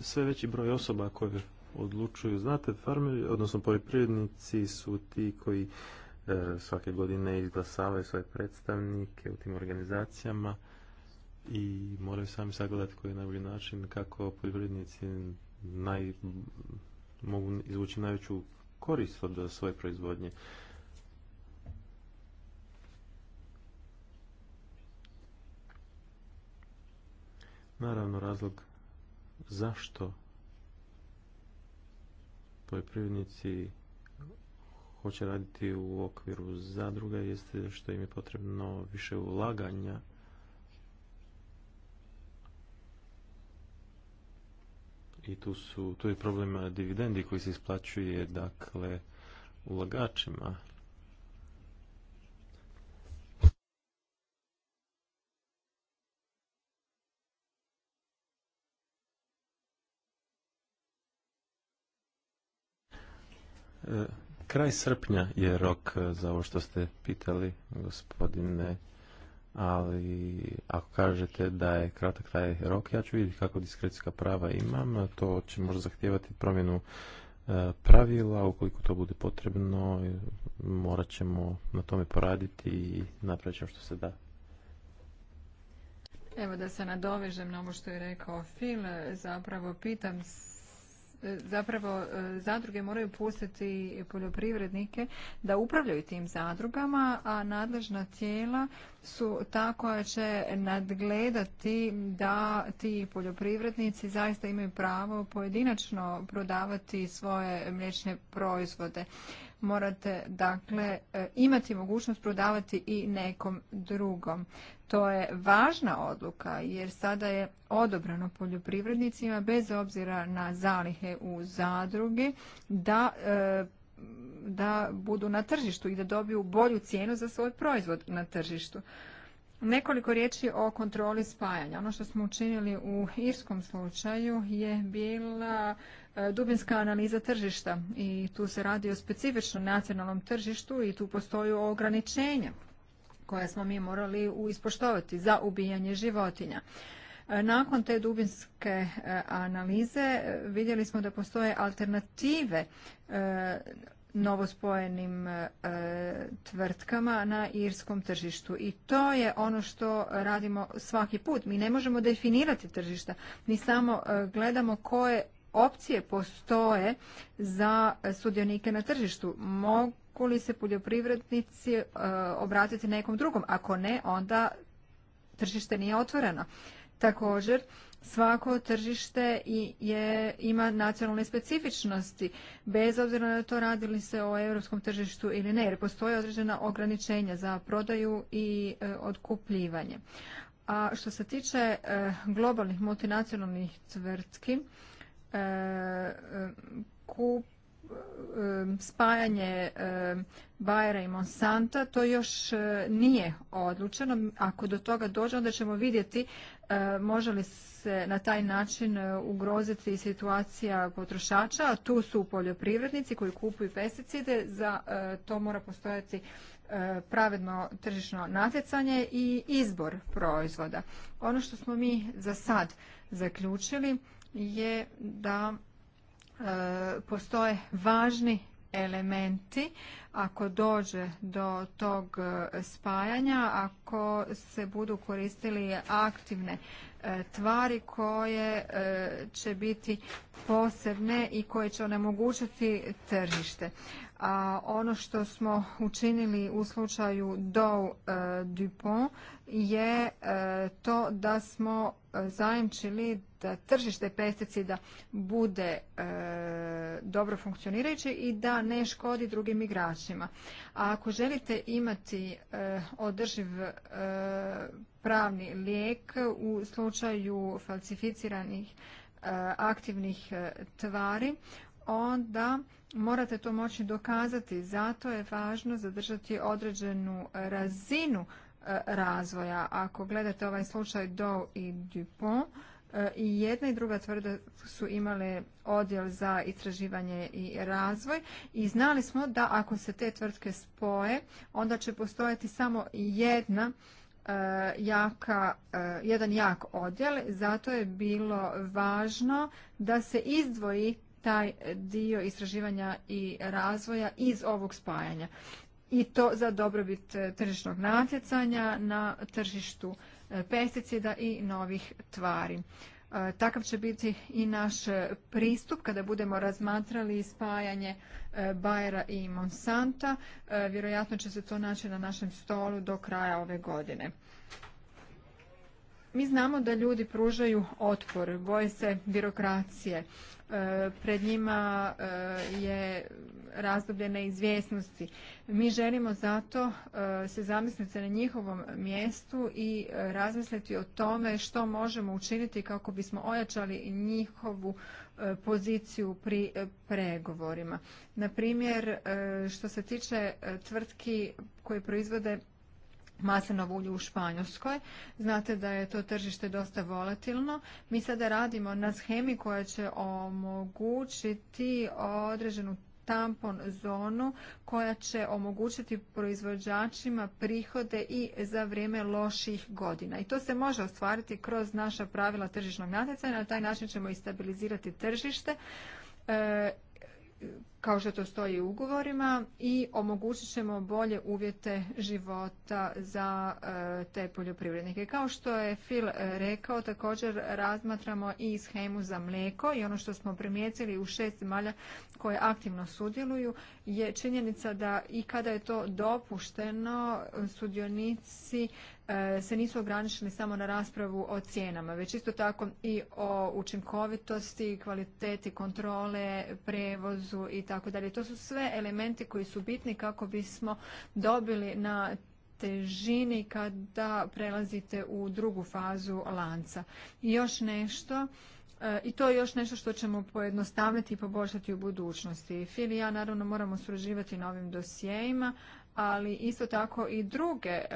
sve veći broj osoba koje odlučuju. Znate, farmeri, odnosno poljoprivrednici su ti koji E, svake godine izglasavaju svoje predstavnike u tim organizacijama i moraju sami sagledati koji je najbolji način kako poljoprivrednici naj, mogu izvući najveću korist od svoje proizvodnje. Naravno, razlog zašto poljoprivrednici hoće raditi u okviru zadruga jeste što im je potrebno više ulaganja i tu, su, tu je problem dividendi koji se isplaćuje dakle ulagačima e, Kraj srpnja je rok e, za ovo što ste pitali, gospodine, ali ako kažete da je kratak taj rok, ja ću vidjeti kako diskrecijska prava imam. To će možda zahtijevati promjenu e, pravila, ukoliko to bude potrebno, e, morat ćemo na tome poraditi i napravit što se da. Evo da se nadovežem na ovo što je rekao Fil, zapravo pitam E, zapravo e, zadruge moraju pustiti poljoprivrednike da upravljaju tim zadrugama, a nadležna tijela su ta koja će nadgledati da ti poljoprivrednici zaista imaju pravo pojedinačno prodavati svoje mliječne proizvode. Morate dakle e, imati mogućnost prodavati i nekom drugom. To je važna odluka jer sada je odobrano poljoprivrednicima bez obzira na zalihe u zadruge da e, da budu na tržištu i da dobiju bolju cijenu za svoj proizvod na tržištu. Nekoliko riječi o kontroli spajanja. Ono što smo učinili u irskom slučaju je bila e, dubinska analiza tržišta i tu se radi o specifičnom nacionalnom tržištu i tu postoju ograničenja koja smo mi morali ispoštovati za ubijanje životinja. Nakon te dubinske e, analize e, vidjeli smo da postoje alternative e, novospojenim tvrtkama na irskom tržištu i to je ono što radimo svaki put. Mi ne možemo definirati tržišta, mi samo gledamo koje opcije postoje za sudionike na tržištu. Mogu li se poljoprivrednici obratiti nekom drugom? Ako ne, onda tržište nije otvoreno. Također, svako tržište je, ima nacionalne specifičnosti, bez obzira na to radi li se o europskom tržištu ili ne, jer postoje određena ograničenja za prodaju i e, odkupljivanje. A što se tiče e, globalnih multinacionalnih tvrtki, e, e, kup Um, spajanje um, Bajera i Monsanta, to još uh, nije odlučeno. Ako do toga dođe, onda ćemo vidjeti uh, može li se na taj način uh, ugroziti situacija potrošača, a tu su poljoprivrednici koji kupuju pesticide, za to mora postojati pravedno tržišno natjecanje i izbor proizvoda. Ono što smo mi za sad zaključili je da E, postoje važni elementi ako dođe do tog e, spajanja, ako se budu koristili aktivne e, tvari koje će biti posebne i koje će onemogućiti tržište. A ono što smo učinili u slučaju Dow Dupont je to da smo zajemčili da tržište pesticida bude e, dobro funkcionirajuće i da ne škodi drugim igračima. A ako želite imati e, održiv e, pravni lijek u slučaju falsificiranih aktivnih tvari, onda morate to moći dokazati. Zato je važno zadržati određenu razinu razvoja. Ako gledate ovaj slučaj Dow i Dupont, E, i jedna i druga tvrda su imale odjel za istraživanje i razvoj i znali smo da ako se te tvrtke spoje onda će postojati samo jedna e, jaka, e, jedan jak odjel zato je bilo važno da se izdvoji taj dio istraživanja i razvoja iz ovog spajanja i to za dobrobit tržišnog natjecanja na tržištu E, pesticida i novih tvari. E, takav će biti i naš pristup kada budemo razmatrali spajanje e, Bajera i Monsanta. Vjerojatno će se to naći na našem stolu do kraja ove godine. Mi znamo da ljudi pružaju otpor, boje se birokracije, E, pred njima e, je razdoblje neizvjesnosti. Mi želimo zato e, se zamisliti na njihovom mjestu i razmisliti o tome što možemo učiniti kako bismo ojačali njihovu poziciju pri pregovorima. Na primjer, što se tiče tvrtki koje proizvode maslinovo ulje u Španjolskoj. Znate da je to tržište dosta volatilno. Mi sada radimo na schemi koja će omogućiti određenu tampon zonu koja će omogućiti proizvođačima prihode i za vrijeme loših godina. I to se može ostvariti kroz naša pravila tržišnog natjecanja. Na taj način ćemo i stabilizirati tržište e, kao što to stoji u ugovorima i omogućit ćemo bolje uvjete života za e, te poljoprivrednike. Kao što je Fil e, rekao, također razmatramo i schemu za mlijeko i ono što smo primijetili u šest zemalja koje aktivno sudjeluju je činjenica da i kada je to dopušteno, e, sudionici E, se nisu ograničili samo na raspravu o cijenama, već isto tako i o učinkovitosti, kvaliteti kontrole, prevozu i tako dalje. To su sve elementi koji su bitni kako bismo dobili na težini kada prelazite u drugu fazu lanca. I još nešto, e, i to je još nešto što ćemo pojednostaviti i poboljšati u budućnosti. Fili i ja naravno moramo surađivati na ovim dosjejima, ali isto tako i druge e,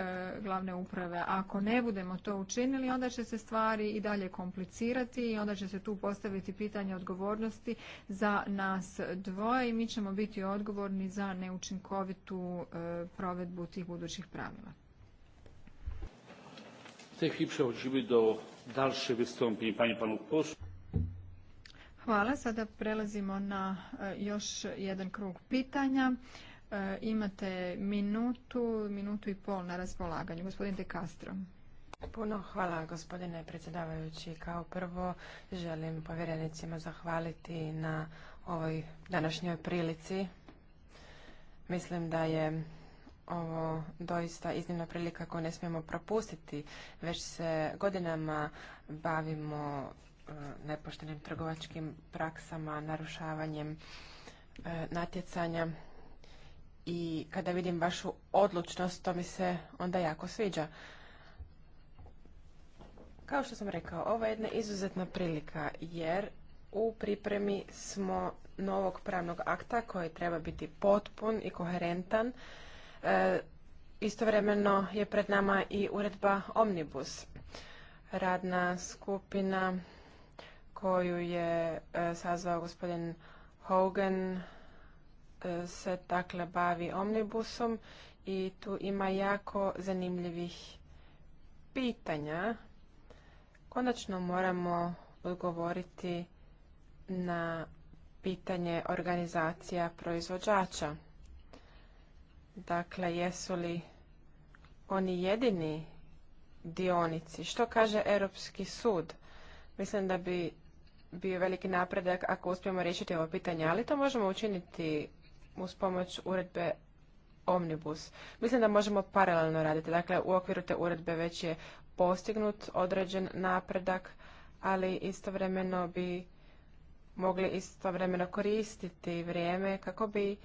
glavne uprave. Ako ne budemo to učinili, onda će se stvari i dalje komplicirati i onda će se tu postaviti pitanje odgovornosti za nas dvoje i mi ćemo biti odgovorni za neučinkovitu e, provedbu tih budućih pravila. Hvala. Sada prelazimo na e, još jedan krug pitanja. E, imate minutu, minutu i pol na raspolaganju. Gospodin De Castro. Puno hvala gospodine predsjedavajući. Kao prvo želim povjerenicima zahvaliti na ovoj današnjoj prilici. Mislim da je ovo doista iznimna prilika koju ne smijemo propustiti. Već se godinama bavimo e, nepoštenim trgovačkim praksama, narušavanjem e, natjecanja i kada vidim vašu odlučnost, to mi se onda jako sviđa. Kao što sam rekao, ovo je jedna izuzetna prilika jer u pripremi smo novog pravnog akta koji treba biti potpun i koherentan. E, istovremeno je pred nama i uredba Omnibus, radna skupina koju je e, sazvao gospodin Hogan, E, se dakle bavi omnibusom i tu ima jako zanimljivih pitanja. Konačno moramo odgovoriti na pitanje organizacija proizvođača. Dakle, jesu li oni jedini dionici? Što kaže Europski sud? Mislim da bi bio veliki napredak ako uspijemo riješiti ovo pitanje, ali to možemo učiniti uz pomoć uredbe Omnibus. Mislim da možemo paralelno raditi. Dakle, u okviru te uredbe već je postignut određen napredak, ali istovremeno bi mogli istovremeno koristiti vrijeme kako bi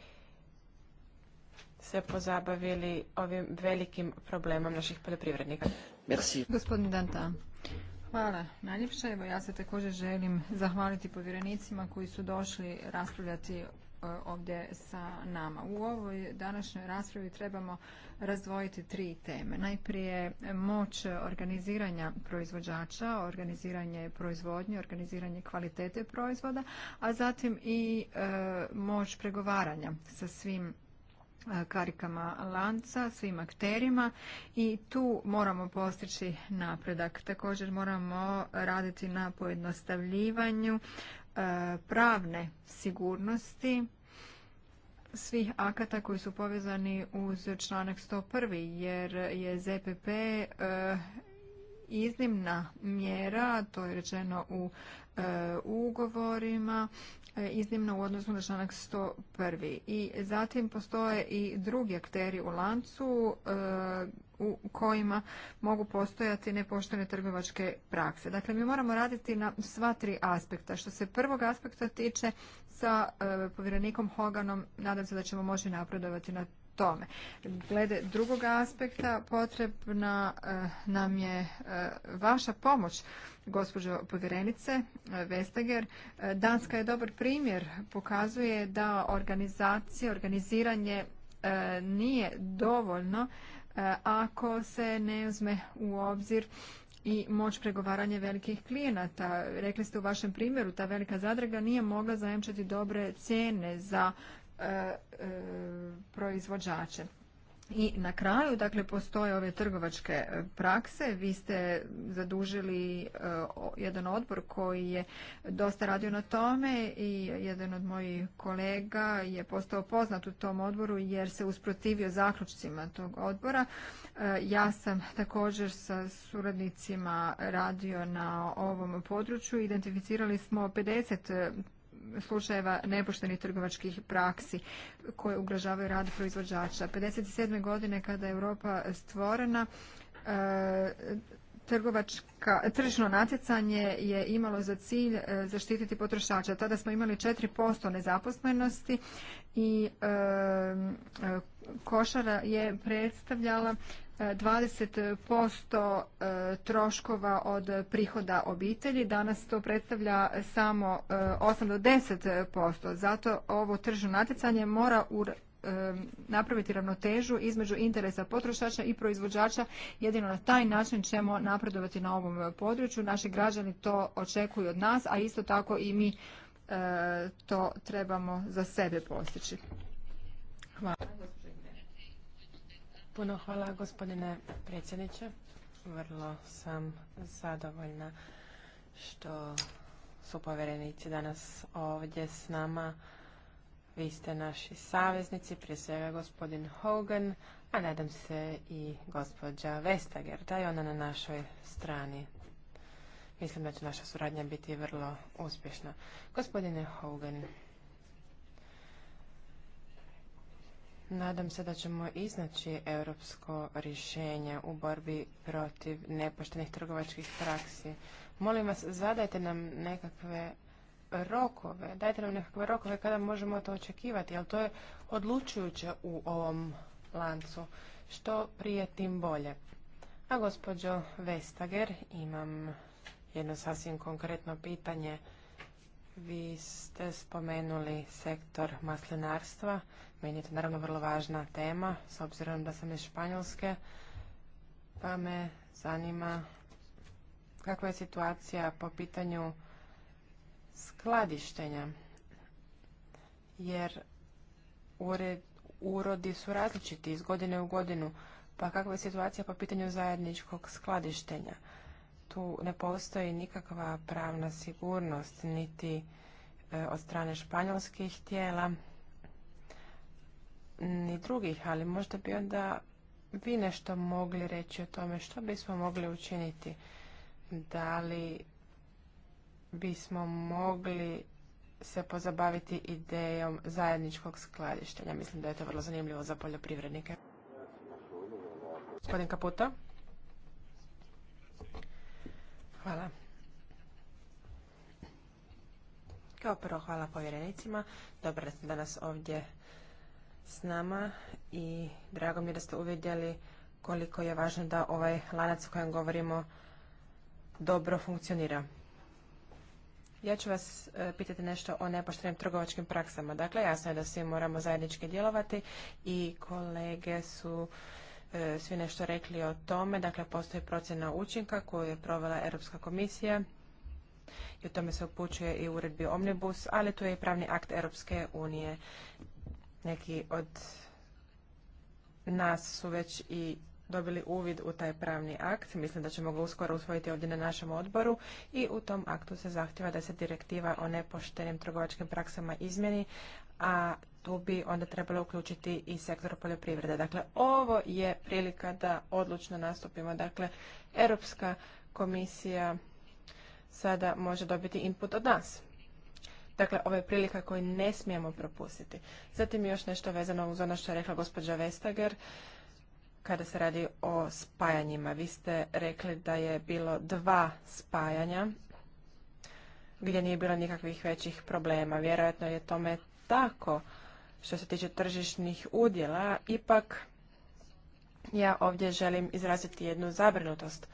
se pozabavili ovim velikim problemom naših poljoprivrednika. Merci. Gospodin Danta. Hvala najljepša. Evo ja se također želim zahvaliti povjerenicima koji su došli raspravljati E, ovdje sa nama. U ovoj današnjoj raspravi trebamo razdvojiti tri teme. Najprije moć organiziranja proizvođača, organiziranje proizvodnje, organiziranje kvalitete proizvoda, a zatim i e, moć pregovaranja sa svim e, karikama lanca, svim akterima i tu moramo postići napredak. Također moramo raditi na pojednostavljivanju E, pravne sigurnosti svih akata koji su povezani uz članak 101. jer je ZPP e, iznimna mjera, to je rečeno u e, ugovorima E, iznimno u odnosu na članak 101. I zatim postoje i drugi akteri u lancu e, u kojima mogu postojati nepoštene trgovačke prakse. Dakle, mi moramo raditi na sva tri aspekta. Što se prvog aspekta tiče sa e, povjerenikom Hoganom, nadam se da ćemo moći napredovati na tome. Glede drugog aspekta potrebna eh, nam je eh, vaša pomoć, gospođo povjerenice eh, Vestager. Danska je dobar primjer, pokazuje da organizacija, organiziranje nije dovoljno ako se ne uzme u obzir i moć pregovaranja velikih klijenata. Rekli ste u vašem primjeru, ta velika zadruga nije mogla zajemčati dobre cijene za E, e, proizvođače. I na kraju, dakle, postoje ove trgovačke e, prakse. Vi ste zadužili jedan odbor koji je dosta radio na tome i jedan od mojih kolega je postao poznat u tom odboru jer se usprotivio zaključcima tog odbora. Ja sam također sa suradnicima radio na ovom području. Identificirali smo 50 slučajeva nepoštenih trgovačkih praksi koje ugrožavaju rad proizvođača. 57. godine kada je Europa stvorena, e, trgovačka, tržišno natjecanje je imalo za cilj e, zaštititi potrošača. Tada smo imali 4% nezaposlenosti i e, košara je predstavljala 20% e, troškova od prihoda obitelji. Danas to predstavlja samo 8 e, do 10%. Zato ovo tržno natjecanje mora e, napraviti ravnotežu između interesa potrošača i proizvođača. Jedino na taj način ćemo napredovati na ovom području. Naši građani to očekuju od nas, a isto tako i mi to trebamo za sebe postići. Hvala. Puno hvala gospodine predsjedniče. Vrlo sam zadovoljna što su povjerenici danas ovdje s nama. Vi ste naši saveznici, prije svega gospodin Hogan, a nadam se i gospođa Vestager, da je ona na našoj strani. Mislim da će naša suradnja biti vrlo uspješna. Gospodine Hogan, Nadam se da ćemo iznaći europsko rješenje u borbi protiv nepoštenih trgovačkih praksi. Molim vas, zadajte nam nekakve rokove, dajte nam nekakve rokove kada možemo to očekivati, ali to je odlučujuće u ovom lancu. Što prije, tim bolje. A gospođo Vestager, imam jedno sasvim konkretno pitanje. Vi ste spomenuli sektor maslinarstva to Naravno, vrlo važna tema, s obzirom da sam iz Španjolske, pa me zanima kakva je situacija po pitanju skladištenja, jer urodi su različiti iz godine u godinu, pa kakva je situacija po pitanju zajedničkog skladištenja? Tu ne postoji nikakva pravna sigurnost, niti e, od strane španjolskih tijela, ni drugih, ali možda bi onda vi nešto mogli reći o tome što bismo mogli učiniti. Da li bismo mogli se pozabaviti idejom zajedničkog skladištenja. Mislim da je to vrlo zanimljivo za poljoprivrednike. Gospodin Kaputo. Hvala. Kao prvo hvala povjerenicima. Dobro da ste danas ovdje s nama i drago mi je da ste uvidjeli koliko je važno da ovaj lanac o kojem govorimo dobro funkcionira. Ja ću vas e, pitati nešto o nepoštenim trgovačkim praksama. Dakle, jasno je da svi moramo zajednički djelovati i kolege su e, svi nešto rekli o tome. Dakle, postoji procjena učinka koju je provela Europska komisija i o tome se upućuje i uredbi Omnibus, ali tu je i pravni akt Europske unije. Neki od nas su već i dobili uvid u taj pravni akt. Mislim da ćemo ga uskoro usvojiti ovdje na našem odboru i u tom aktu se zahtjeva da se direktiva o nepoštenim trgovačkim praksama izmjeni, a tu bi onda trebalo uključiti i sektor poljoprivrede. Dakle, ovo je prilika da odlučno nastupimo. Dakle, Europska komisija sada može dobiti input od nas. Dakle, ovo je prilika koju ne smijemo propustiti. Zatim još nešto vezano uz ono što je rekla gospođa Vestager kada se radi o spajanjima. Vi ste rekli da je bilo dva spajanja gdje nije bilo nikakvih većih problema. Vjerojatno je tome tako što se tiče tržišnih udjela. Ipak ja ovdje želim izraziti jednu zabrinutost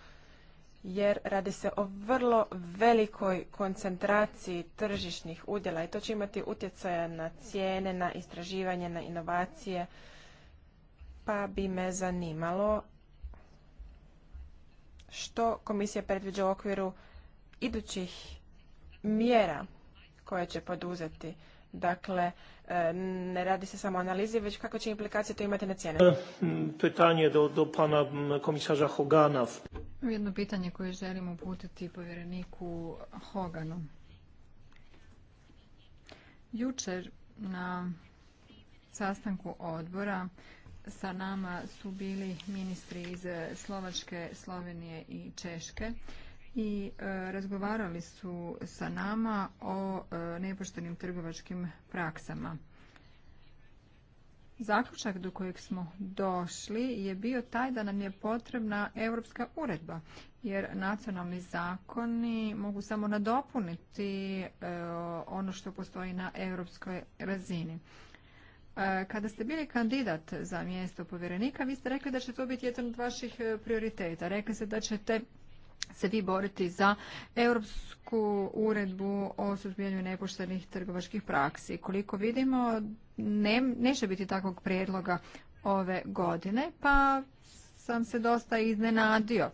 jer radi se o vrlo velikoj koncentraciji tržišnih udjela i to će imati utjecaja na cijene, na istraživanje, na inovacije, pa bi me zanimalo što komisija predviđa u okviru idućih mjera koje će poduzeti. Dakle, E, ne radi se samo o analizi, već kako će implikacije to imati na cijene. E, pitanje do, do pana komisarza Hogana. Jedno pitanje koje želim uputiti povjereniku Hoganu. Jučer na sastanku odbora sa nama su bili ministri iz Slovačke, Slovenije i Češke i e, razgovarali su sa nama o e, nepoštenim trgovačkim praksama. Zaključak do kojeg smo došli je bio taj da nam je potrebna europska uredba, jer nacionalni zakoni mogu samo nadopuniti e, ono što postoji na europskoj razini. Kada ste bili kandidat za mjesto povjerenika, vi ste rekli da će to biti jedan od vaših prioriteta. Rekli ste da ćete se vi boriti za europsku uredbu o suzbijanju nepoštenih trgovačkih praksi. Koliko vidimo, ne, neće biti takvog prijedloga ove godine, pa sam se dosta iznenadio.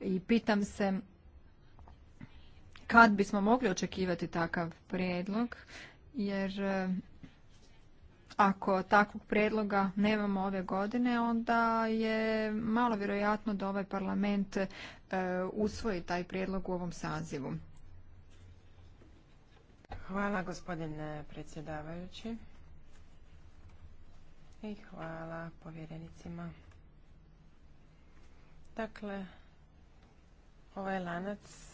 I pitam se kad bismo mogli očekivati takav prijedlog, jer ako takvog predloga nemamo ove godine, onda je malo vjerojatno da ovaj parlament e, usvoji taj predlog u ovom sazivu. Hvala gospodine predsjedavajući i hvala povjerenicima. Dakle, ovaj lanac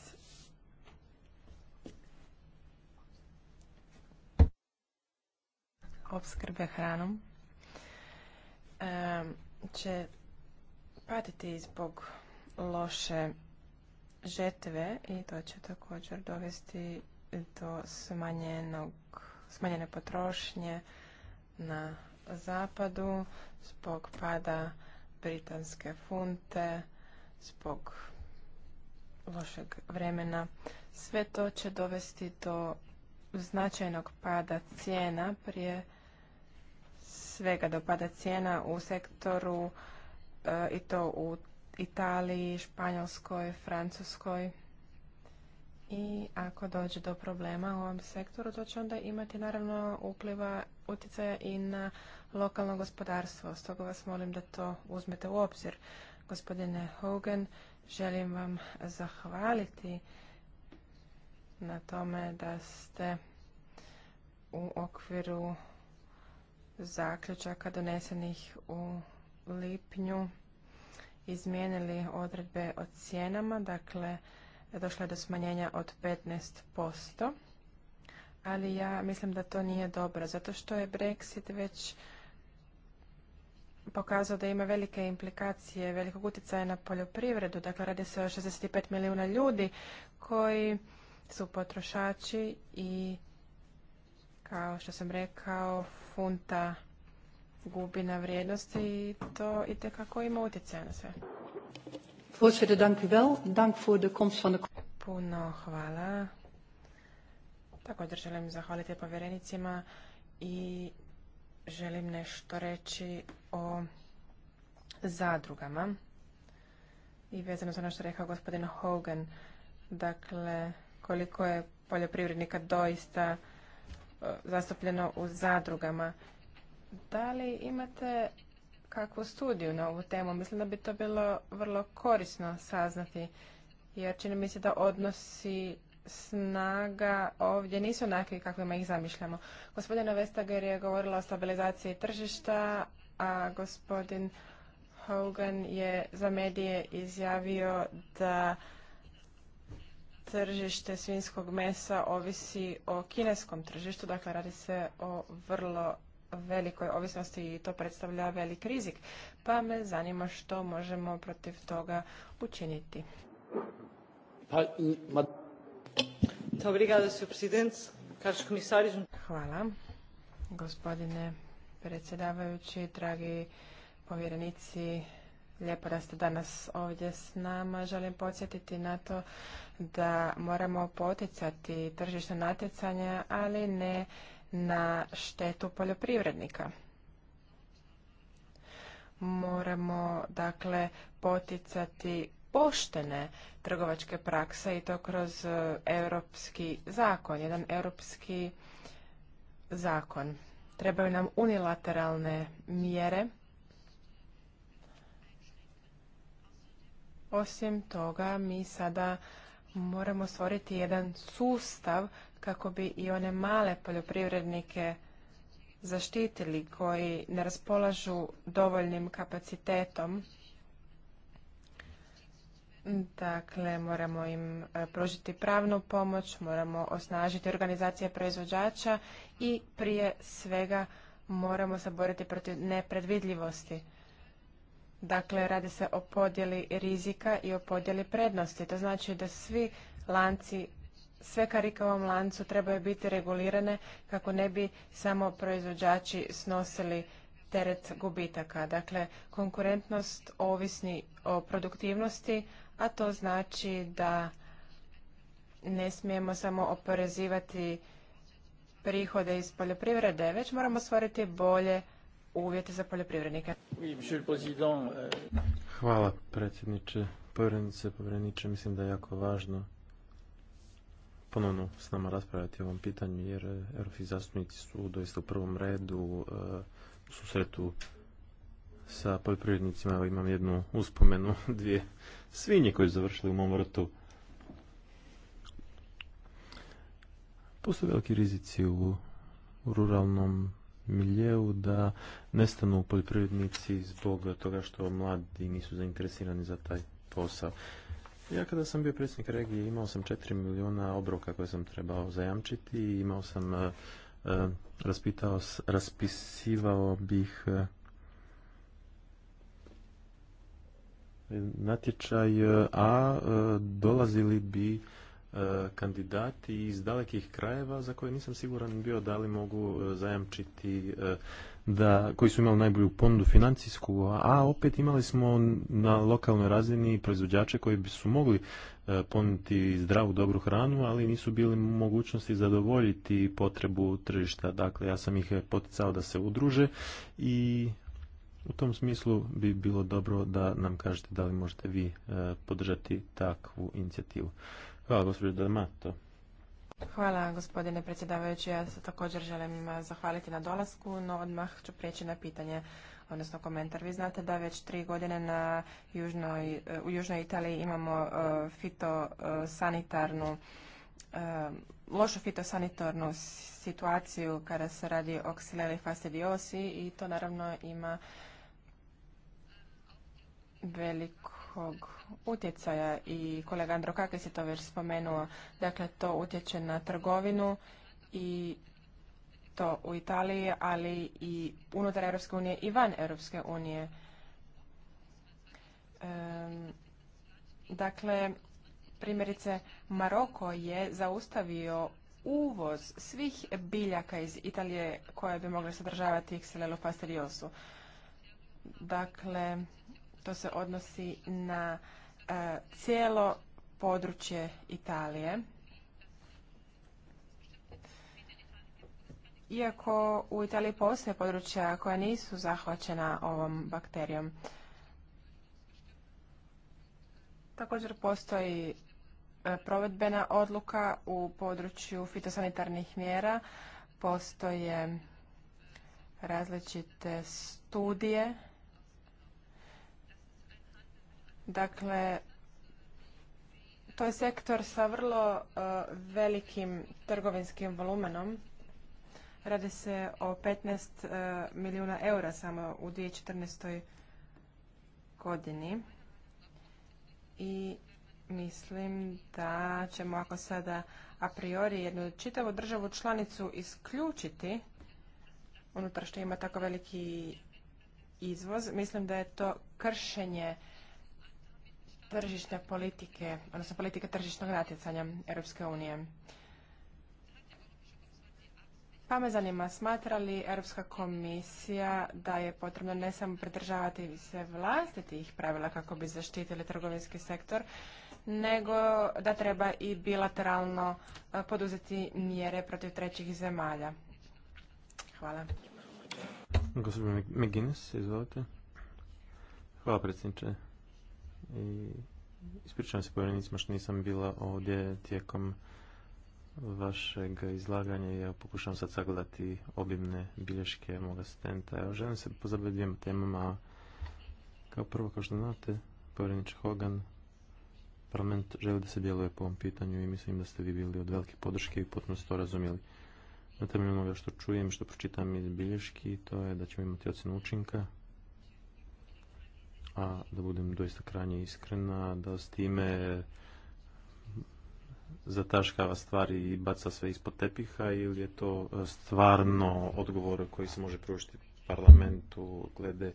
opskrbe hranom će patiti zbog loše žetve i to će također dovesti do smanjene potrošnje na zapadu zbog pada britanske funte, zbog lošeg vremena. Sve to će dovesti do značajnog pada cijena prije svega do pada cijena u sektoru e, i to u Italiji, Španjolskoj, Francuskoj. I ako dođe do problema u ovom sektoru, to će onda imati naravno upliva utjecaja i na lokalno gospodarstvo. Stoga vas molim da to uzmete u obzir. Gospodine Hogan, želim vam zahvaliti na tome da ste u okviru zaključaka donesenih u lipnju izmijenili odredbe o cijenama, dakle došlo je do smanjenja od 15%, ali ja mislim da to nije dobro, zato što je Brexit već pokazao da ima velike implikacije, velikog utjecaja na poljoprivredu, dakle radi se o 65 milijuna ljudi koji su potrošači i kao što sam rekao, funta gubi na vrijednosti i to i kako ima utjecaj na sve. Voorzitter, dank u wel. Dank voor de komst van de... Puno hvala. Također želim zahvaliti povjerenicima i želim nešto reći o zadrugama. I vezano za ono što rekao gospodin Hogan, dakle, koliko je poljoprivrednika doista zastupljeno u zadrugama. Da li imate kakvu studiju na ovu temu? Mislim da bi to bilo vrlo korisno saznati, jer čini mi se da odnosi snaga ovdje nisu onakvi kakvima ih zamišljamo. Gospodina Vestager je govorila o stabilizaciji tržišta, a gospodin Hogan je za medije izjavio da tržište svinjskog mesa ovisi o kineskom tržištu, dakle radi se o vrlo velikoj ovisnosti i to predstavlja velik rizik. Pa me zanima što možemo protiv toga učiniti. Pa, Hvala. Gospodine predsjedavajući, dragi povjerenici, Lijepo da ste danas ovdje s nama. Želim podsjetiti na to da moramo poticati tržišno natjecanje, ali ne na štetu poljoprivrednika. Moramo dakle poticati poštene trgovačke prakse i to kroz e, europski zakon, jedan europski zakon. Trebaju nam unilateralne mjere Osim toga, mi sada moramo stvoriti jedan sustav kako bi i one male poljoprivrednike zaštitili koji ne raspolažu dovoljnim kapacitetom. Dakle, moramo im e, pružiti pravnu pomoć, moramo osnažiti organizacije proizvođača i prije svega moramo se boriti protiv nepredvidljivosti. Dakle, radi se o podjeli rizika i o podjeli prednosti. To znači da svi lanci, sve karike u ovom lancu trebaju biti regulirane kako ne bi samo proizvođači snosili teret gubitaka. Dakle, konkurentnost ovisni o produktivnosti, a to znači da ne smijemo samo oporezivati prihode iz poljoprivrede, već moramo stvoriti bolje uvjete za poljoprivrednike. Hvala predsjedniče, povjerenice, povjereniče. Mislim da je jako važno ponovno s nama raspravljati o ovom pitanju jer e, europski zastupnici su doista u prvom redu e, u susretu sa poljoprivrednicima. Evo imam jednu uspomenu, [LAUGHS] dvije svinje koje su završile u mom vrtu. Postoje veliki rizici u ruralnom miljeu da nestanu poljoprivrednici zbog toga što mladi nisu zainteresirani za taj posao. Ja kada sam bio predsjednik regije imao sam 4 milijuna obroka koje sam trebao zajamčiti i imao sam e, e, raspitao, raspisivao bih e, natječaj, a dolazili bi E, kandidati iz dalekih krajeva za koje nisam siguran bio da li mogu e, zajamčiti e, da, koji su imali najbolju ponudu financijsku, a, opet imali smo na lokalnoj razini proizvođače koji bi su mogli ponuditi zdravu, dobru hranu, ali nisu bili mogućnosti zadovoljiti potrebu tržišta. Dakle, ja sam ih poticao da se udruže i u tom smislu bi bilo dobro da nam kažete da li možete vi podržati takvu inicijativu. Hvala, pa, gospođo Hvala, gospodine predsjedavajući. Ja se također želim eh, zahvaliti na dolasku, no odmah ću prijeći na pitanje odnosno komentar. Vi znate da već tri godine na južnoj, eh, u Južnoj Italiji imamo eh, fitosanitarnu lošu fitosanitarnu situaciju kada se radi o ksileli fastidiosi i to naravno ima veliko utjecaja i kolega Androkakis je to već spomenuo. Dakle, to utječe na trgovinu i to u Italiji, ali i unutar Europske unije i van Europske unije. dakle, primjerice, Maroko je zaustavio uvoz svih biljaka iz Italije koje bi mogli sadržavati xylelu fastidiosu. Dakle, to se odnosi na e, cijelo područje Italije. Iako u Italiji postoje područja koja nisu zahvaćena ovom bakterijom. Također postoji e, provedbena odluka u području fitosanitarnih mjera, postoje različite studije Dakle, to je sektor sa vrlo e, velikim trgovinskim volumenom. Radi se o 15 e, milijuna eura samo u 2014. godini. I mislim da ćemo ako sada a priori jednu čitavu državu članicu isključiti unutar što ima tako veliki izvoz, mislim da je to kršenje tržišne politike, odnosno politike tržišnog natjecanja Europske unije. Pa me zanima, smatra li Europska komisija da je potrebno ne samo pridržavati se vlastitih pravila kako bi zaštitili trgovinski sektor, nego da treba i bilateralno e, poduzeti mjere protiv trećih zemalja? Hvala. Gospodin izvolite. Hvala predsjedniče i ispričavam se povjerenicima što nisam bila ovdje tijekom vašeg izlaganja ja pokušavam sad sagledati obimne bilješke mog asistenta. Ja želim se pozabaviti dvijema temama. Kao prvo, kao što znate, povjerenič Hogan, parlament želi da se djeluje po ovom pitanju i mislim da ste vi bili od velike podrške i potpuno ste to razumjeli. Na temelju onoga što čujem, što pročitam iz bilješki, to je da ćemo imati ocjenu učinka a da budem doista krajnje iskrena, da s time zataškava stvari i baca sve ispod tepiha ili je to e, stvarno odgovor koji se može pružiti parlamentu glede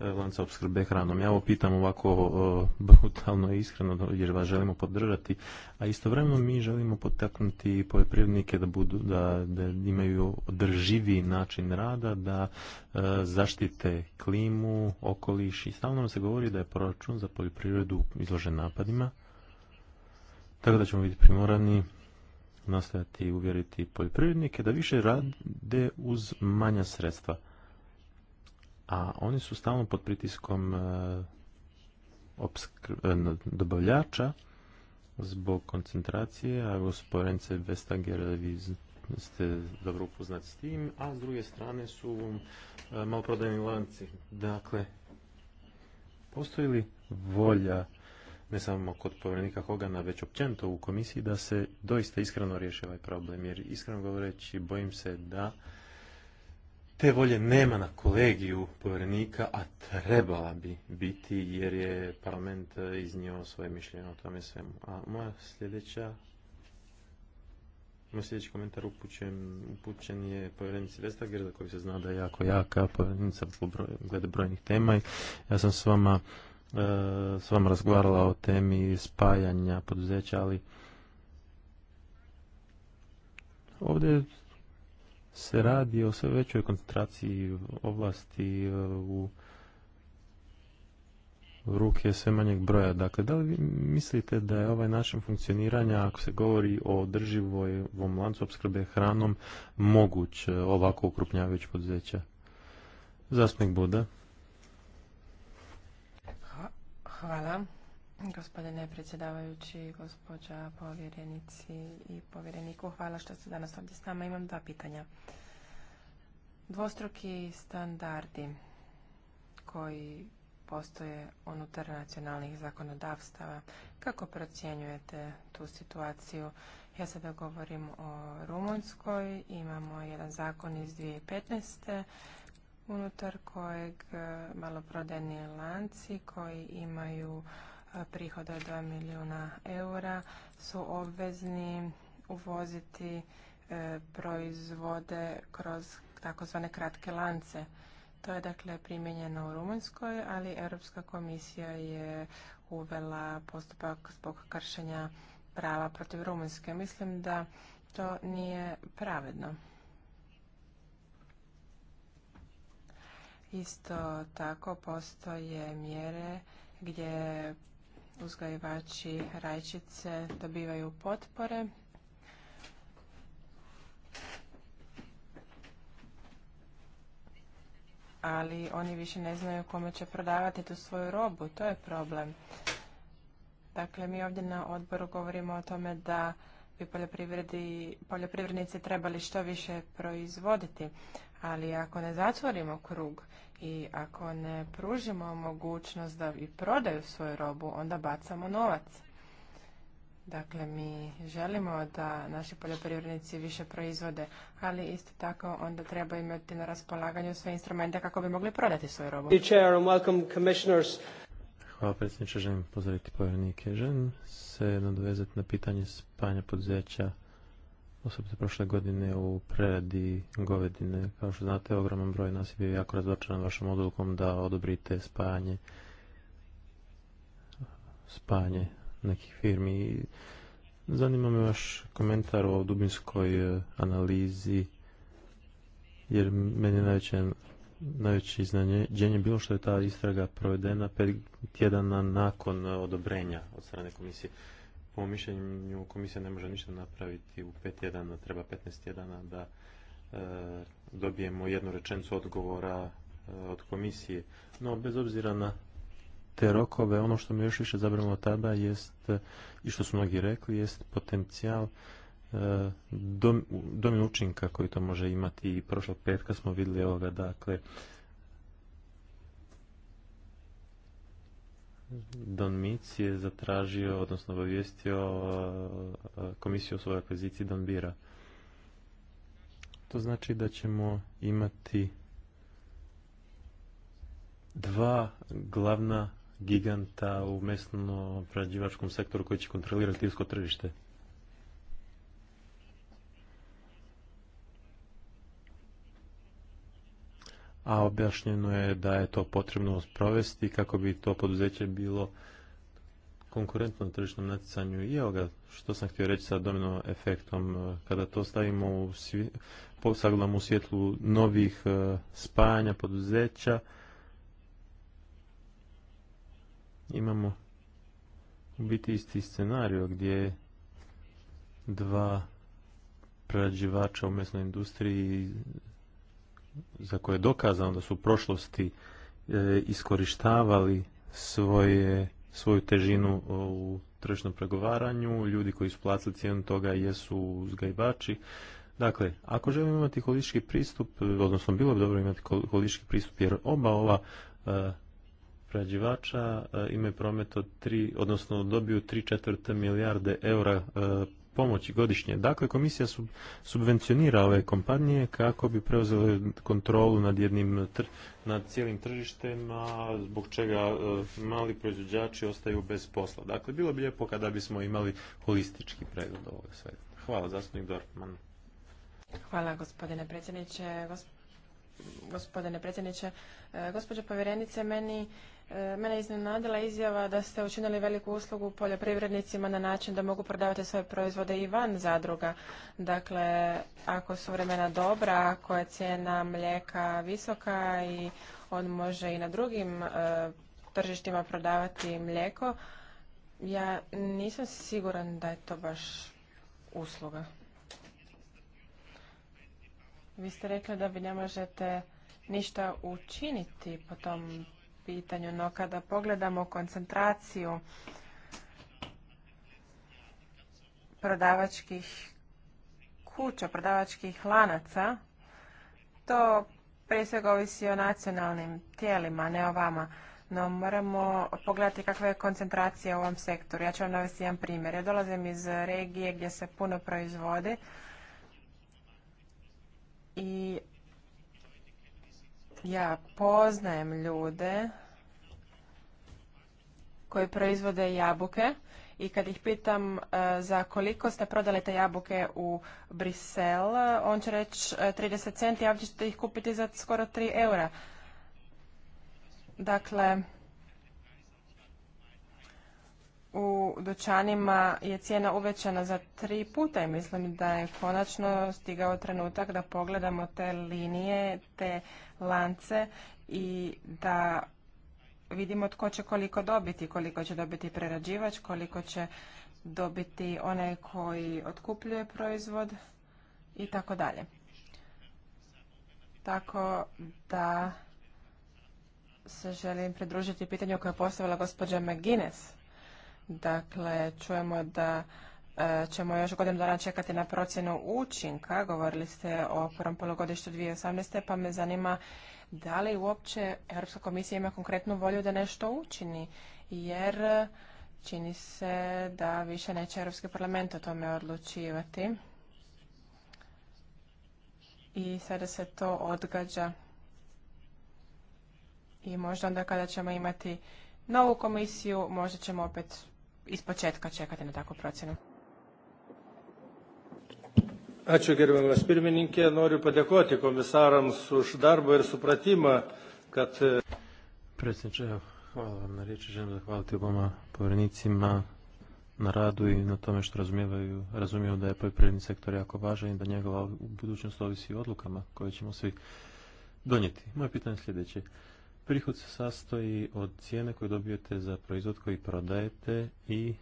E, lanca opskrbe hranom. Ja ovo pitam ovako e, brutalno i iskreno jer vas želimo podržati, a istovremeno mi želimo potaknuti poljoprivrednike da budu da, da imaju održivi način rada, da e, zaštite klimu, okoliš i stalno nam se govori da je proračun za poljoprivredu izložen napadima. Tako da ćemo biti primorani i uvjeriti poljoprivrednike da više rade uz manja sredstva a oni su stalno pod pritiskom e, e, dobavljača zbog koncentracije, a gospodinice Vestager, vi ste dobro upoznati s tim, a s druge strane su e, maloprodajni lanci. Dakle, postoji li volja ne samo kod povjerenika Hogana, već općenito u komisiji da se doista iskreno riješi ovaj problem, jer iskreno govoreći bojim se da te volje nema na kolegiju povjerenika, a trebala bi biti jer je parlament e, iznio svoje mišljenje o tome svemu. A moja sljedeća moj sljedeći komentar upućen, upućen je povjerenici Vestager, za koji se zna da je jako jaka povjerenica glede brojnih tema. Ja sam s vama, e, s vama razgovarala o temi spajanja poduzeća, ali ovdje se radi o sve većoj koncentraciji ovlasti e, u ruke sve manjeg broja. Dakle, da li vi mislite da je ovaj način funkcioniranja, ako se govori o u lancu opskrbe hranom, moguć e, ovako ukrupnjavajući poduzeća? Zastupnik Buda. Hvala. Gospodine predsjedavajući, gospođa povjerenici i povjereniku, hvala što ste danas ovdje s nama. Imam dva pitanja. Dvostruki standardi koji postoje unutar nacionalnih zakonodavstava. Kako procjenjujete tu situaciju? Ja sada govorim o Rumunjskoj. Imamo jedan zakon iz 2015 unutar kojeg eh, maloprodajni lanci koji imaju prihoda od 2 milijuna eura su obvezni uvoziti e, proizvode kroz tzv. kratke lance. To je dakle primijenjeno u Rumunjskoj, ali Europska komisija je uvela postupak zbog kršenja prava protiv Rumunjske. Mislim da to nije pravedno. Isto tako postoje mjere gdje uzgajivači rajčice dobivaju potpore. ali oni više ne znaju kome će prodavati tu svoju robu. To je problem. Dakle, mi ovdje na odboru govorimo o tome da bi poljoprivrednici trebali što više proizvoditi, ali ako ne zatvorimo krug i ako ne pružimo mogućnost da i prodaju svoju robu, onda bacamo novac. Dakle, mi želimo da naši poljoprivrednici više proizvode, ali isto tako onda treba imati na raspolaganju sve instrumente kako bi mogli prodati svoju robu. Hvala predsjedniče, želim pozdraviti povjerenike. Želim se nadovezati na pitanje spanja poduzeća osobito prošle godine u preradi govedine. Kao što znate, ogroman broj nas je bio jako razvrčan vašom odlukom da odobrite spajanje spajanje nekih firmi. Zanima me vaš komentar o dubinskoj e, analizi, jer meni je najveće, najveće iznenađenje bilo što je ta istraga provedena pet tjedana nakon e, odobrenja od strane komisije po mišljenju komisija ne može ništa napraviti u tjedana, treba 15 tjedana da e, dobijemo jednu rečenicu odgovora e, od komisije. No, bez obzira na te rokove, ono što mi još više zabrinulo tada jest, i što su mnogi rekli, jest potencijal e, domin učinka koji to može imati i prošlog petka smo vidjeli ovoga, dakle, Don Mic je zatražio, odnosno obavijestio e, komisiju o svojoj poziciji Don Bira. To znači da ćemo imati dva glavna giganta u mesno prađivačkom sektoru koji će kontrolirati irsko tržište. a objašnjeno je da je to potrebno sprovesti kako bi to poduzeće bilo konkurentno na tržišnom natjecanju i evo ga, što sam htio reći sa domino efektom, e, kada to stavimo u svi, u svjetlu novih e, spajanja poduzeća, imamo u biti isti scenario gdje dva prerađivača u mesnoj industriji za koje je dokazano da su u prošlosti e, iskorištavali svoje, svoju težinu e, u tržišnom pregovaranju, ljudi koji su platili cijenu toga jesu uzgajivači. Dakle, ako želimo imati holistički pristup, e, odnosno bilo bi dobro imati holistički pristup, jer oba ova prerađivača imaju promet od tri odnosno dobiju tri četvrte milijarde eura pomoći godišnje. Dakle, komisija subvencionira ove kompanije kako bi preuzele kontrolu nad jednim nad cijelim a zbog čega e, mali proizvođači ostaju bez posla. Dakle, bilo bi lijepo kada bismo imali holistički pregled ovog svega. Hvala, zastupnik Dorfman. Hvala, gospodine predsjedniče. Gospodine predsjedniče, e, gospođo povjerenice, meni E, mene je iznenadila izjava da ste učinili veliku uslugu poljoprivrednicima na način da mogu prodavati svoje proizvode i van zadruga. Dakle, ako su vremena dobra, ako je cijena mlijeka visoka i on može i na drugim e, tržištima prodavati mlijeko, ja nisam siguran da je to baš usluga. Vi ste rekli da vi ne možete ništa učiniti po tom pitanju, no kada pogledamo koncentraciju prodavačkih kuća, prodavačkih lanaca, to prije svega ovisi o nacionalnim tijelima, ne o vama. No moramo pogledati kakva je koncentracija u ovom sektoru. Ja ću vam navesti jedan primjer. Ja dolazim iz regije gdje se puno proizvode i ja poznajem ljude koji proizvode jabuke i kad ih pitam e, za koliko ste prodali te jabuke u Brisel, on će reći e, 30 centi, a ovdje ćete ih kupiti za skoro 3 eura. Dakle, u dućanima je cijena uvećana za tri puta i mislim da je konačno stigao trenutak da pogledamo te linije, te lance i da vidimo tko će koliko dobiti, koliko će dobiti prerađivač, koliko će dobiti onaj koji otkupljuje proizvod i tako dalje. Tako da se želim pridružiti pitanju koje je postavila gospođa McGuinness. Dakle, čujemo da E, ćemo još godinu dana čekati na procjenu učinka. Govorili ste o prvom polugodištu 2018. pa me zanima da li uopće Europska komisija ima konkretnu volju da nešto učini, jer čini se da više neće Europski parlament o tome odlučivati. I sada se to odgađa. I možda onda kada ćemo imati novu komisiju, možda ćemo opet ispočetka čekati na takvu procjenu. Ačiū gerbiamas pirmininkė, noriu padėkoti komisarams už darbą ir supratimą, kad... E, Predsjedniče, hvala vam na riječi, želim zahvaliti oboma povjerenicima na radu i na tome što razumijevaju, razumiju da je poljoprivredni sektor jako važan i da njegova budućnost ovisi o odlukama koje ćemo svi donijeti. Moje pitanje je sljedeće. Prihod se sastoji od cijene koje dobijete za proizvod koji prodajete i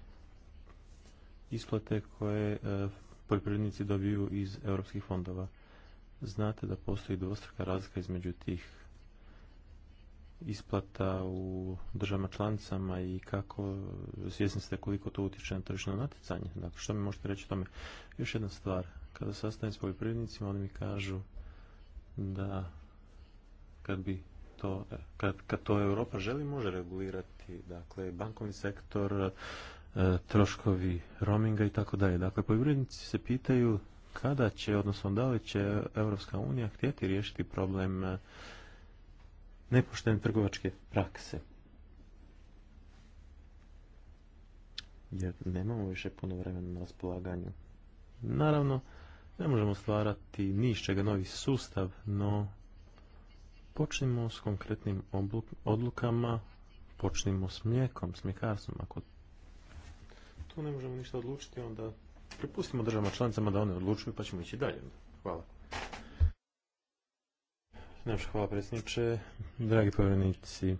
isplate koje e, poljoprivrednici dobiju iz europskih fondova. Znate da postoji dvostruka razlika između tih isplata u državama članicama i kako svjesni ste koliko to utječe na tržišno natjecanje. Dakle, što mi možete reći o tome? Još jedna stvar, kada sastanem s poljoprivrednicima, oni mi kažu da kad bi to, kad, to Europa želi, može regulirati. Dakle, bankovni sektor, E, troškovi roaminga i tako dalje. Dakle, poljoprivrednici se pitaju kada će, odnosno da li će Europska unija htjeti riješiti problem e, nepoštene trgovačke prakse. Jer nemamo više puno vremena na raspolaganju. Naravno, ne možemo stvarati ni novi sustav, no počnimo s konkretnim odlukama, počnimo s mlijekom, s mljekarstvom. Ako tu ne možemo ništa odlučiti, onda prepustimo državama članicama da one odlučuju pa ćemo ići dalje. Hvala. hvala predsjedniče, dragi povjerenici.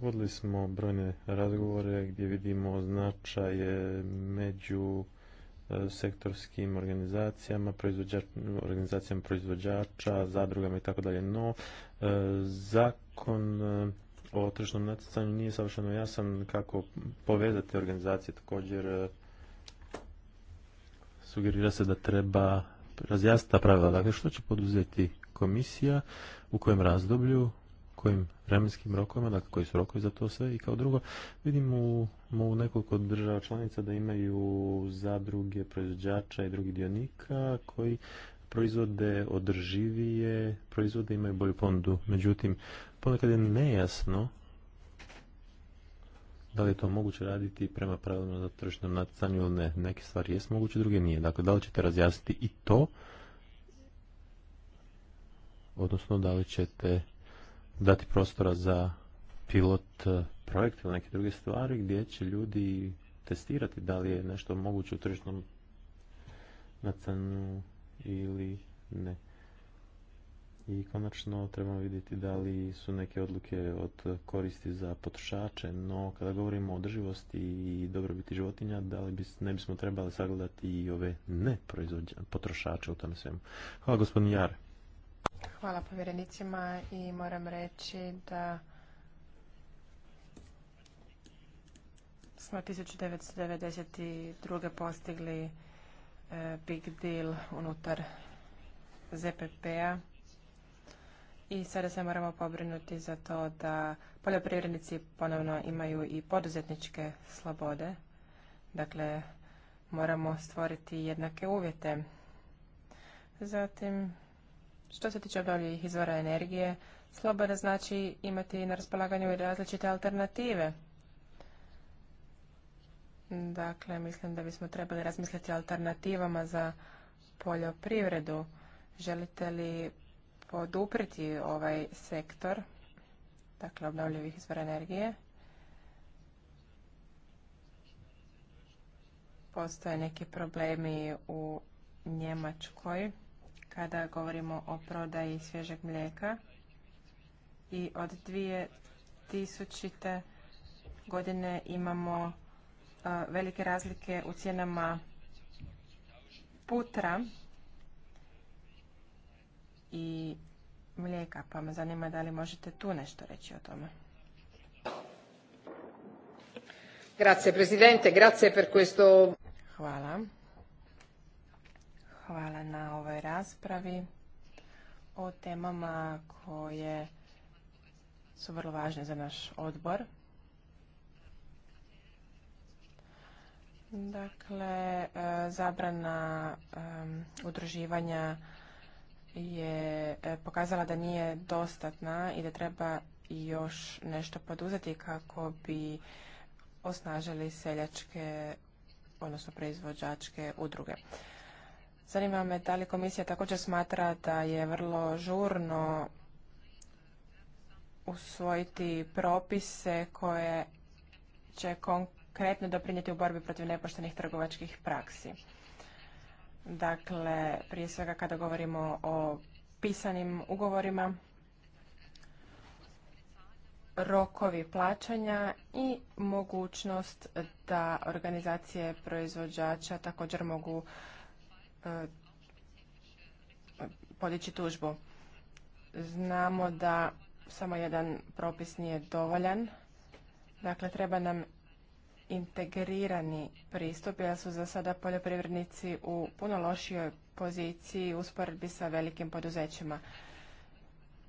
Vodili smo brojne razgovore gdje vidimo značaje među e, sektorskim organizacijama, organizacijama proizvođača, zadrugama i tako dalje. No, e, zakon e, o tržnom natjecanju nije savršeno jasan kako povezati organizacije. Također e, sugerira se da treba razjasniti ta pravila. Dakle, što će poduzeti komisija, u kojem razdoblju, kojim vremenskim rokovima, dakle koji su rokovi za to sve i kao drugo, vidimo u nekoliko država članica da imaju zadruge proizvođača i drugih dionika koji proizvode održivije, proizvode imaju bolju ponudu. Međutim, ponekad je nejasno da li je to moguće raditi prema pravilima za tržišnom natjecanju ili ne. Neke stvari jest moguće, druge nije. Dakle, da li ćete razjasniti i to, odnosno da li ćete dati prostora za pilot e, projekt ili neke druge stvari gdje će ljudi testirati da li je nešto moguće u tržišnom natjecanju ili ne. I konačno trebamo vidjeti da li su neke odluke od koristi za potrošače, no kada govorimo o održivosti i dobrobiti životinja, da li ne bismo trebali sagledati i ove ne potrošače u tom svemu. Hvala gospodin Jar. Hvala povjerenicima i moram reći da smo 1992. postigli E, big deal unutar ZPP-a i sada se moramo pobrinuti za to da poljoprivrednici ponovno imaju i poduzetničke slobode. Dakle, moramo stvoriti jednake uvjete. Zatim, što se tiče obnovljivih izvora energije, sloboda znači imati na raspolaganju različite alternative – Dakle, mislim da bismo trebali razmisliti alternativama za poljoprivredu. Želite li podupriti ovaj sektor, dakle obnovljivih izvora energije? Postoje neki problemi u Njemačkoj kada govorimo o prodaji svježeg mlijeka i od 2000. godine imamo velike razlike u cijenama putra i mlijeka, pa me zanima da li možete tu nešto reći o tome. Grazie Presidente, grazie per questo... Hvala. Hvala na ovoj raspravi o temama koje su vrlo važne za naš odbor. Dakle, e, zabrana udruživanja je e, pokazala da nije dostatna i da treba još nešto poduzeti kako bi osnažili seljačke, odnosno proizvođačke udruge. Zanima me da li komisija također smatra da je vrlo žurno usvojiti propise koje će kon konkretno doprinijeti u borbi protiv nepoštenih trgovačkih praksi. Dakle, prije svega kada govorimo o pisanim ugovorima, rokovi plaćanja i mogućnost da organizacije proizvođača također mogu e, podići tužbu. Znamo da samo jedan propis nije dovoljan. Dakle, treba nam integrirani pristup, jer su za sada poljoprivrednici u puno lošijoj poziciji u usporedbi sa velikim poduzećima.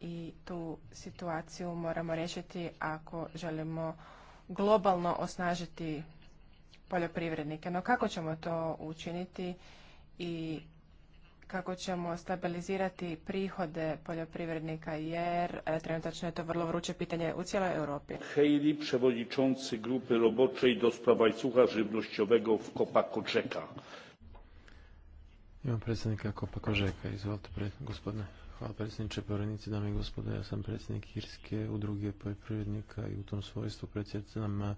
I tu situaciju moramo riješiti ako želimo globalno osnažiti poljoprivrednike. No kako ćemo to učiniti i kako ćemo stabilizirati prihode poljoprivrednika jer e, trenutačno je to vrlo vruće pitanje u cijeloj Europi. Hejli, przewodniczący grupy roboczej do i suha żywnościowego w Kopako Čeka. Imam predsjednika Kopako Žeka. Izvolite, gospodine. Hvala predsjedniče, povrednici, dame i gospode. Ja sam predsjednik Irske udruge poljoprivrednika i u tom svojstvu predsjednicam e,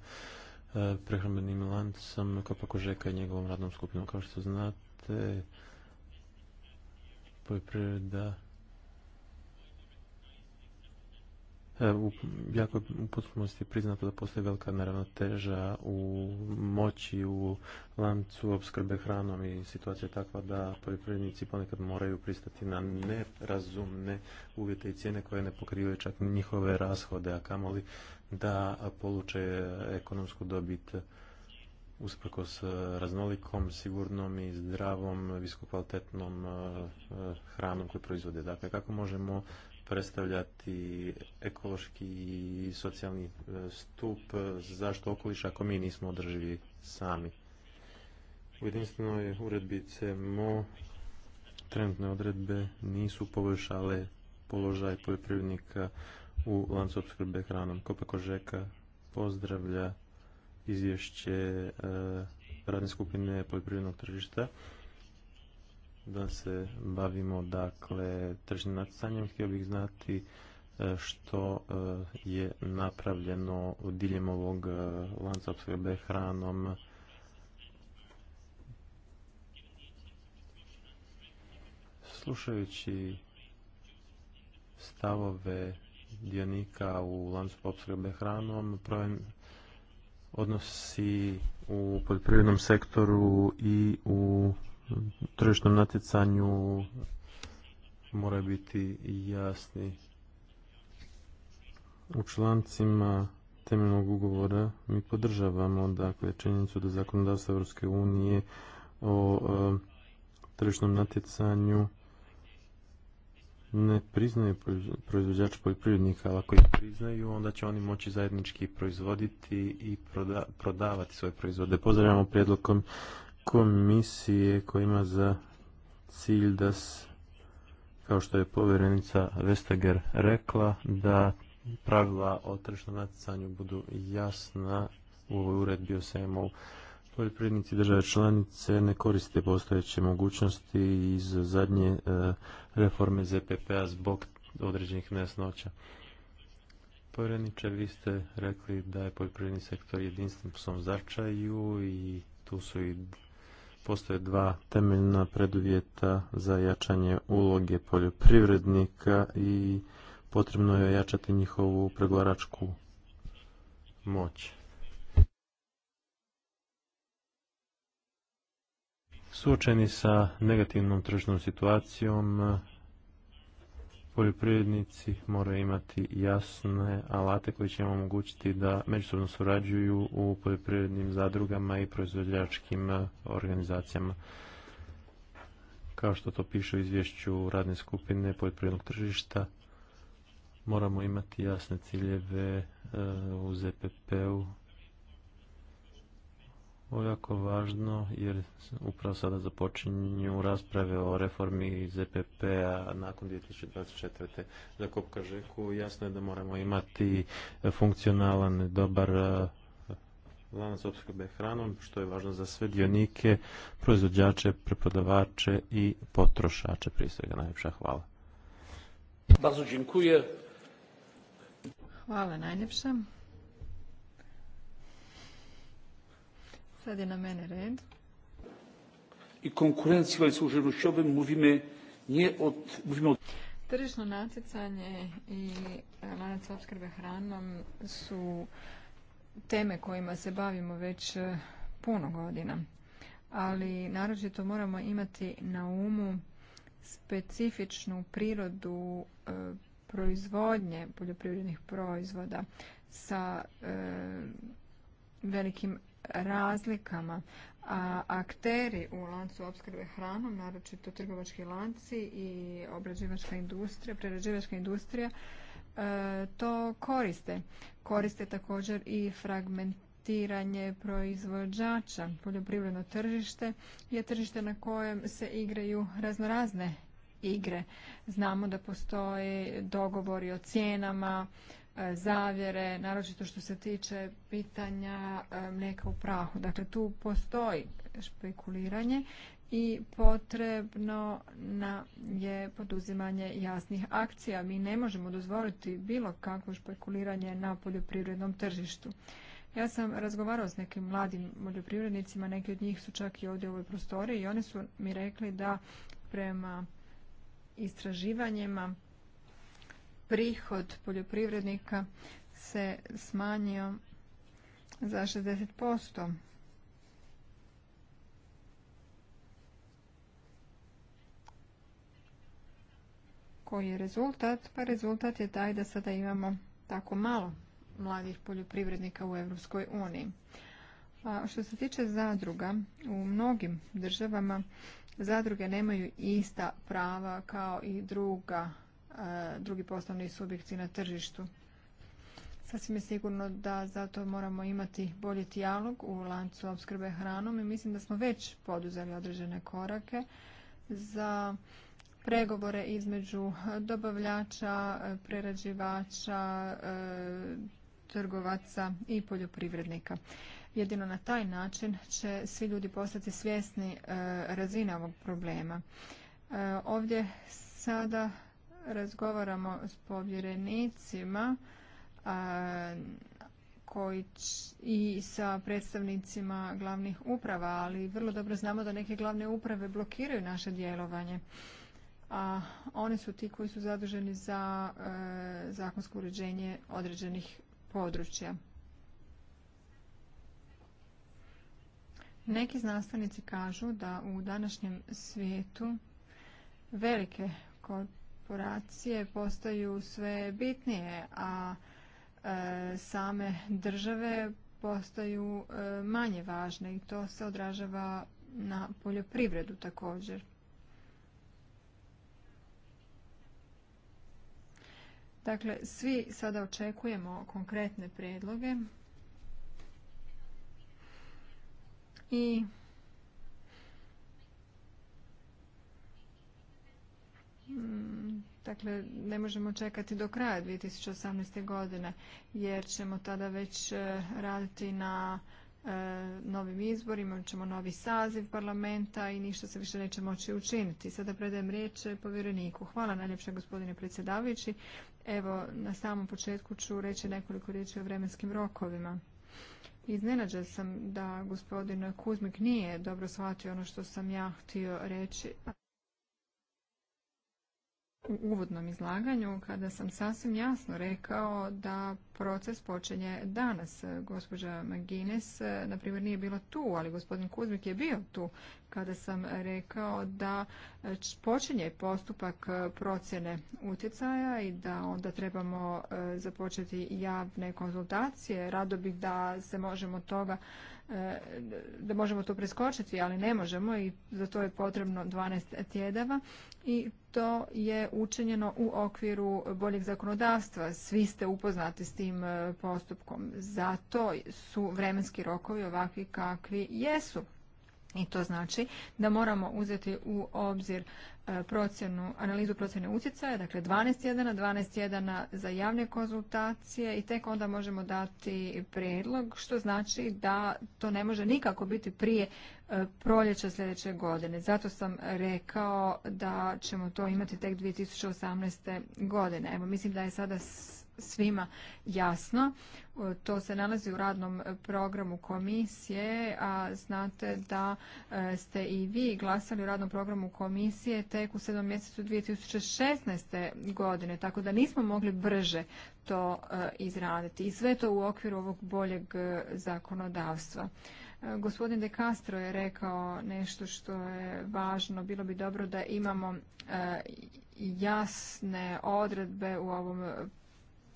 prehrambenim lancom Kopako Žeka i njegovom radnom skupinom. Kao što znate, poljoprivreda e, u, jako u potpunosti je priznato da postoji velika teža u moći, u lancu opskrbe hranom i situacija je takva da poljoprivrednici ponekad moraju pristati na nerazumne uvjete i cijene koje ne pokrivaju čak njihove rashode, a kamoli da poluče ekonomsku dobit usprkos e, raznolikom, sigurnom i zdravom, visokokvalitetnom e, e, hranom koju proizvode. Dakle, kako možemo predstavljati ekološki i socijalni stup zašto okoliša ako mi nismo održivi sami. U jedinstvenoj uredbi CMO trenutne odredbe nisu poboljšale položaj poljoprivrednika u lancu opskrbe hranom. Kopako Žeka pozdravlja izvješće eh, radne skupine poljoprivrednog tržišta da se bavimo dakle tržnim natjecanjem. Htio bih znati eh, što eh, je napravljeno diljem ovog lanca opskrbe hranom slušajući stavove dionika u lancu opskrbe hranom odnosi u poljoprivrednom sektoru i u tržišnom natjecanju moraju biti jasni. U člancima temeljnog ugovora mi podržavamo dakle, činjenicu da zakonodavstvo Europske unije o e, tržišnom natjecanju ne priznaju proizvođač poljoprivrednika, ali ako ih priznaju, onda će oni moći zajednički proizvoditi i prodavati svoje proizvode. Pozdravljamo prijedlog komisije koja ima za cilj da, kao što je povjerenica Vestager rekla, da pravila o tržišnom natjecanju budu jasna u ovoj uredbi o poljoprivrednici države članice ne koriste postojeće mogućnosti iz zadnje e, reforme ZPP-a zbog određenih nejasnoća. Povjereniče, vi ste rekli da je poljoprivredni sektor jedinstven po svom začaju i tu su i postoje dva temeljna preduvjeta za jačanje uloge poljoprivrednika i potrebno je jačati njihovu pregovaračku moć. suočeni sa negativnom tržnom situacijom, poljoprivrednici moraju imati jasne alate koji će im omogućiti da međusobno surađuju u poljoprivrednim zadrugama i proizvođačkim eh, organizacijama. Kao što to piše u izvješću radne skupine poljoprivrednog tržišta, moramo imati jasne ciljeve eh, u ZPP-u ovo je jako važno jer upravo sada započinju rasprave o reformi ZPP-a nakon 2024. Za Kopka Žeku jasno je da moramo imati funkcionalan, dobar e, lanac opskrbe hranom, što je važno za sve dionike, proizvođače, preprodavače i potrošače. Prije svega najljepša hvala. Hvala najljepša. je na mene red. I i mówimy Tržišno natjecanje i e, lanac opskrbe hranom su teme kojima se bavimo već e, puno godina. Ali naročito moramo imati na umu specifičnu prirodu e, proizvodnje poljoprivrednih proizvoda sa velikim razlikama. A akteri u lancu opskrbe hranom, naročito trgovački lanci i obrađivačka industrija, prerađivačka industrija, e, to koriste. Koriste također i fragmentiranje proizvođača. Poljoprivredno tržište je tržište na kojem se igraju raznorazne igre. Znamo da postoje dogovori o cijenama, zavjere, naročito što se tiče pitanja e, mlijeka u prahu. Dakle, tu postoji špekuliranje i potrebno je poduzimanje jasnih akcija. Mi ne možemo dozvoliti bilo kakvo špekuliranje na poljoprivrednom tržištu. Ja sam razgovarao s nekim mladim poljoprivrednicima, neki od njih su čak i ovdje u ovoj prostoriji i oni su mi rekli da prema istraživanjima prihod poljoprivrednika se smanjio za 60%. Koji je rezultat? Pa rezultat je taj da sada imamo tako malo mladih poljoprivrednika u Europskoj uniji. A što se tiče zadruga, u mnogim državama zadruge nemaju ista prava kao i druga drugi poslovni subjekti na tržištu. Sasvim je sigurno da zato moramo imati bolji dijalog u lancu opskrbe hranom i mislim da smo već poduzeli određene korake za pregovore između dobavljača, prerađivača, e, trgovaca i poljoprivrednika. Jedino na taj način će svi ljudi postati svjesni e, razine ovog problema. E, ovdje sada razgovaramo s povjerenicima koji i sa predstavnicima glavnih uprava, ali vrlo dobro znamo da neke glavne uprave blokiraju naše djelovanje. A oni su ti koji su zaduženi za e, zakonsko uređenje određenih područja. Neki znanstvenici kažu da u današnjem svijetu velike korporacije postaju sve bitnije, a e, same države postaju e, manje važne i to se odražava na poljoprivredu također. Dakle, svi sada očekujemo konkretne predloge i dakle ne možemo čekati do kraja 2018. godine jer ćemo tada već e, raditi na e, novim izborima, ćemo novi saziv parlamenta i ništa se više neće moći učiniti. Sada predajem riječ e, povjereniku. Hvala najljepše gospodine predsjedavajući. Evo, na samom početku ću reći nekoliko riječi o vremenskim rokovima. Iznenađa sam da gospodin Kuzmik nije dobro shvatio ono što sam ja htio reći u uvodnom izlaganju kada sam sasvim jasno rekao da proces počinje danas. Gospođa Magines, na primjer, nije bila tu, ali gospodin Kuzmik je bio tu kada sam rekao da počinje postupak procjene utjecaja i da onda trebamo eh, započeti javne konzultacije. Rado bih da se možemo toga eh, da možemo to preskočiti, ali ne možemo i za to je potrebno 12 tjedava i to je učinjeno u okviru boljeg zakonodavstva. Svi ste upoznati s tim e, postupkom. Zato su vremenski rokovi ovakvi kakvi jesu. I to znači da moramo uzeti u obzir e, procjenu, analizu procjene utjecaja, dakle 12 jedana, 12 jedana za javne konzultacije i tek onda možemo dati prijedlog, što znači da to ne može nikako biti prije e, proljeća sljedeće godine. Zato sam rekao da ćemo to imati tek 2018. godine. Evo, mislim da je sada svima jasno. E, to se nalazi u radnom programu komisije, a znate da e, ste i vi glasali u radnom programu komisije tek u 7. mjesecu 2016. godine, tako da nismo mogli brže to e, izraditi. I sve to u okviru ovog boljeg zakonodavstva. Gospodin De Castro je rekao nešto što je važno. Bilo bi dobro da imamo jasne odredbe u ovom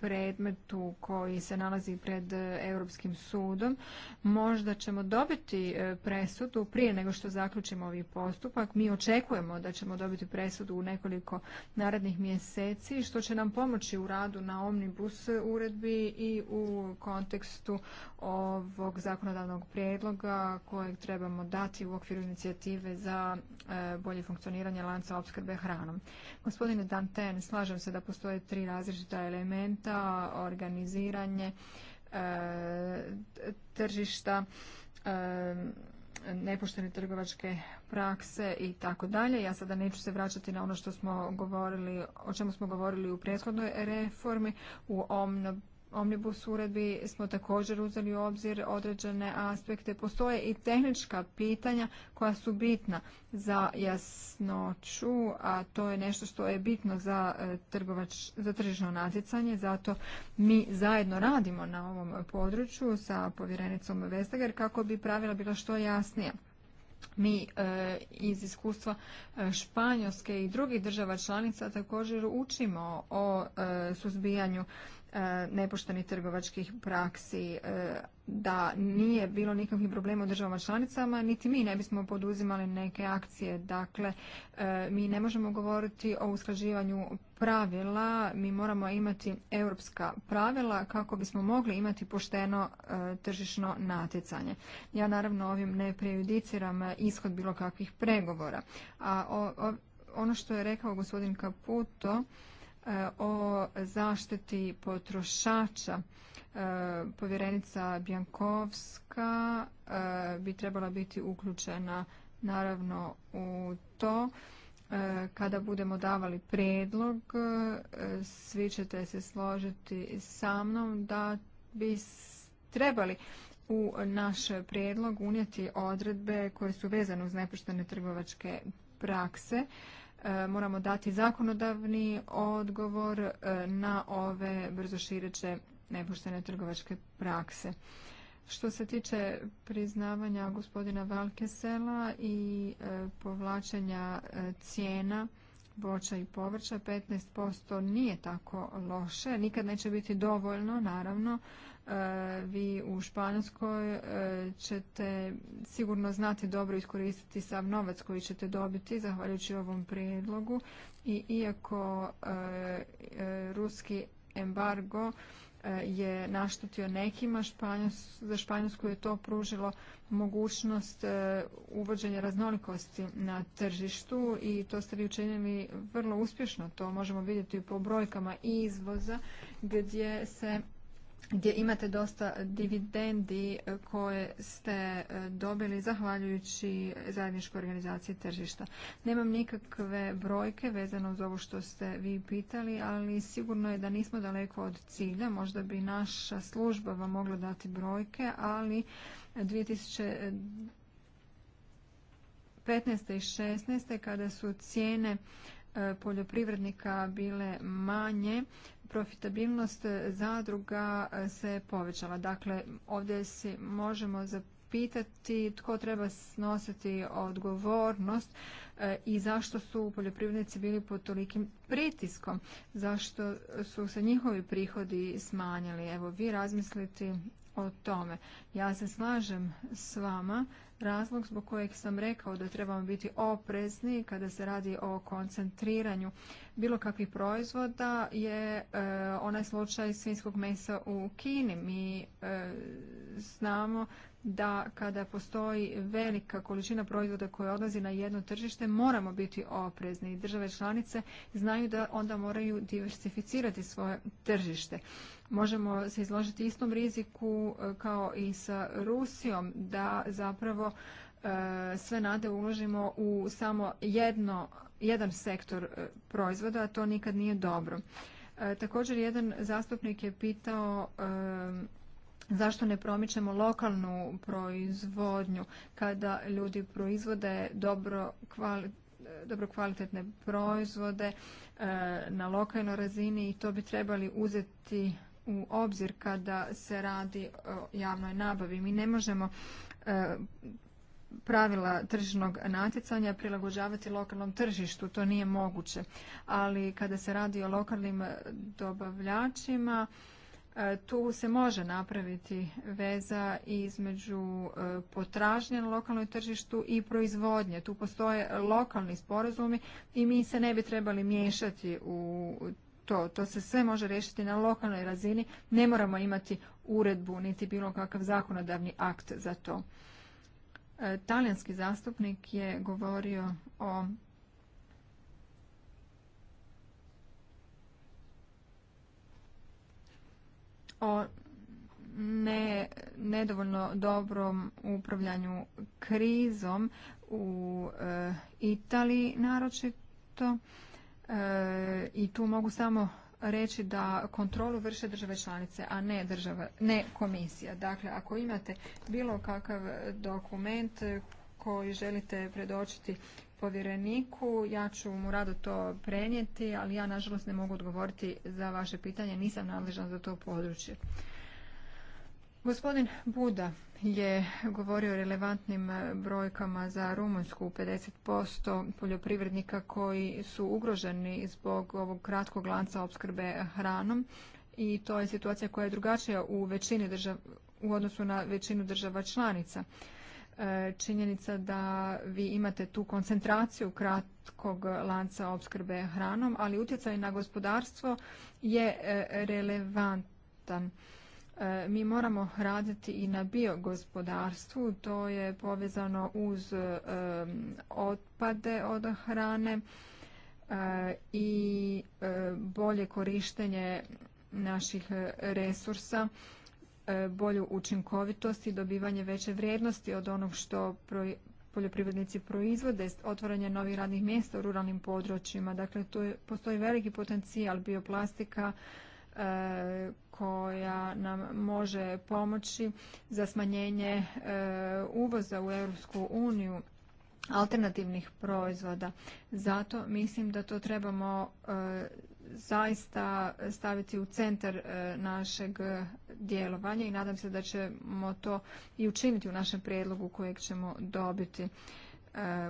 predmetu koji se nalazi pred e, Europskim sudom. Možda ćemo dobiti e, presudu prije nego što zaključimo ovaj postupak. Mi očekujemo da ćemo dobiti presudu u nekoliko narednih mjeseci, što će nam pomoći u radu na Omnibus uredbi i u kontekstu ovog zakonodavnog prijedloga kojeg trebamo dati u okviru inicijative za e, bolje funkcioniranje lanca opskrbe hranom. Gospodine Danten, slažem se da postoje tri različita elementa organiziranje e, tržišta e, nepoštene trgovačke prakse i tako dalje. Ja sada neću se vraćati na ono što smo govorili, o čemu smo govorili u prethodnoj reformi. U ovom omnibus uredbi smo također uzeli u obzir određene aspekte. Postoje i tehnička pitanja koja su bitna za jasnoću, a to je nešto što je bitno za, e, trgovač, za tržišno natjecanje. Zato mi zajedno radimo na ovom području sa povjerenicom Vestager kako bi pravila bila što jasnija. Mi e, iz iskustva e, Španjolske i drugih država članica također učimo o suzbijanju E, nepoštenih trgovačkih praksi, e, da nije bilo nikakvih problema u državama članicama, niti mi ne bismo poduzimali neke akcije. Dakle, e, mi ne možemo govoriti o usklađivanju pravila, mi moramo imati europska pravila kako bismo mogli imati pošteno tržišno natjecanje. Ja naravno ovim ne prejudiciram ishod bilo kakvih pregovora. A ono što je rekao gospodin Kaputo, o zaštiti potrošača. E, povjerenica Bjankovska e, bi trebala biti uključena naravno u to. E, kada budemo davali predlog, svi ćete se složiti sa mnom da bi trebali u naš predlog unijeti odredbe koje su vezane uz nepoštene trgovačke prakse E, moramo dati zakonodavni odgovor e, na ove brzo šireće nepoštene trgovačke prakse. Što se tiče priznavanja gospodina Valkesela i e, povlačenja cijena voća i povrća, 15% nije tako loše, nikad neće biti dovoljno, naravno, E, vi u Španjolskoj e, ćete sigurno znati dobro iskoristiti sav novac koji ćete dobiti zahvaljujući ovom prijedlogu i iako e, ruski embargo je naštutio nekima, za Španjolsku je to pružilo mogućnost uvođenja raznolikosti na tržištu i to ste vi učinili vrlo uspješno. To možemo vidjeti po brojkama izvoza gdje se gdje imate dosta dividendi e, koje ste e, dobili zahvaljujući zajedničkoj organizaciji tržišta. Nemam nikakve brojke vezano uz ovo što ste vi pitali, ali sigurno je da nismo daleko od cilja. Možda bi naša služba vam mogla dati brojke, ali 2015. i 16. kada su cijene e, poljoprivrednika bile manje profitabilnost zadruga e, se povećala. Dakle, ovdje si možemo zapitati tko treba snositi odgovornost e, i zašto su poljoprivrednici bili pod tolikim pritiskom, zašto su se njihovi prihodi smanjili. Evo, vi razmislite o tome. Ja se slažem s vama razlog zbog kojeg sam rekao da trebamo biti oprezni kada se radi o koncentriranju bilo kakvih proizvoda je e, onaj slučaj svinjskog mesa u Kini. Mi e, znamo da kada postoji velika količina proizvoda koja odlazi na jedno tržište moramo biti oprezni i države članice znaju da onda moraju diversificirati svoje tržište. Možemo se izložiti istom riziku e, kao i sa Rusijom da zapravo e, sve nade uložimo u samo jedno, jedan sektor e, proizvoda, a to nikad nije dobro. Također jedan zastupnik je pitao Zašto ne promičemo lokalnu proizvodnju kada ljudi proizvode dobro kvalitetne proizvode e, na lokalnoj razini i to bi trebali uzeti u obzir kada se radi o javnoj nabavi. Mi ne možemo e, pravila tržišnog natjecanja prilagođavati lokalnom tržištu, to nije moguće. Ali kada se radi o lokalnim dobavljačima, E, tu se može napraviti veza između e, potražnje na lokalnoj tržištu i proizvodnje. Tu postoje lokalni sporazumi i mi se ne bi trebali miješati u to. To se sve može riješiti na lokalnoj razini. Ne moramo imati uredbu niti bilo kakav zakonodavni akt za to. E, talijanski zastupnik je govorio o o ne, nedovoljno dobrom upravljanju krizom u e, Italiji naročito e, i tu mogu samo reći da kontrolu vrše države članice, a ne država, ne komisija. Dakle, ako imate bilo kakav dokument koji želite predočiti povjereniku. Ja ću mu rado to prenijeti, ali ja nažalost ne mogu odgovoriti za vaše pitanje. Nisam nadležan za to područje. Gospodin Buda je govorio o relevantnim brojkama za Rumunjsku 50% poljoprivrednika koji su ugroženi zbog ovog kratkog lanca opskrbe hranom i to je situacija koja je drugačija u većini država u odnosu na većinu država članica. E, činjenica da vi imate tu koncentraciju kratkog lanca opskrbe hranom, ali utjecaj na gospodarstvo je e, relevantan. E, mi moramo raditi i na biogospodarstvu, to je povezano uz otpade od hrane i bolje korištenje naših resursa E, bolju učinkovitost i dobivanje veće vrijednosti od onog što poljoprivrednici proizvode, otvaranje novih radnih mjesta u ruralnim područjima. Dakle, tu postoji veliki potencijal bioplastika e, koja nam može pomoći za smanjenje e, uvoza u Europsku uniju alternativnih proizvoda. Zato mislim da to trebamo zaista staviti u centar e, našeg djelovanja i nadam se da ćemo to i učiniti u našem prijedlogu kojeg ćemo dobiti, e,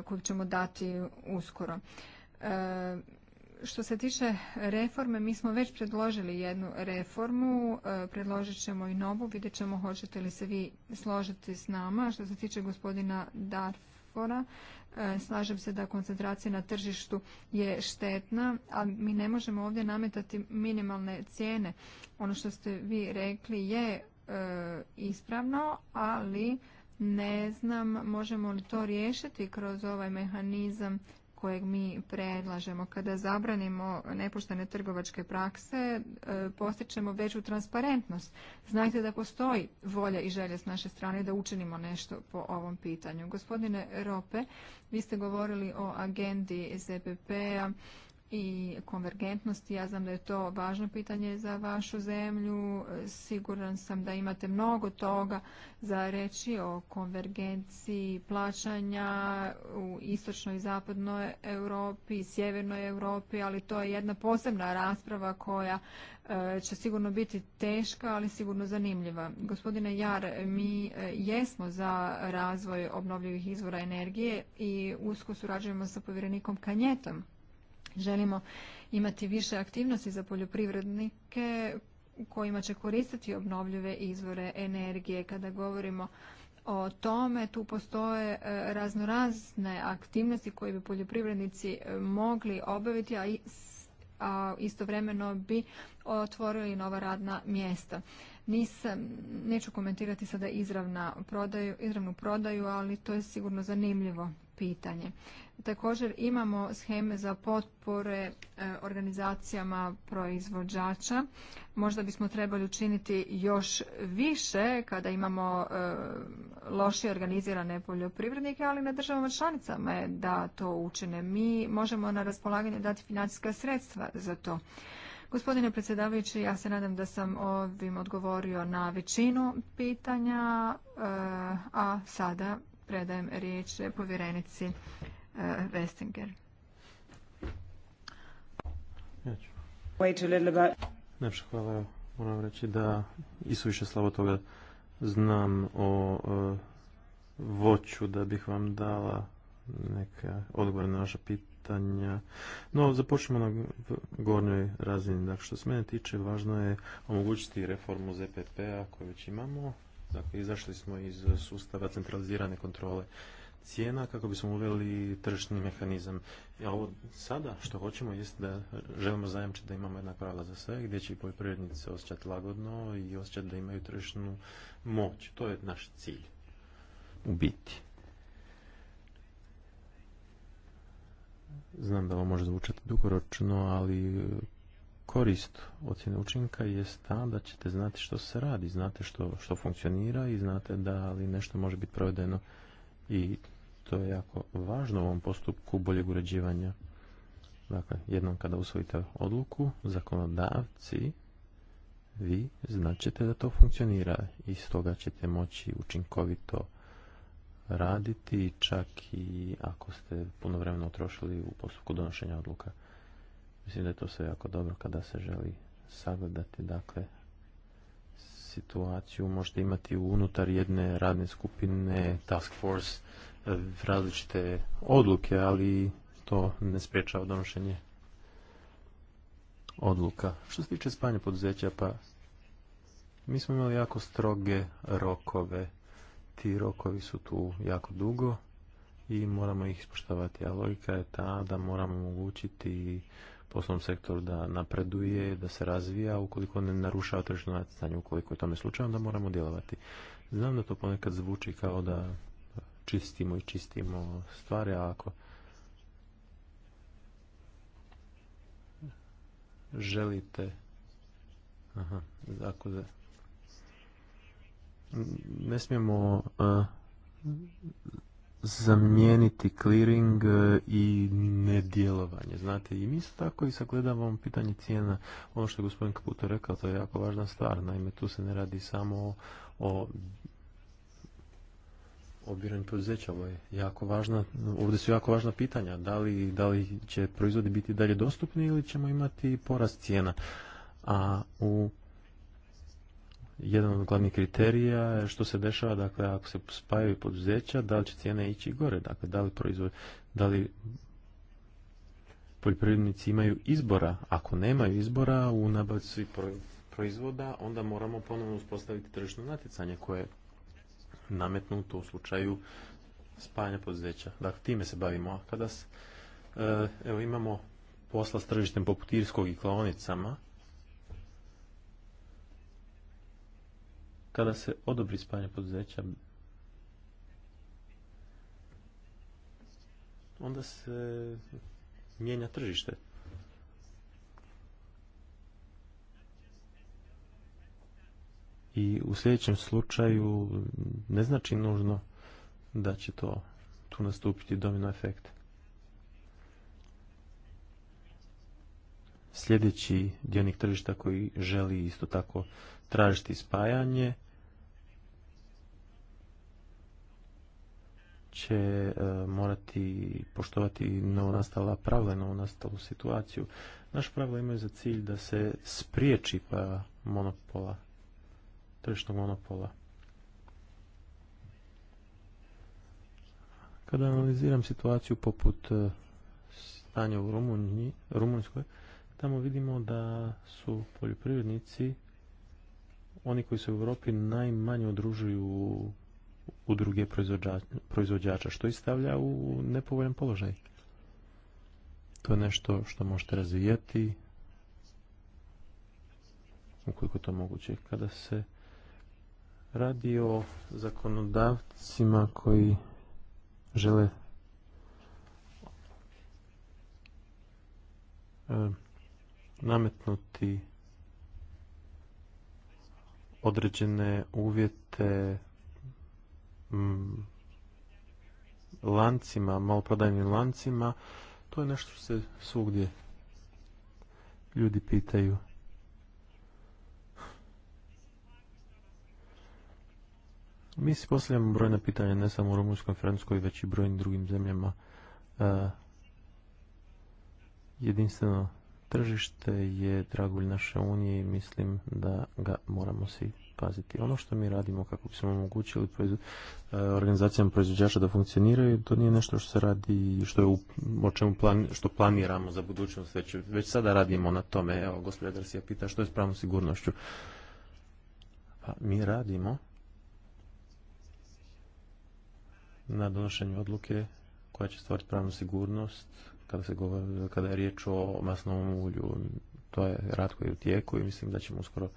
kojeg ćemo dati uskoro. E, što se tiče reforme, mi smo već predložili jednu reformu, predložit ćemo i novu, vidjet ćemo hoćete li se vi složiti s nama. Što se tiče gospodina Darfora, E, slažem se da koncentracija na tržištu je štetna, a mi ne možemo ovdje nametati minimalne cijene. Ono što ste vi rekli je e, ispravno, ali ne znam možemo li to riješiti kroz ovaj mehanizam kojeg mi predlažemo. Kada zabranimo nepoštene trgovačke prakse, e, postičemo veću transparentnost. Znajte da postoji volja i želja s naše strane da učinimo nešto po ovom pitanju. Gospodine Rope, vi ste govorili o agendi ZPP-a, i konvergentnosti. Ja znam da je to važno pitanje za vašu zemlju. Siguran sam da imate mnogo toga za reći o konvergenciji plaćanja u istočnoj i zapadnoj Europi, i sjevernoj Europi, ali to je jedna posebna rasprava koja e, će sigurno biti teška, ali sigurno zanimljiva. Gospodine Jar, mi e, jesmo za razvoj obnovljivih izvora energije i usko surađujemo sa povjerenikom Kanjetom Želimo imati više aktivnosti za poljoprivrednike kojima će koristiti obnovljive izvore energije. Kada govorimo o tome, tu postoje e, raznorazne aktivnosti koje bi poljoprivrednici e, mogli obaviti, a istovremeno bi otvorili nova radna mjesta. Nisam, neću komentirati sada izravnu prodaju, ali to je sigurno zanimljivo pitanje. Također imamo scheme za potpore e, organizacijama proizvođača. Možda bismo trebali učiniti još više kada imamo e, loše organizirane poljoprivrednike, ali na državama članicama je da to učine. Mi možemo na raspolaganje dati financijska sredstva za to. Gospodine predsjedavajući, ja se nadam da sam ovim odgovorio na većinu pitanja, e, a sada predajem riječ povjerenici Vestinger. Ja ću. hvala. Moram reći da i slabo toga znam o e, voću da bih vam dala neke odgovore na naša pitanja. No, započnemo na gornjoj razini. Dakle, što se mene tiče, važno je omogućiti reformu ZPP-a koju već imamo. Dakle, izašli smo iz sustava centralizirane kontrole cijena kako bismo uveli tržišni mehanizam. E, a ovo sada što hoćemo jest da želimo zajamčiti da imamo jedna pravila za sve gdje će i poljoprivrednici osjećati lagodno i osjećati da imaju tržišnu moć. To je naš cilj u biti. Znam da ovo može zvučati dugoročno, ali korist ocjene učinka je ta da ćete znati što se radi, znate što, što funkcionira i znate da li nešto može biti provedeno i to je jako važno u ovom postupku boljeg uređivanja. Dakle, jednom kada usvojite odluku, zakonodavci, vi značite da to funkcionira i stoga ćete moći učinkovito raditi čak i ako ste puno vremena utrošili u postupku donošenja odluka. Mislim da je to sve jako dobro kada se želi sagledati dakle situaciju možete imati unutar jedne radne skupine task force različite odluke, ali to ne sprečava donošenje odluka. Što se tiče spanja poduzeća, pa mi smo imali jako stroge rokove. Ti rokovi su tu jako dugo i moramo ih ispoštovati. A logika je ta da moramo omogućiti poslovnom sektoru da napreduje, da se razvija, ukoliko ne narušava tržno natjecanje, ukoliko je tome slučajno, da moramo djelovati. Znam da to ponekad zvuči kao da čistimo i čistimo stvari, a ako želite aha, da ne smijemo zamijeniti clearing e, i nedjelovanje. Znate, i mi tako i sagledavamo pitanje cijena. Ono što je gospodin Kaputo rekao, to je jako važna stvar. Naime, tu se ne radi samo o o poduzeća, ovo je jako važna, ovdje su jako važna pitanja, da li, da li će proizvodi biti dalje dostupni ili ćemo imati porast cijena. A u jedan od glavnih kriterija što se dešava, dakle, ako se spajaju poduzeća, da li će cijene ići gore, dakle, da li da li poljoprivrednici imaju izbora. Ako nemaju izbora u nabavci proizvoda, onda moramo ponovno uspostaviti tržišno natjecanje koje nametnuto u slučaju spajanja poduzeća. Dakle, time se bavimo. A kada e, evo, imamo posla s tržištem poput Irskog i klaonicama, kada se odobri spajanje poduzeća, onda se mijenja tržište. i u sljedećem slučaju ne znači nužno da će to tu nastupiti domino efekt. Sljedeći dionik tržišta koji želi isto tako tražiti spajanje će e, morati poštovati novonastala pravila, novonastalu situaciju. Naš pravila imaju za cilj da se spriječi pa monopola tržišnog monopola. Kada analiziram situaciju poput e, stanja u Rumunjskoj, tamo vidimo da su poljoprivrednici oni koji se u Europi najmanje udružuju u druge proizvođača, što ih stavlja u nepovoljan položaj. To je nešto što možete razvijati, ukoliko to moguće. Kada se radi o zakonodavcima koji žele e, nametnuti određene uvjete lancima, maloprodajnim lancima, to je nešto što se svugdje ljudi pitaju. Mi si postavljamo brojna pitanja, ne samo u Rumunjskoj, Francuskoj, već i brojnim drugim zemljama. E, jedinstveno tržište je dragulj naše unije i mislim da ga moramo svi paziti. Ono što mi radimo kako bismo omogućili e, organizacijama proizvođača da funkcioniraju, to nije nešto što se radi što je u, o čemu plan, što planiramo za budućnost, već, sada radimo na tome. Evo, gospodin Adresija pita što je s pravnom sigurnošću. Pa, mi radimo na donošenju odluke koja će stvoriti pravnu sigurnost kada, se govori, kada je riječ o masnovom ulju. To je rad koji je u tijeku i mislim da ćemo uskoro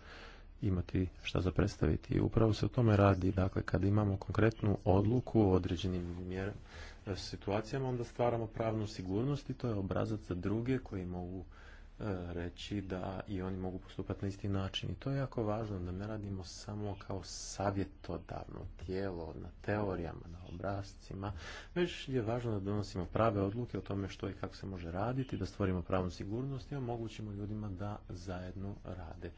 imati šta za predstaviti. I upravo se o tome radi. Dakle, kad imamo konkretnu odluku o određenim mjerama, e, situacijama, onda stvaramo pravnu sigurnost i to je obrazac za druge koji mogu E, reći da i oni mogu postupati na isti način. I to je jako važno da ne radimo samo kao savjetodavno tijelo na teorijama, na obrazcima, već je važno da donosimo prave odluke o tome što i kako se može raditi, da stvorimo pravnu sigurnost i omogućimo ljudima da zajedno rade.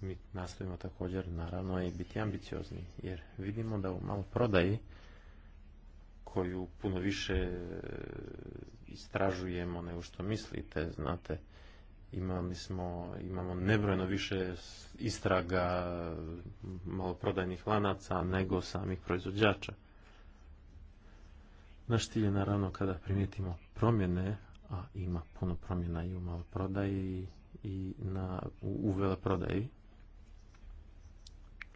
Mi nastavimo također naravno i biti ambiciozni jer vidimo da u malo prodaji koju puno više istražujemo nego što mislite, znate, imali smo, imamo nebrojno više istraga maloprodajnih lanaca nego samih proizvođača. Naš cilj je naravno kada primijetimo promjene, a ima puno promjena i u maloprodaji i na, u, u veleprodaji,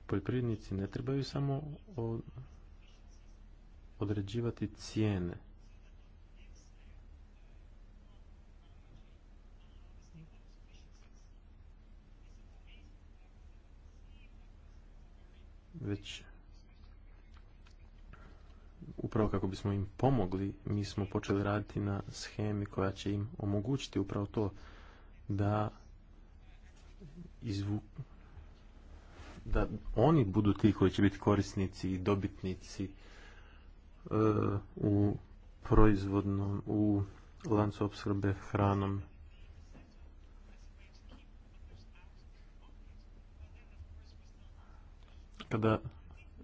poljoprivrednici ne trebaju samo određivati cijene već upravo kako bismo im pomogli, mi smo počeli raditi na schemi koja će im omogućiti upravo to da izvu... da oni budu ti koji će biti korisnici i dobitnici e, u proizvodnom, u lancu opskrbe hranom kada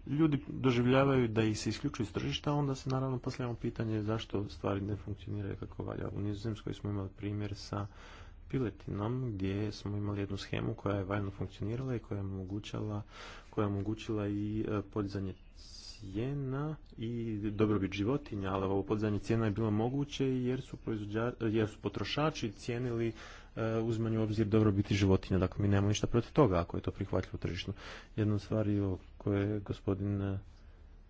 ljudi doživljavaju da ih se isključuju iz tržišta, onda se naravno postavljamo pitanje zašto stvari ne funkcioniraju kako valja. U Nizozemskoj smo imali primjer sa piletinom gdje smo imali jednu schemu koja je valjno funkcionirala i koja je omogućila, koja je omogućila i e, podizanje cijena i dobrobit životinja, ali ovo podzanje cijena je bilo moguće jer su, jer su potrošači cijenili Eh, uzmanju u obzir dobrobiti životinja. Dakle, mi nemamo ništa protiv toga ako je to prihvatljivo tržišno. Jedna stvar je o je gospodin eh,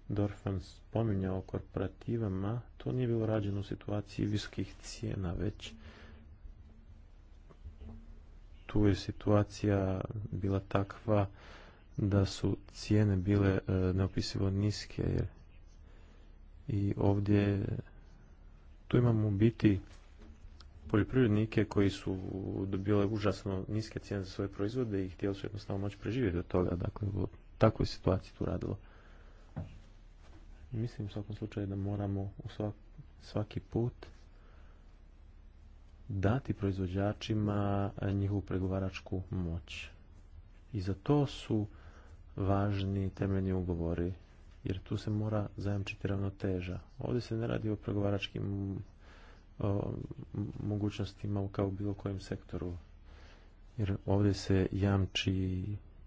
Dorfan spominjao o korporativama, to nije bilo rađeno u situaciji visokih cijena, već tu je situacija bila takva da su cijene bile eh, neopisivo niske i ovdje tu imamo biti poljoprivrednike koji su dobile užasno niske cijene za svoje proizvode i htjeli su jednostavno moći preživjeti od toga. Dakle, u takvoj situaciji tu radilo. Mislim u svakom slučaju da moramo u svak, svaki put dati proizvođačima njihovu pregovaračku moć. I za to su važni temeljni ugovori, jer tu se mora zajamčiti ravnoteža. Ovdje se ne radi o pregovaračkim mogućnostima kao u bilo kojem sektoru. Jer ovdje se jamči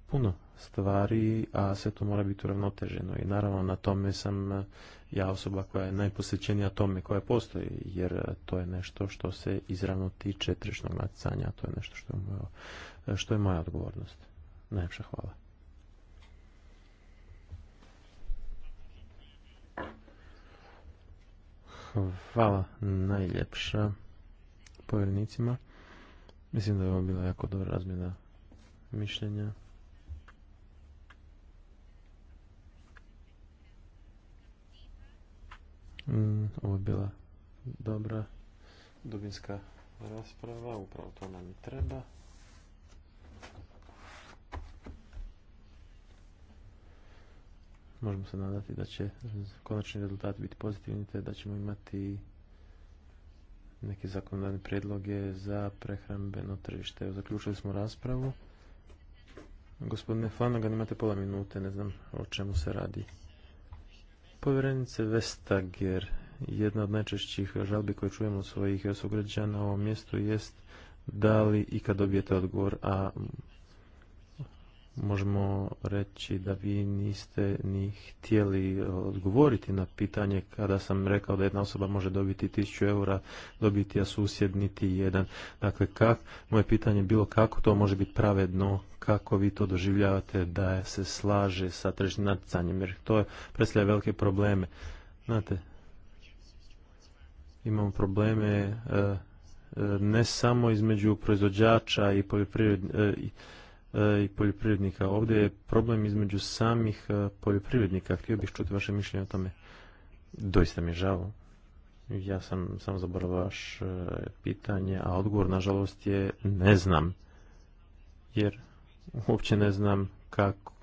puno stvari, a sve to mora biti uravnoteženo. I naravno na tome sam e, ja osoba koja je najposvećenija tome koja postoji, jer e, to je nešto što se izravno tiče tržišnog natjecanja, to je nešto što je moja, e, što je moja odgovornost. Najljepša hvala. Hvala najljepša povjernicima. Mislim da je ovo bila jako dobra razmjena mišljenja. Mm, ovo je bila dobra dubinska rasprava, upravo to nam i treba. možemo se nadati da će konačni rezultat biti pozitivni te da ćemo imati neke zakonodavne predloge za prehrambeno tržište. zaključili smo raspravu. Gospodine Flanagan, imate pola minute, ne znam o čemu se radi. Povjerenice Vestager, jedna od najčešćih žalbi koje čujemo od svojih sugrađana na ovom mjestu jest da li kad dobijete odgovor, a možemo reći da vi niste ni htjeli odgovoriti na pitanje kada sam rekao da jedna osoba može dobiti 1000 eura, dobiti a susjed niti jedan. Dakle, kak, moje pitanje je bilo kako to može biti pravedno, kako vi to doživljavate da se slaže sa tržnim natjecanjem, jer to predstavlja velike probleme. Znate, imamo probleme eh, eh, ne samo između proizvođača i poljoprivrednika, eh, E, i poljoprivrednika. Ovdje je problem između samih e, poljoprivrednika. Htio bih čuti vaše mišljenje o tome. Doista mi je žao. Ja sam samo zaboravio vaš e, pitanje, a odgovor nažalost je ne znam. Jer uopće ne znam kako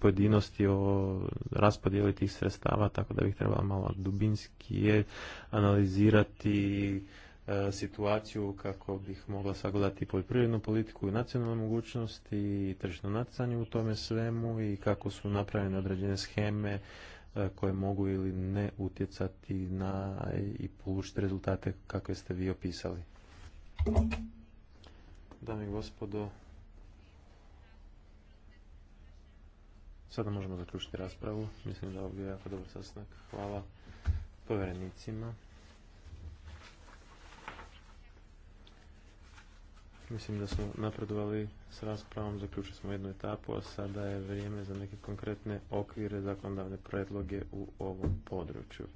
pojedinosti o raspodjeli tih sredstava, tako da bih trebala malo dubinski analizirati E, situaciju kako bih mogla sagledati poljoprivrednu politiku i nacionalne mogućnosti i tržišno natjecanje u tome svemu i kako su napravljene određene scheme e, koje mogu ili ne utjecati na i polučiti rezultate kakve ste vi opisali. Dame i gospodo, sada možemo zaključiti raspravu. Mislim da je ovdje jako dobar sastanak. Hvala povjerenicima. Mislim da smo napredovali s raspravom, zaključili smo jednu etapu, a sada je vrijeme za neke konkretne okvire zakonodavne predloge u ovom području.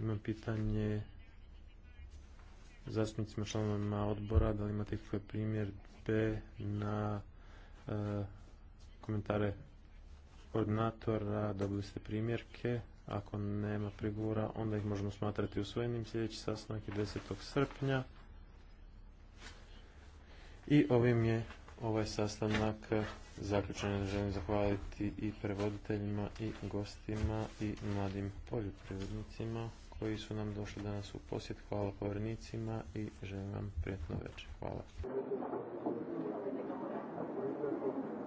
Imam pitanje zastupnicima članovima odbora, da li imate kakve primjerbe na e, komentare koordinatora, dobili ste primjerke, ako nema prigovora, onda ih možemo smatrati usvojenim. Sljedeći sastanak je 10. srpnja. I ovim je ovaj sastanak zaključen. Želim zahvaliti i prevoditeljima i gostima i mladim poljoprivrednicima koji su nam došli danas u posjet. Hvala povrnicima i želim vam prijetno večer. Hvala.